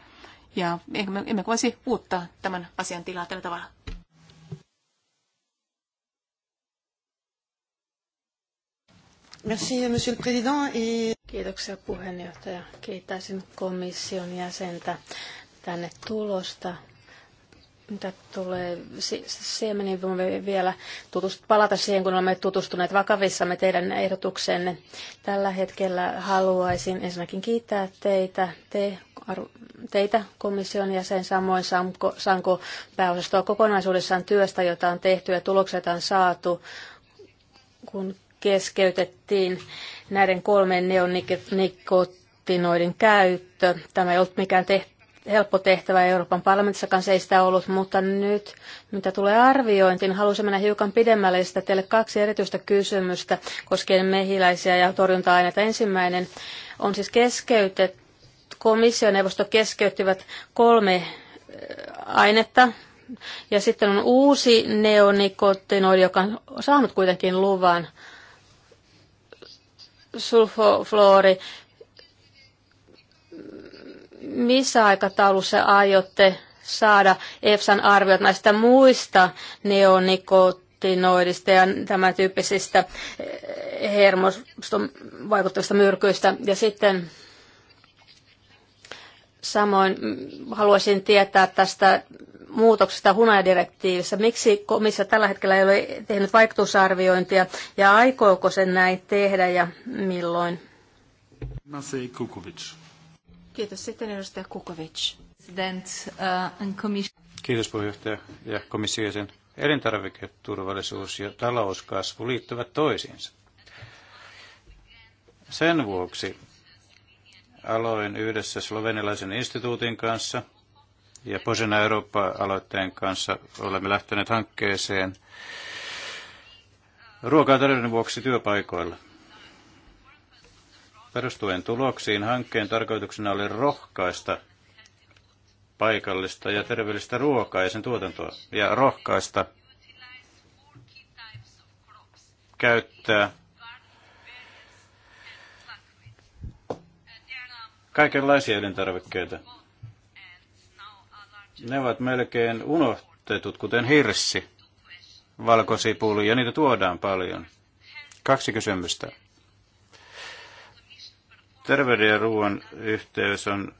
Ja emme, emme voisi muuttaa tämän asian tilaa tällä tavalla. Kiitoksia puheenjohtaja. Kiitäisin komission jäsentä tänne tulosta, mitä tulee niin voimme vielä tutust- palata siihen, kun olemme tutustuneet vakavissamme teidän ehdotuksenne. Tällä hetkellä haluaisin ensinnäkin kiittää teitä, te, teitä komission jäsen, samoin Sanko, Sanko pääosastoa kokonaisuudessaan työstä, jota on tehty ja tulokset on saatu, kun keskeytettiin näiden kolmen neonikotinoiden käyttö. Tämä ei ollut mikään tehty helppo tehtävä Euroopan parlamentissakaan se ei sitä ollut, mutta nyt mitä tulee arviointiin, haluaisin mennä hiukan pidemmälle ja teille kaksi erityistä kysymystä koskien mehiläisiä ja torjunta-aineita. Ensimmäinen on siis keskeytetty, komissioneuvosto keskeyttivät kolme äh, ainetta, ja sitten on uusi neonikotinoidi, joka on saanut kuitenkin luvan sulfofluori, missä aikataulussa aiotte saada EFSAn arviot näistä muista neonikotinoidista ja tämän tyyppisistä eh, hermoston vaikuttavista myrkyistä. Ja sitten samoin mm, haluaisin tietää tästä muutoksesta hunajadirektiivissä. Miksi komissio tällä hetkellä ei ole tehnyt vaikutusarviointia ja aikooko sen näin tehdä ja milloin? Masei Kukovic. Kiitos sitten edustaja Kukovic. Uh, Kiitos puheenjohtaja ja komission jäsen. Elintarviketurvallisuus ja talouskasvu liittyvät toisiinsa. Sen vuoksi aloin yhdessä slovenilaisen instituutin kanssa ja Posena Eurooppa-aloitteen kanssa olemme lähteneet hankkeeseen ruokaa vuoksi työpaikoilla. Perustuen tuloksiin hankkeen tarkoituksena oli rohkaista paikallista ja terveellistä ruokaa ja sen tuotantoa ja rohkaista käyttää kaikenlaisia elintarvikkeita. Ne ovat melkein unohtetut, kuten hirssi, valkosipuli, ja niitä tuodaan paljon. Kaksi kysymystä. Terveyden ja ruoan yhteys on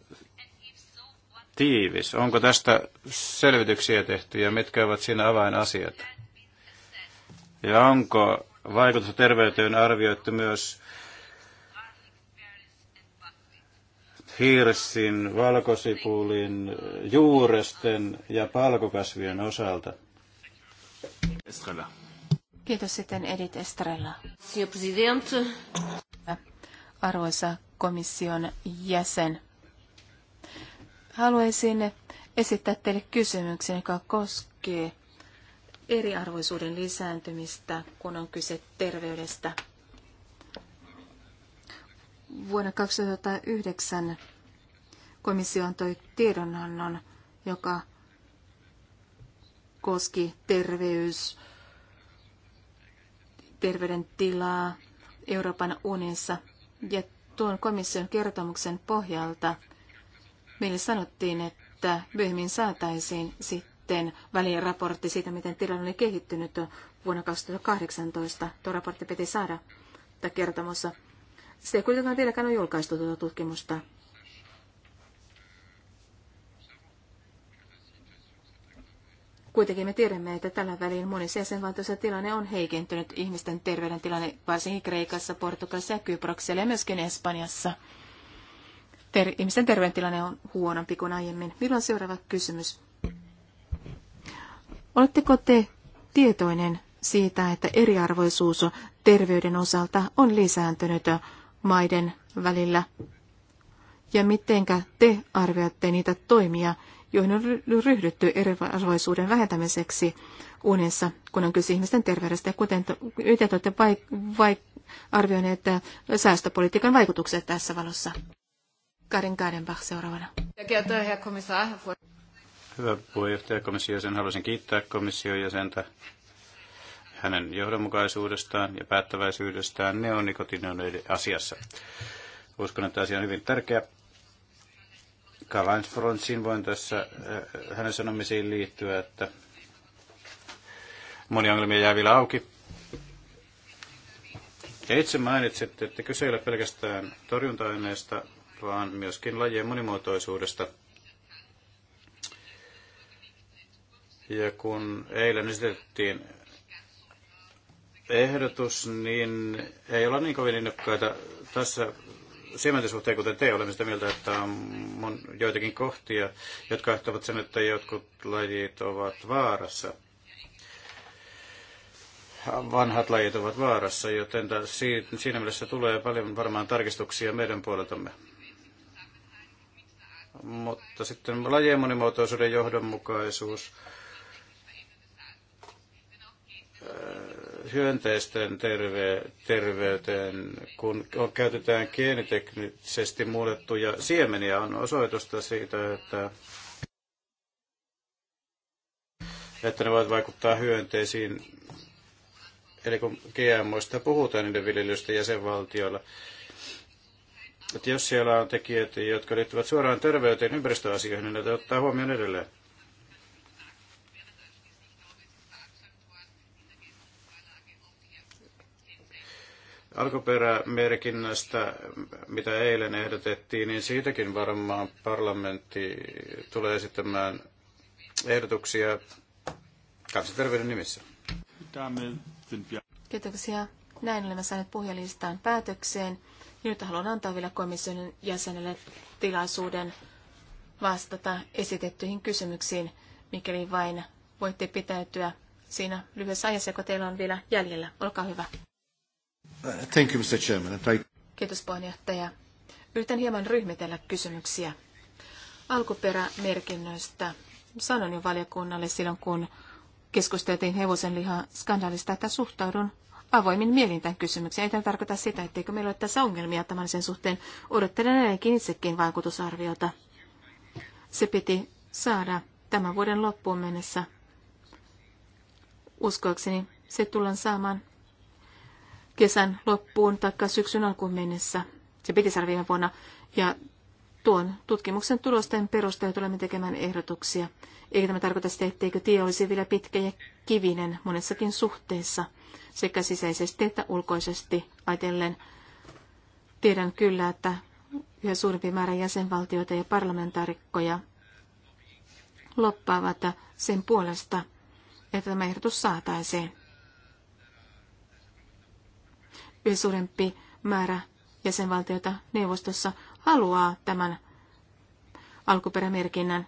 tiivis. Onko tästä selvityksiä tehty ja mitkä ovat siinä avainasiat? Ja onko vaikutusta terveyteen arvioitu myös hirssin, valkosipulin, juuresten ja palkokasvien osalta? Estrella. Kiitos sitten Edith Estrella. Arvoisa komission jäsen. Haluaisin esittää teille kysymyksen, joka koskee eriarvoisuuden lisääntymistä, kun on kyse terveydestä. Vuonna 2009 komissio antoi tiedonannon, joka koski terveys, terveydentilaa Euroopan unissa. Ja tuon komission kertomuksen pohjalta meille sanottiin, että myöhemmin saataisiin sitten väliraportti siitä, miten tilanne oli kehittynyt vuonna 2018. Tuo raportti piti saada tai Se Sitä ei kuitenkaan vieläkään ole julkaistu tuota tutkimusta. Kuitenkin me tiedämme, että tällä välin monissa jäsenvaltioissa tilanne on heikentynyt ihmisten terveydentilanne, varsinkin Kreikassa, Portugalissa ja Kyproksella ja myöskin Espanjassa. Ter- ihmisten terveydentilanne on huonompi kuin aiemmin. Milloin seuraava kysymys? Oletteko te tietoinen siitä, että eriarvoisuus terveyden osalta on lisääntynyt maiden välillä? Ja mitenkä te arvioitte niitä toimia, joihin on ryhdytty eriarvoisuuden vähentämiseksi unessa, kun on kyse ihmisten terveydestä. Kuten te olette arvioineet säästöpolitiikan vaikutukset tässä valossa. Karin Kadenbach seuraavana. Hyvä puheenjohtaja komission jäsen. Haluaisin kiittää komission jäsentä hänen johdonmukaisuudestaan ja päättäväisyydestään neonikotinoiden asiassa. Uskon, että asia on hyvin tärkeä Kalans Frontsin voin tässä äh, hänen sanomisiin liittyä, että moni ongelmia jää vielä auki. Ja itse mainitsitte, että kyse ei ole pelkästään torjunta-aineista, vaan myöskin lajien monimuotoisuudesta. Ja kun eilen esitettiin ehdotus, niin ei olla niin kovin innokkaita tässä Siementen suhteen, kuten te, olemme sitä mieltä, että on joitakin kohtia, jotka johtavat sen, että jotkut lajit ovat vaarassa. Vanhat lajit ovat vaarassa, joten siinä mielessä tulee paljon varmaan tarkistuksia meidän puoleltamme. Mutta sitten lajien monimuotoisuuden johdonmukaisuus hyönteisten terve, terveyteen, kun käytetään geeniteknisesti muunnettuja siemeniä, on osoitusta siitä, että, että ne voivat vaikuttaa hyönteisiin. Eli kun GMOista puhutaan niiden viljelystä jäsenvaltioilla, että jos siellä on tekijät, jotka liittyvät suoraan terveyteen ympäristöasioihin, niin ne ottaa huomioon edelleen. alkuperämerkinnästä, mitä eilen ehdotettiin, niin siitäkin varmaan parlamentti tulee esittämään ehdotuksia kansanterveyden nimissä. Kiitoksia. Näin olemme saaneet puhujalistaan päätökseen. Nyt haluan antaa vielä komission jäsenelle tilaisuuden vastata esitettyihin kysymyksiin, mikäli vain voitte pitäytyä siinä lyhyessä ajassa, kun teillä on vielä jäljellä. Olkaa hyvä. Thank you, Mr. Chairman. Kiitos puheenjohtaja. Yritän hieman ryhmitellä kysymyksiä. Alkuperämerkinnöistä Sanon jo valiokunnalle silloin, kun keskusteltiin hevosenliha skandaalista, että suhtaudun avoimin mielin tämän kysymykseen. Ei tämä tarkoita sitä, etteikö meillä ole tässä ongelmia tämän sen suhteen. Odottelen ainakin itsekin vaikutusarviota. Se piti saada tämän vuoden loppuun mennessä. Uskoakseni se tullaan saamaan kesän loppuun tai syksyn alkuun mennessä. Se piti saada viime vuonna. Ja tuon tutkimuksen tulosten perusteella tulemme tekemään ehdotuksia. Eikä tämä tarkoita sitä, etteikö tie olisi vielä pitkä ja kivinen monessakin suhteessa, sekä sisäisesti että ulkoisesti ajatellen. Tiedän kyllä, että yhä suurempi määrä jäsenvaltioita ja parlamentaarikkoja loppaavat sen puolesta, että tämä ehdotus saataisiin yhä suurempi määrä jäsenvaltioita neuvostossa haluaa tämän alkuperämerkinnän,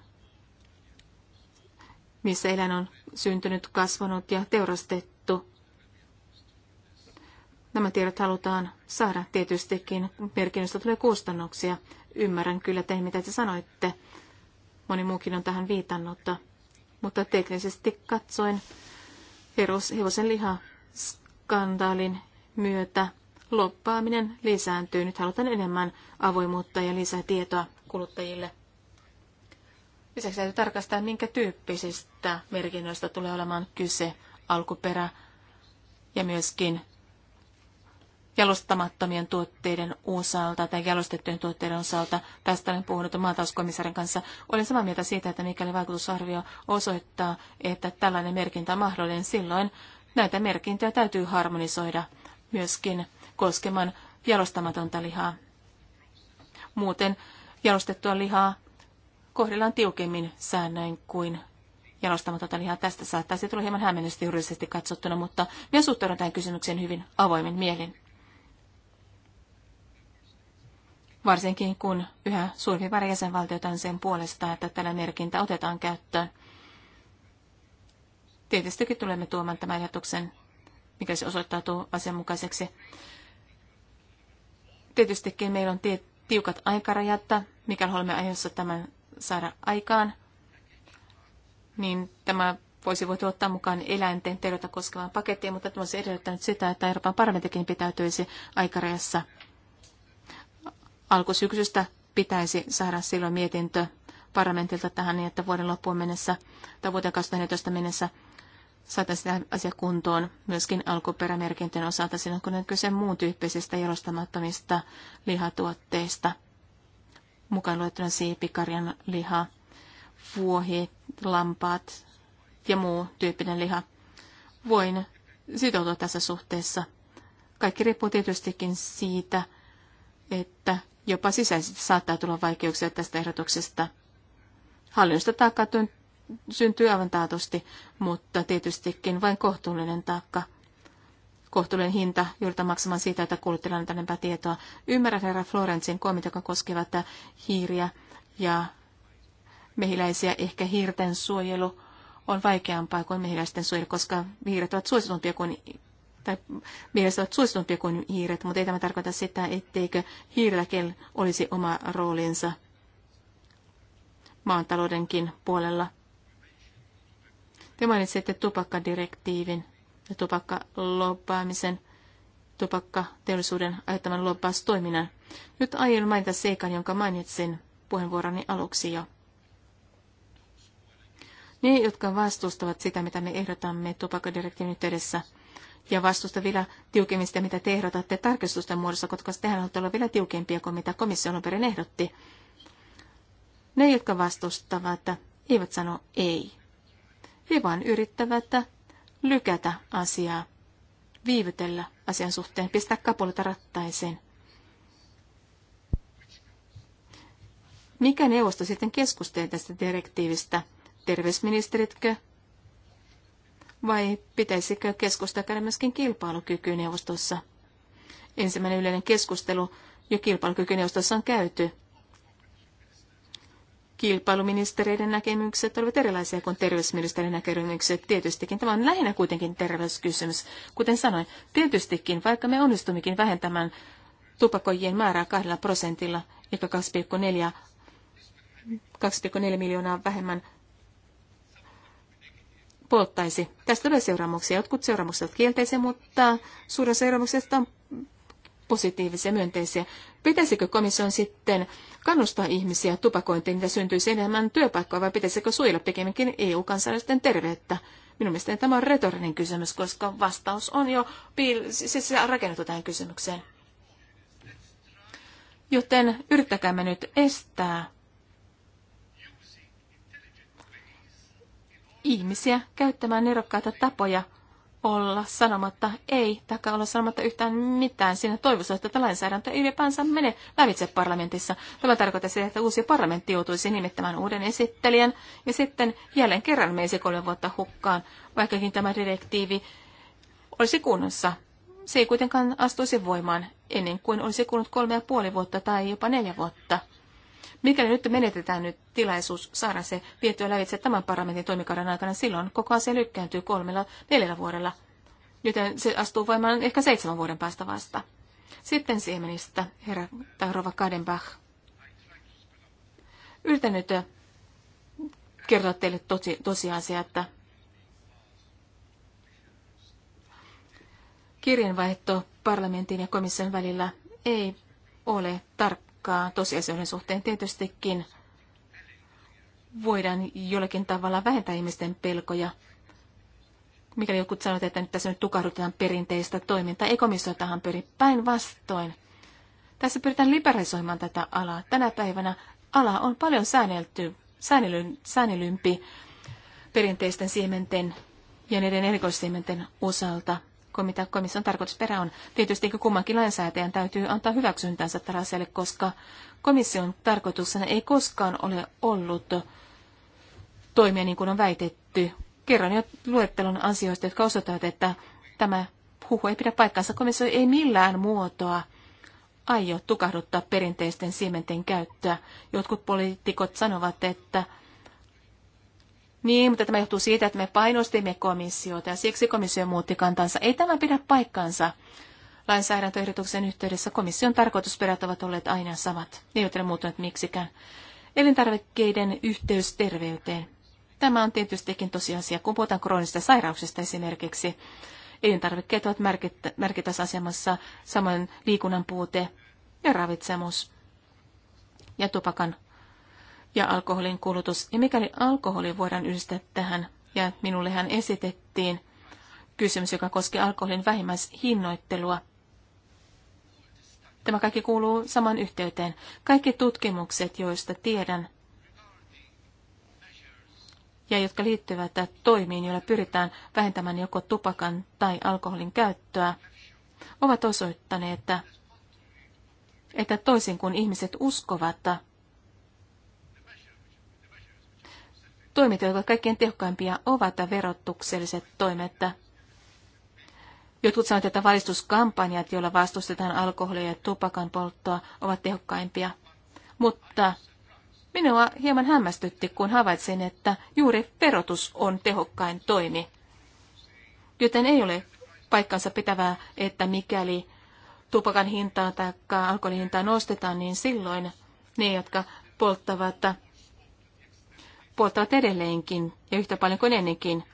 missä eläin on syntynyt, kasvanut ja teurastettu. Nämä tiedot halutaan saada tietystikin. Merkinnöstä tulee kustannuksia. Ymmärrän kyllä te, mitä te sanoitte. Moni muukin on tähän viitannut, mutta teknisesti katsoen hevosen liha skandaalin myötä loppaaminen lisääntyy. Nyt halutaan enemmän avoimuutta ja lisää tietoa kuluttajille. Lisäksi täytyy tarkastaa, minkä tyyppisistä merkinnöistä tulee olemaan kyse, alkuperä ja myöskin jalostamattomien tuotteiden osalta tai jalostettujen tuotteiden osalta. Tästä olen puhunut maatalouskomissarin kanssa. Olen samaa mieltä siitä, että mikäli vaikutusarvio osoittaa, että tällainen merkintä on mahdollinen, silloin näitä merkintöjä täytyy harmonisoida myöskin koskemaan jalostamatonta lihaa. Muuten jalostettua lihaa kohdellaan tiukemmin säännöin kuin jalostamatonta lihaa. Tästä saattaisi tulla hieman hämmennystä juridisesti katsottuna, mutta minä suhtaudun tähän kysymykseen hyvin avoimin mielin. Varsinkin kun yhä suurempi määrä jäsenvaltioita on sen puolesta, että tällä merkintä otetaan käyttöön. Tietystikin tulemme tuomaan tämän ajatuksen mikä se osoittautuu asianmukaiseksi. Tietystikin meillä on tiukat aikarajat, mikä olemme ajoissa tämän saada aikaan, niin tämä voisi voitu ottaa mukaan eläinten terveyttä koskevaan pakettiin, mutta tämä olisi edellyttänyt sitä, että Euroopan parlamentikin pitäytyisi aikarajassa. Alkusyksystä pitäisi saada silloin mietintö parlamentilta tähän niin, että vuoden loppuun mennessä tai vuoteen 2014 mennessä saataisiin asia kuntoon myöskin alkuperämerkintöjen osalta silloin, kun on kyse muun tyyppisistä jalostamattomista lihatuotteista, mukaan luettuna siipikarjan liha, vuohi, lampaat ja muu tyyppinen liha. Voin sitoutua tässä suhteessa. Kaikki riippuu tietystikin siitä, että jopa sisäisesti saattaa tulla vaikeuksia tästä ehdotuksesta. Hallinnosta taakkaa syntyy aivan taatusti, mutta tietystikin vain kohtuullinen taakka kohtuullinen hinta joudutaan maksamaan siitä, että kuluttajilla on tänempää tietoa. Ymmärrän herra Florensin komit, joka koskevat hiiriä ja mehiläisiä. Ehkä hiirten suojelu on vaikeampaa kuin mehiläisten suojelu, koska hiiret ovat suositumpia kuin tai mielestä ovat suositumpia kuin hiiret, mutta ei tämä tarkoita sitä, etteikö hiirilläkin olisi oma roolinsa maantaloudenkin puolella. Te mainitsitte tupakkadirektiivin ja tupakkalobbaamisen, tupakkateollisuuden aiheuttaman lobbaustoiminnan. Nyt aion mainita seikan, jonka mainitsin puheenvuoroni aluksi jo. Ne, jotka vastustavat sitä, mitä me ehdotamme tupakkadirektiivin yhteydessä, ja vastusta vielä tiukemmin sitä, mitä te ehdotatte tarkistusten muodossa, koska tehän haluatte olla vielä tiukempia kuin mitä komissio alun perin ehdotti. Ne, jotka vastustavat, eivät sano ei. He vain yrittävät lykätä asiaa, viivytellä asian suhteen, pistää kapulita rattaiseen. Mikä neuvosto sitten keskustelee tästä direktiivistä? Terveysministeritkö? Vai pitäisikö keskustaa käydä myöskin kilpailukykyneuvostossa? Ensimmäinen yleinen keskustelu jo kilpailukykyneuvostossa on käyty kilpailuministereiden näkemykset olivat erilaisia kuin terveysministerin näkemykset. Tietystikin tämä on lähinnä kuitenkin terveyskysymys. Kuten sanoin, tietystikin, vaikka me onnistummekin vähentämään tupakojien määrää kahdella prosentilla, eli 2,4, 2,4 miljoonaa vähemmän polttaisi. Tästä tulee seuraamuksia. Jotkut seuraamukset ovat kielteisiä, mutta suurin seuraamuksista on positiivisia, myönteisiä. Pitäisikö komission sitten kannustaa ihmisiä tupakointiin, mitä syntyisi enemmän työpaikkoja, vai pitäisikö suojella pikemminkin EU-kansalaisten terveyttä? Minun mielestäni tämä on retorinen kysymys, koska vastaus on jo piil- siis rakennettu tähän kysymykseen. Joten yrittäkäämme nyt estää ihmisiä käyttämään nerokkaita tapoja olla sanomatta ei, taikka olla sanomatta yhtään mitään siinä toivossa, että tätä lainsäädäntö ei ylipäänsä mene lävitse parlamentissa. Tämä tarkoittaa sitä, että uusi parlamentti joutuisi nimittämään uuden esittelijän, ja sitten jälleen kerran meisi kolme vuotta hukkaan, vaikkakin tämä direktiivi olisi kunnossa. Se ei kuitenkaan astuisi voimaan ennen kuin olisi kulunut kolme ja puoli vuotta tai jopa neljä vuotta. Mikäli nyt menetetään nyt tilaisuus saada se vietyä lävitse tämän parlamentin toimikauden aikana, silloin koko asia lykkääntyy kolmella neljällä vuodella, joten se astuu voimaan ehkä seitsemän vuoden päästä vasta. Sitten siemenistä, herra Taurova Kadenbach. Yritän nyt äh, kertoa teille tosi, tosiasia, että kirjanvaihto parlamentin ja komission välillä ei ole tarkka taakkaa tosiasioiden suhteen tietystikin voidaan jollakin tavalla vähentää ihmisten pelkoja. Mikäli joku sanoo, että nyt tässä nyt tukahdutetaan perinteistä toimintaa, ei komissio tähän pyri päinvastoin. Tässä pyritään liberalisoimaan tätä alaa. Tänä päivänä ala on paljon säännelty, säännely, säännelympi perinteisten siementen ja niiden erikoissiementen osalta kuin mitä komission tarkoitusperä on. Tietysti kummankin lainsäätäjän täytyy antaa hyväksyntänsä tällaiselle, koska komission tarkoituksena ei koskaan ole ollut toimia niin kuin on väitetty. Kerron jo luettelon ansioista, jotka osoittavat, että tämä huhu ei pidä paikkaansa. Komissio ei millään muotoa aio tukahduttaa perinteisten siementen käyttöä. Jotkut poliitikot sanovat, että niin, mutta tämä johtuu siitä, että me painostimme komissiota ja siksi komissio muutti kantansa. Ei tämä pidä paikkaansa. Lainsäädäntöehdotuksen yhteydessä komission tarkoitusperät ovat olleet aina samat. Ne eivät ole muuttuneet miksikään. Elintarvikkeiden yhteys terveyteen. Tämä on tietystikin tosiasia, kun puhutaan kroonista sairauksista esimerkiksi. Elintarvikkeet ovat merkittävässä asemassa, samoin liikunnan puute ja ravitsemus ja tupakan ja alkoholin kulutus. Ja mikäli alkoholi voidaan yhdistää tähän, ja minullehan esitettiin kysymys, joka koski alkoholin vähimmäishinnoittelua. Tämä kaikki kuuluu saman yhteyteen. Kaikki tutkimukset, joista tiedän, ja jotka liittyvät toimiin, joilla pyritään vähentämään joko tupakan tai alkoholin käyttöä, ovat osoittaneet, että, että toisin kuin ihmiset uskovat, Toimet, jotka kaikkein tehokkaimpia ovat verotukselliset toimet. Jotkut sanovat, että valistuskampanjat, joilla vastustetaan alkoholia ja tupakan polttoa, ovat tehokkaimpia. Mutta minua hieman hämmästytti, kun havaitsin, että juuri verotus on tehokkain toimi. Joten ei ole paikkansa pitävää, että mikäli tupakan hintaa tai alkoholin hintaa nostetaan, niin silloin ne, jotka polttavat puoltavat edelleenkin ja yhtä paljon kuin ennenkin.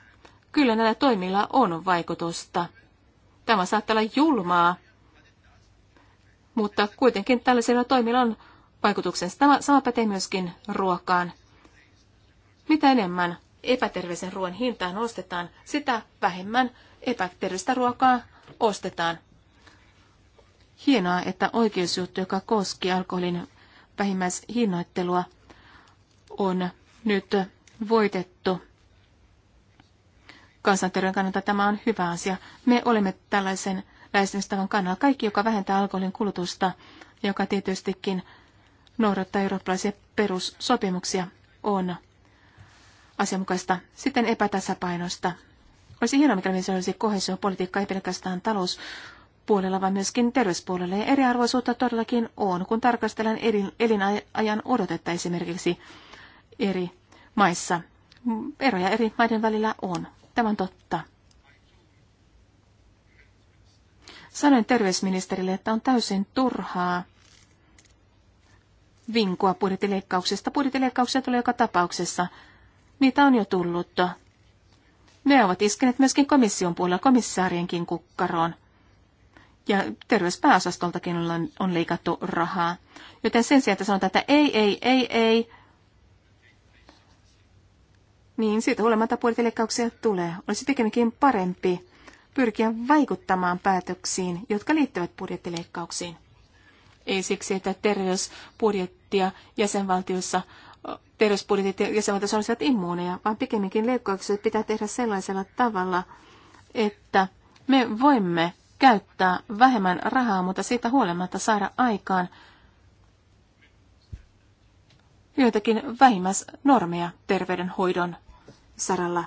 Kyllä näillä toimilla on vaikutusta. Tämä saattaa olla julmaa, mutta kuitenkin tällaisilla toimilla on vaikutuksensa. Tämä sama pätee myöskin ruokaan. Mitä enemmän epäterveisen ruoan hintaa nostetaan, sitä vähemmän epäterveistä ruokaa ostetaan. Hienoa, että oikeusjuttu, joka koski alkoholin vähimmäishinnoittelua, on nyt voitettu. Kansanterveyden kannalta tämä on hyvä asia. Me olemme tällaisen lähestymistavan kannalla. Kaikki, joka vähentää alkoholin kulutusta, joka tietystikin noudattaa eurooppalaisia perussopimuksia, on asianmukaista. Sitten epätasapainosta. Olisi hienoa, mikäli se olisi kohesiopolitiikka ei pelkästään talouspuolella, vaan myöskin terveyspuolella. Ja eriarvoisuutta todellakin on, kun tarkastellaan elinajan odotetta esimerkiksi eri maissa. Eroja eri maiden välillä on. Tämä on totta. Sanoin terveysministerille, että on täysin turhaa vinkua budjettileikkauksesta. Budjettileikkauksia tulee joka tapauksessa. Niitä on jo tullut. Ne ovat iskeneet myöskin komission puolella komissaarienkin kukkaroon. Ja terveyspääosastoltakin on leikattu rahaa. Joten sen sijaan, että sanotaan, että ei, ei, ei, ei, niin siitä huolimatta puolileikkauksia tulee. Olisi pikemminkin parempi pyrkiä vaikuttamaan päätöksiin, jotka liittyvät budjettileikkauksiin. Ei siksi, että terveysbudjettia jäsenvaltiossa terveysbudjetit ja jäsenvaltioissa olisivat immuuneja, vaan pikemminkin leikkaukset pitää tehdä sellaisella tavalla, että me voimme käyttää vähemmän rahaa, mutta siitä huolimatta saada aikaan joitakin vähimmäisnormeja terveydenhoidon saralla.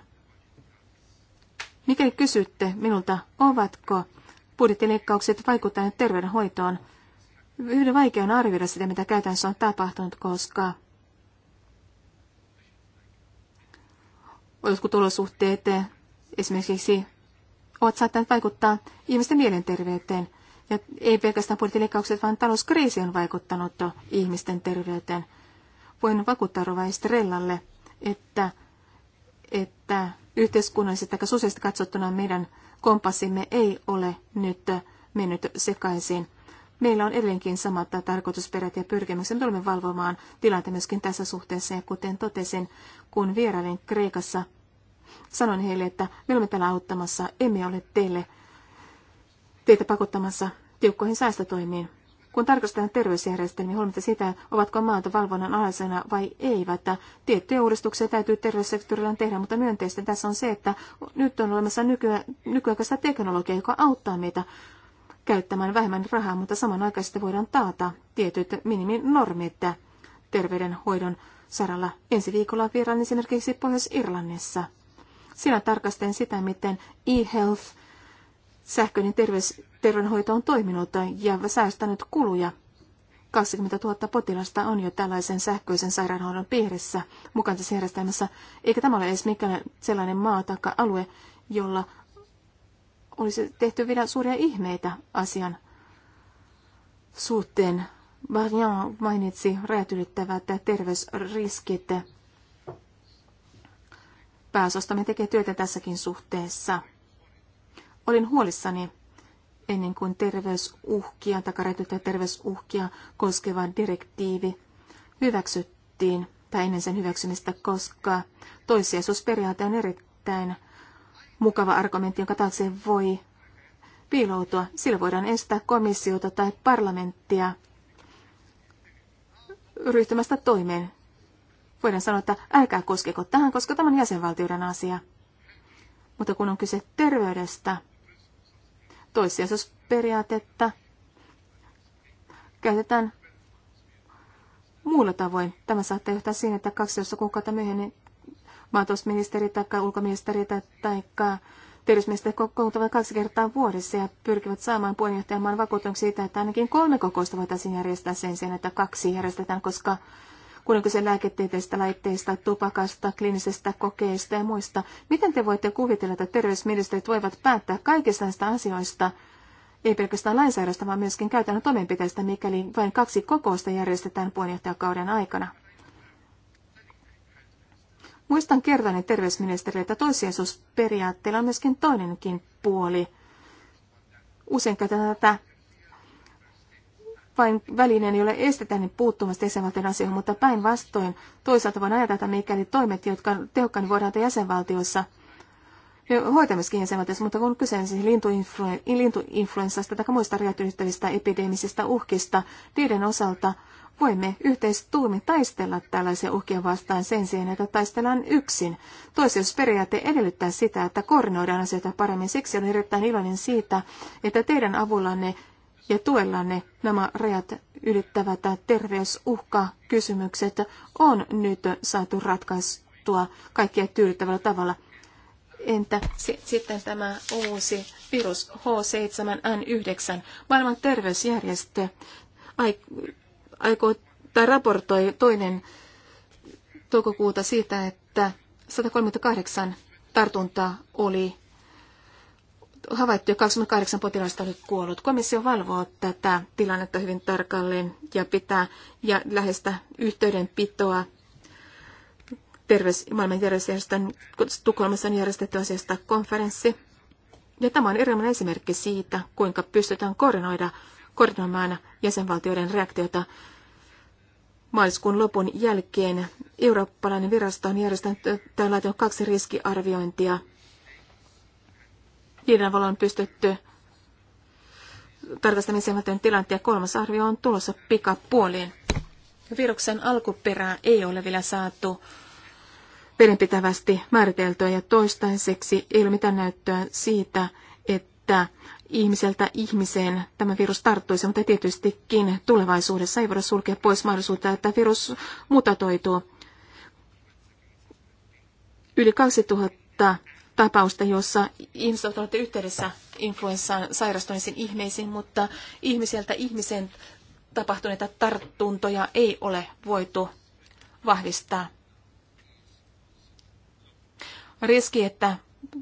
Mikäli kysytte minulta, ovatko budjettileikkaukset vaikuttaneet terveydenhoitoon, yhden vaikea on arvioida sitä, mitä käytännössä on tapahtunut, koska jotkut olosuhteet esimerkiksi ovat saattaneet vaikuttaa ihmisten mielenterveyteen. Ja ei pelkästään budjettileikkaukset, vaan talouskriisi on vaikuttanut ihmisten terveyteen. Voin vakuuttaa Rova Estrellalle, että että yhteiskunnallisesti tai sosiaalisesti katsottuna meidän kompassimme ei ole nyt mennyt sekaisin. Meillä on edelleenkin samat tarkoitusperät ja pyrkimykset. Me tulemme valvomaan tilanteen myöskin tässä suhteessa. Ja kuten totesin, kun vierailin Kreikassa, sanoin heille, että me olemme täällä auttamassa, emme ole teille, teitä pakottamassa tiukkoihin säästötoimiin. Kun tarkastetaan terveysjärjestelmiä huolimatta sitä, ovatko maat valvonnan alaisena vai eivät, tiettyjä uudistuksia täytyy terveyssektorilla tehdä, mutta myönteistä tässä on se, että nyt on olemassa nykyä, nykyaikaista teknologiaa, joka auttaa meitä käyttämään vähemmän rahaa, mutta samanaikaisesti voidaan taata tietyt miniminormit terveydenhoidon saralla. Ensi viikolla vieraan esimerkiksi Pohjois-Irlannissa. Siinä tarkastelen sitä, miten e-health sähköinen terveys, terveydenhoito on toiminut ja säästänyt kuluja. 20 000 potilasta on jo tällaisen sähköisen sairaanhoidon piirissä mukana tässä järjestelmässä, eikä tämä ole edes mikään sellainen maa tai alue, jolla olisi tehty vielä suuria ihmeitä asian suhteen. Varjan mainitsi rajat ylittävät terveysriskit. Pääsostamme tekee työtä tässäkin suhteessa. Olin huolissani ennen kuin terveysuhkia, takaretytä terveysuhkia koskeva direktiivi hyväksyttiin tai ennen sen hyväksymistä, koska toissijaisuusperiaate on erittäin mukava argumentti, jonka taakse voi piiloutua. Sillä voidaan estää komissiota tai parlamenttia ryhtymästä toimeen. Voidaan sanoa, että älkää koskeko tähän, koska tämä on jäsenvaltioiden asia. Mutta kun on kyse terveydestä, toissijaisuusperiaatetta käytetään muulla tavoin. Tämä saattaa johtaa siihen, että 12 kuukautta myöhemmin maatalousministeri tai ulkoministeri tai terveysministeri kokoontuvat kaksi kertaa vuodessa ja pyrkivät saamaan puheenjohtajamaan vakuutuksen siitä, että ainakin kolme kokousta voitaisiin järjestää sen sijaan, että kaksi järjestetään, koska kun on kyse laitteista, tupakasta, kliinisestä kokeista ja muista. Miten te voitte kuvitella, että terveysministerit voivat päättää kaikista näistä asioista, ei pelkästään lainsäädöstä, vaan myöskin käytännön toimenpiteistä, mikäli vain kaksi kokousta järjestetään puheenjohtajakauden aikana? Muistan kertani terveysministerille, että toissijaisuusperiaatteella on myöskin toinenkin puoli. Usein käytetään tätä vain välineen, jolle estetään niin puuttumasta jäsenvaltion asioihin, mutta päinvastoin toisaalta voin ajatella, että mikäli toimet, jotka tehokkain niin voidaan tehdä jäsenvaltiossa, hoitamiskin myöskin jäsenvaltiossa, mutta kun kyse on siis lintuinfluenssasta tai muista räjähtyvistä epidemisistä uhkista, niiden osalta voimme yhteistuumi taistella tällaisia uhkia vastaan sen sijaan, että taistellaan yksin. Toiseusperiaate edellyttää sitä, että koordinoidaan asioita paremmin. Siksi olen erittäin iloinen siitä, että teidän avullanne ja tuella ne nämä rajat ylittävät terveysuhka-kysymykset on nyt saatu ratkaistua kaikkia tyydyttävällä tavalla. Entä sitten tämä uusi virus H7N9? Maailman terveysjärjestö aikoo tai raportoi toinen toukokuuta siitä, että 138 tartuntaa oli havaittu ja 28 potilasta oli kuollut. Komissio valvoo tätä tilannetta hyvin tarkalleen ja pitää ja lähestä yhteydenpitoa terveys, maailman terveysjärjestön Tukholmassa on järjestetty asiasta konferenssi. Ja tämä on erilainen esimerkki siitä, kuinka pystytään koordinoida, koordinoimaan jäsenvaltioiden reaktiota Maaliskuun lopun jälkeen eurooppalainen virasto on järjestänyt tai laitanut kaksi riskiarviointia niiden valon on pystytty tarkastamaan jäsenvaltion tilanteen. Kolmas arvio on tulossa pikapuoliin. Viruksen alkuperää ei ole vielä saatu vedenpitävästi määriteltyä ja toistaiseksi ei ole mitään näyttöä siitä, että ihmiseltä ihmiseen tämä virus tarttuisi, mutta tietystikin tulevaisuudessa ei voida sulkea pois mahdollisuutta, että virus mutatoituu. Yli 2000 tapausta, jossa ihmiset ovat olleet yhteydessä influenssaan sairastuneisiin ihmisiin, mutta ihmiseltä ihmisen tapahtuneita tartuntoja ei ole voitu vahvistaa. Riski, että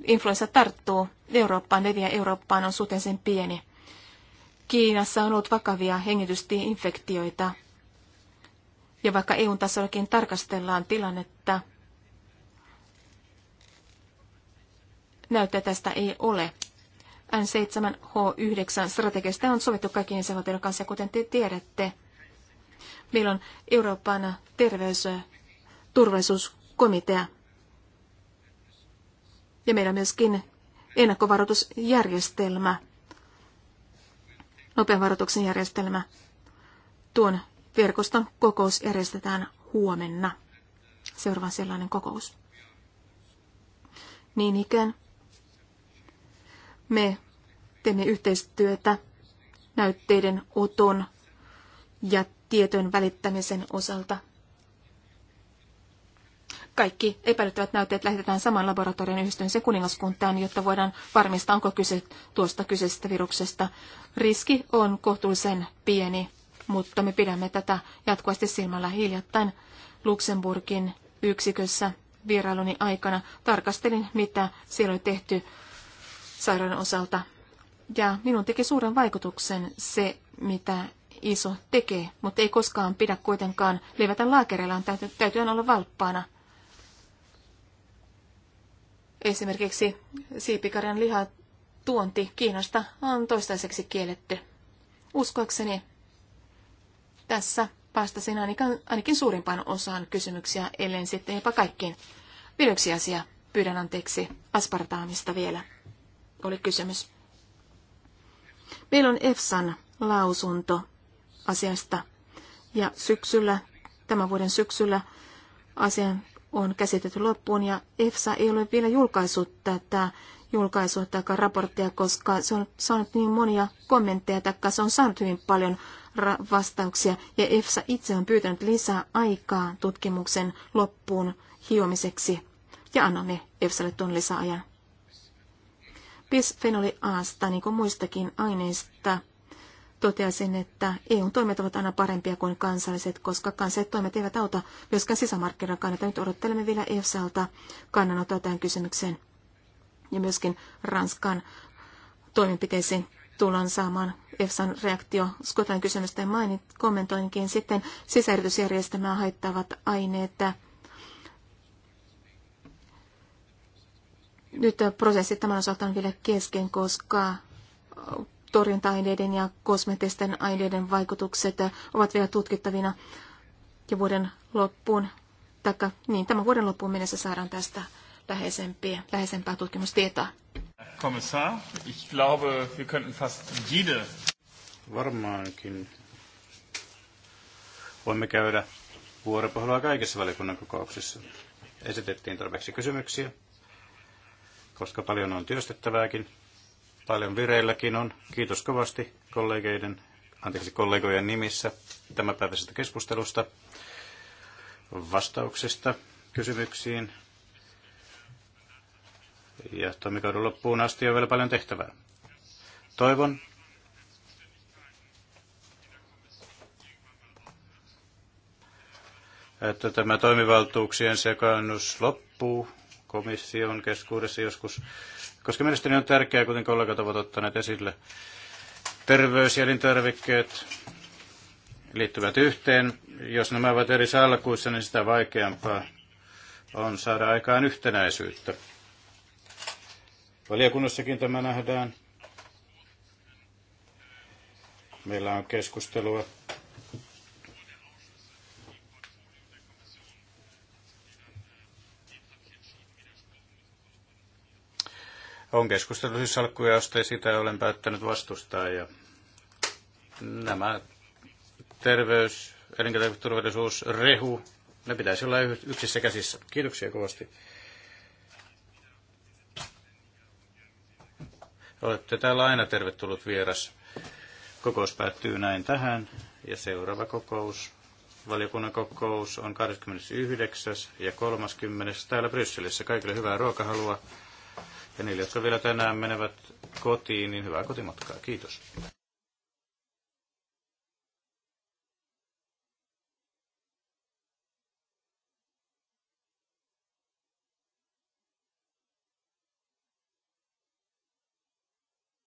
influenssa tarttuu Eurooppaan, leviää Eurooppaan, on suhteellisen pieni. Kiinassa on ollut vakavia hengitystieinfektioita. Ja vaikka EUn tasollakin tarkastellaan tilannetta, Näyttöä tästä ei ole. N7H9 strategiasta on sovittu kaikkien jäsenvaltioiden kanssa, kuten te tiedätte. Meillä on Euroopan terveys- ja turvallisuuskomitea. Ja meillä on myöskin ennakkovaroitusjärjestelmä, nopean varoituksen järjestelmä. Tuon verkoston kokous järjestetään huomenna. Seuraava sellainen kokous. Niin ikään me teemme yhteistyötä näytteiden oton ja tietojen välittämisen osalta. Kaikki epäilyttävät näytteet lähetetään saman laboratorion yhdistyneeseen kuningaskuntaan, jotta voidaan varmistaa, onko kyse tuosta kyseisestä viruksesta. Riski on kohtuullisen pieni, mutta me pidämme tätä jatkuvasti silmällä hiljattain Luxemburgin yksikössä vierailuni aikana. Tarkastelin, mitä siellä oli tehty sairaan osalta. Ja minun teki suuren vaikutuksen se, mitä iso tekee, mutta ei koskaan pidä kuitenkaan levätä laakereillaan, täytyy, täytyy olla valppaana. Esimerkiksi siipikarjan liha tuonti Kiinasta on toistaiseksi kielletty. Uskoakseni tässä vastasin ainakin, ainakin suurimpaan osaan kysymyksiä, ellei sitten jopa kaikkiin. yksi asia pyydän anteeksi aspartaamista vielä oli kysymys. Meillä on EFSAn lausunto asiasta ja syksyllä, tämän vuoden syksyllä asian on käsitetty loppuun ja EFSA ei ole vielä julkaissut tätä julkaisua tai raporttia, koska se on saanut niin monia kommentteja tai se on saanut hyvin paljon vastauksia ja EFSA itse on pyytänyt lisää aikaa tutkimuksen loppuun hiomiseksi ja annamme EFSAlle tuon lisäajan. Bisphenoli Asta, niin kuin muistakin aineista, toteaisin, että eu toimet ovat aina parempia kuin kansalliset, koska kansalliset toimet eivät auta myöskään sisämarkkinan kannalta. Nyt odottelemme vielä EFSAlta kannanottoa tähän kysymykseen. Ja myöskin Ranskan toimenpiteisiin tullaan saamaan EFSAn reaktio Skotlannin kysymysten mainit kommentoinkin sitten sisäyritysjärjestelmää haittavat aineet nyt prosessi tämän osalta on vielä kesken, koska torjunta-aineiden ja kosmeettisten aineiden vaikutukset ovat vielä tutkittavina ja vuoden loppuun, taikka niin tämän vuoden loppuun mennessä saadaan tästä läheisempiä, läheisempää tutkimustietoa. Kommissar, ich glaube, wir könnten fast jede... Varmaankin voimme käydä vuoropuhelua kaikissa valiokunnan kokouksissa. Esitettiin tarpeeksi kysymyksiä koska paljon on työstettävääkin, paljon vireilläkin on. Kiitos kovasti kollegeiden, anteeksi kollegojen nimissä tämänpäiväisestä keskustelusta, vastauksista kysymyksiin. Ja toimikauden loppuun asti on vielä paljon tehtävää. Toivon, että tämä toimivaltuuksien sekaannus loppuu komission keskuudessa joskus, koska mielestäni on tärkeää, kuten kollegat ovat ottaneet esille, terveys- ja elintarvikkeet liittyvät yhteen. Jos nämä ovat eri salkuissa, niin sitä vaikeampaa on saada aikaan yhtenäisyyttä. Valiokunnassakin tämä nähdään. Meillä on keskustelua On keskusteltu siis salkkuja, ja sitä olen päättänyt vastustaa. Ja nämä terveys, elinkeinoturvallisuus, rehu, ne pitäisi olla yksissä käsissä. Kiitoksia kovasti. Olette täällä aina tervetullut vieras. Kokous päättyy näin tähän ja seuraava kokous, valiokunnan kokous on 29. ja 30. täällä Brysselissä. Kaikille hyvää ruokahalua. Ja niille, jotka vielä tänään menevät kotiin, niin hyvää kotimatkaa. Kiitos.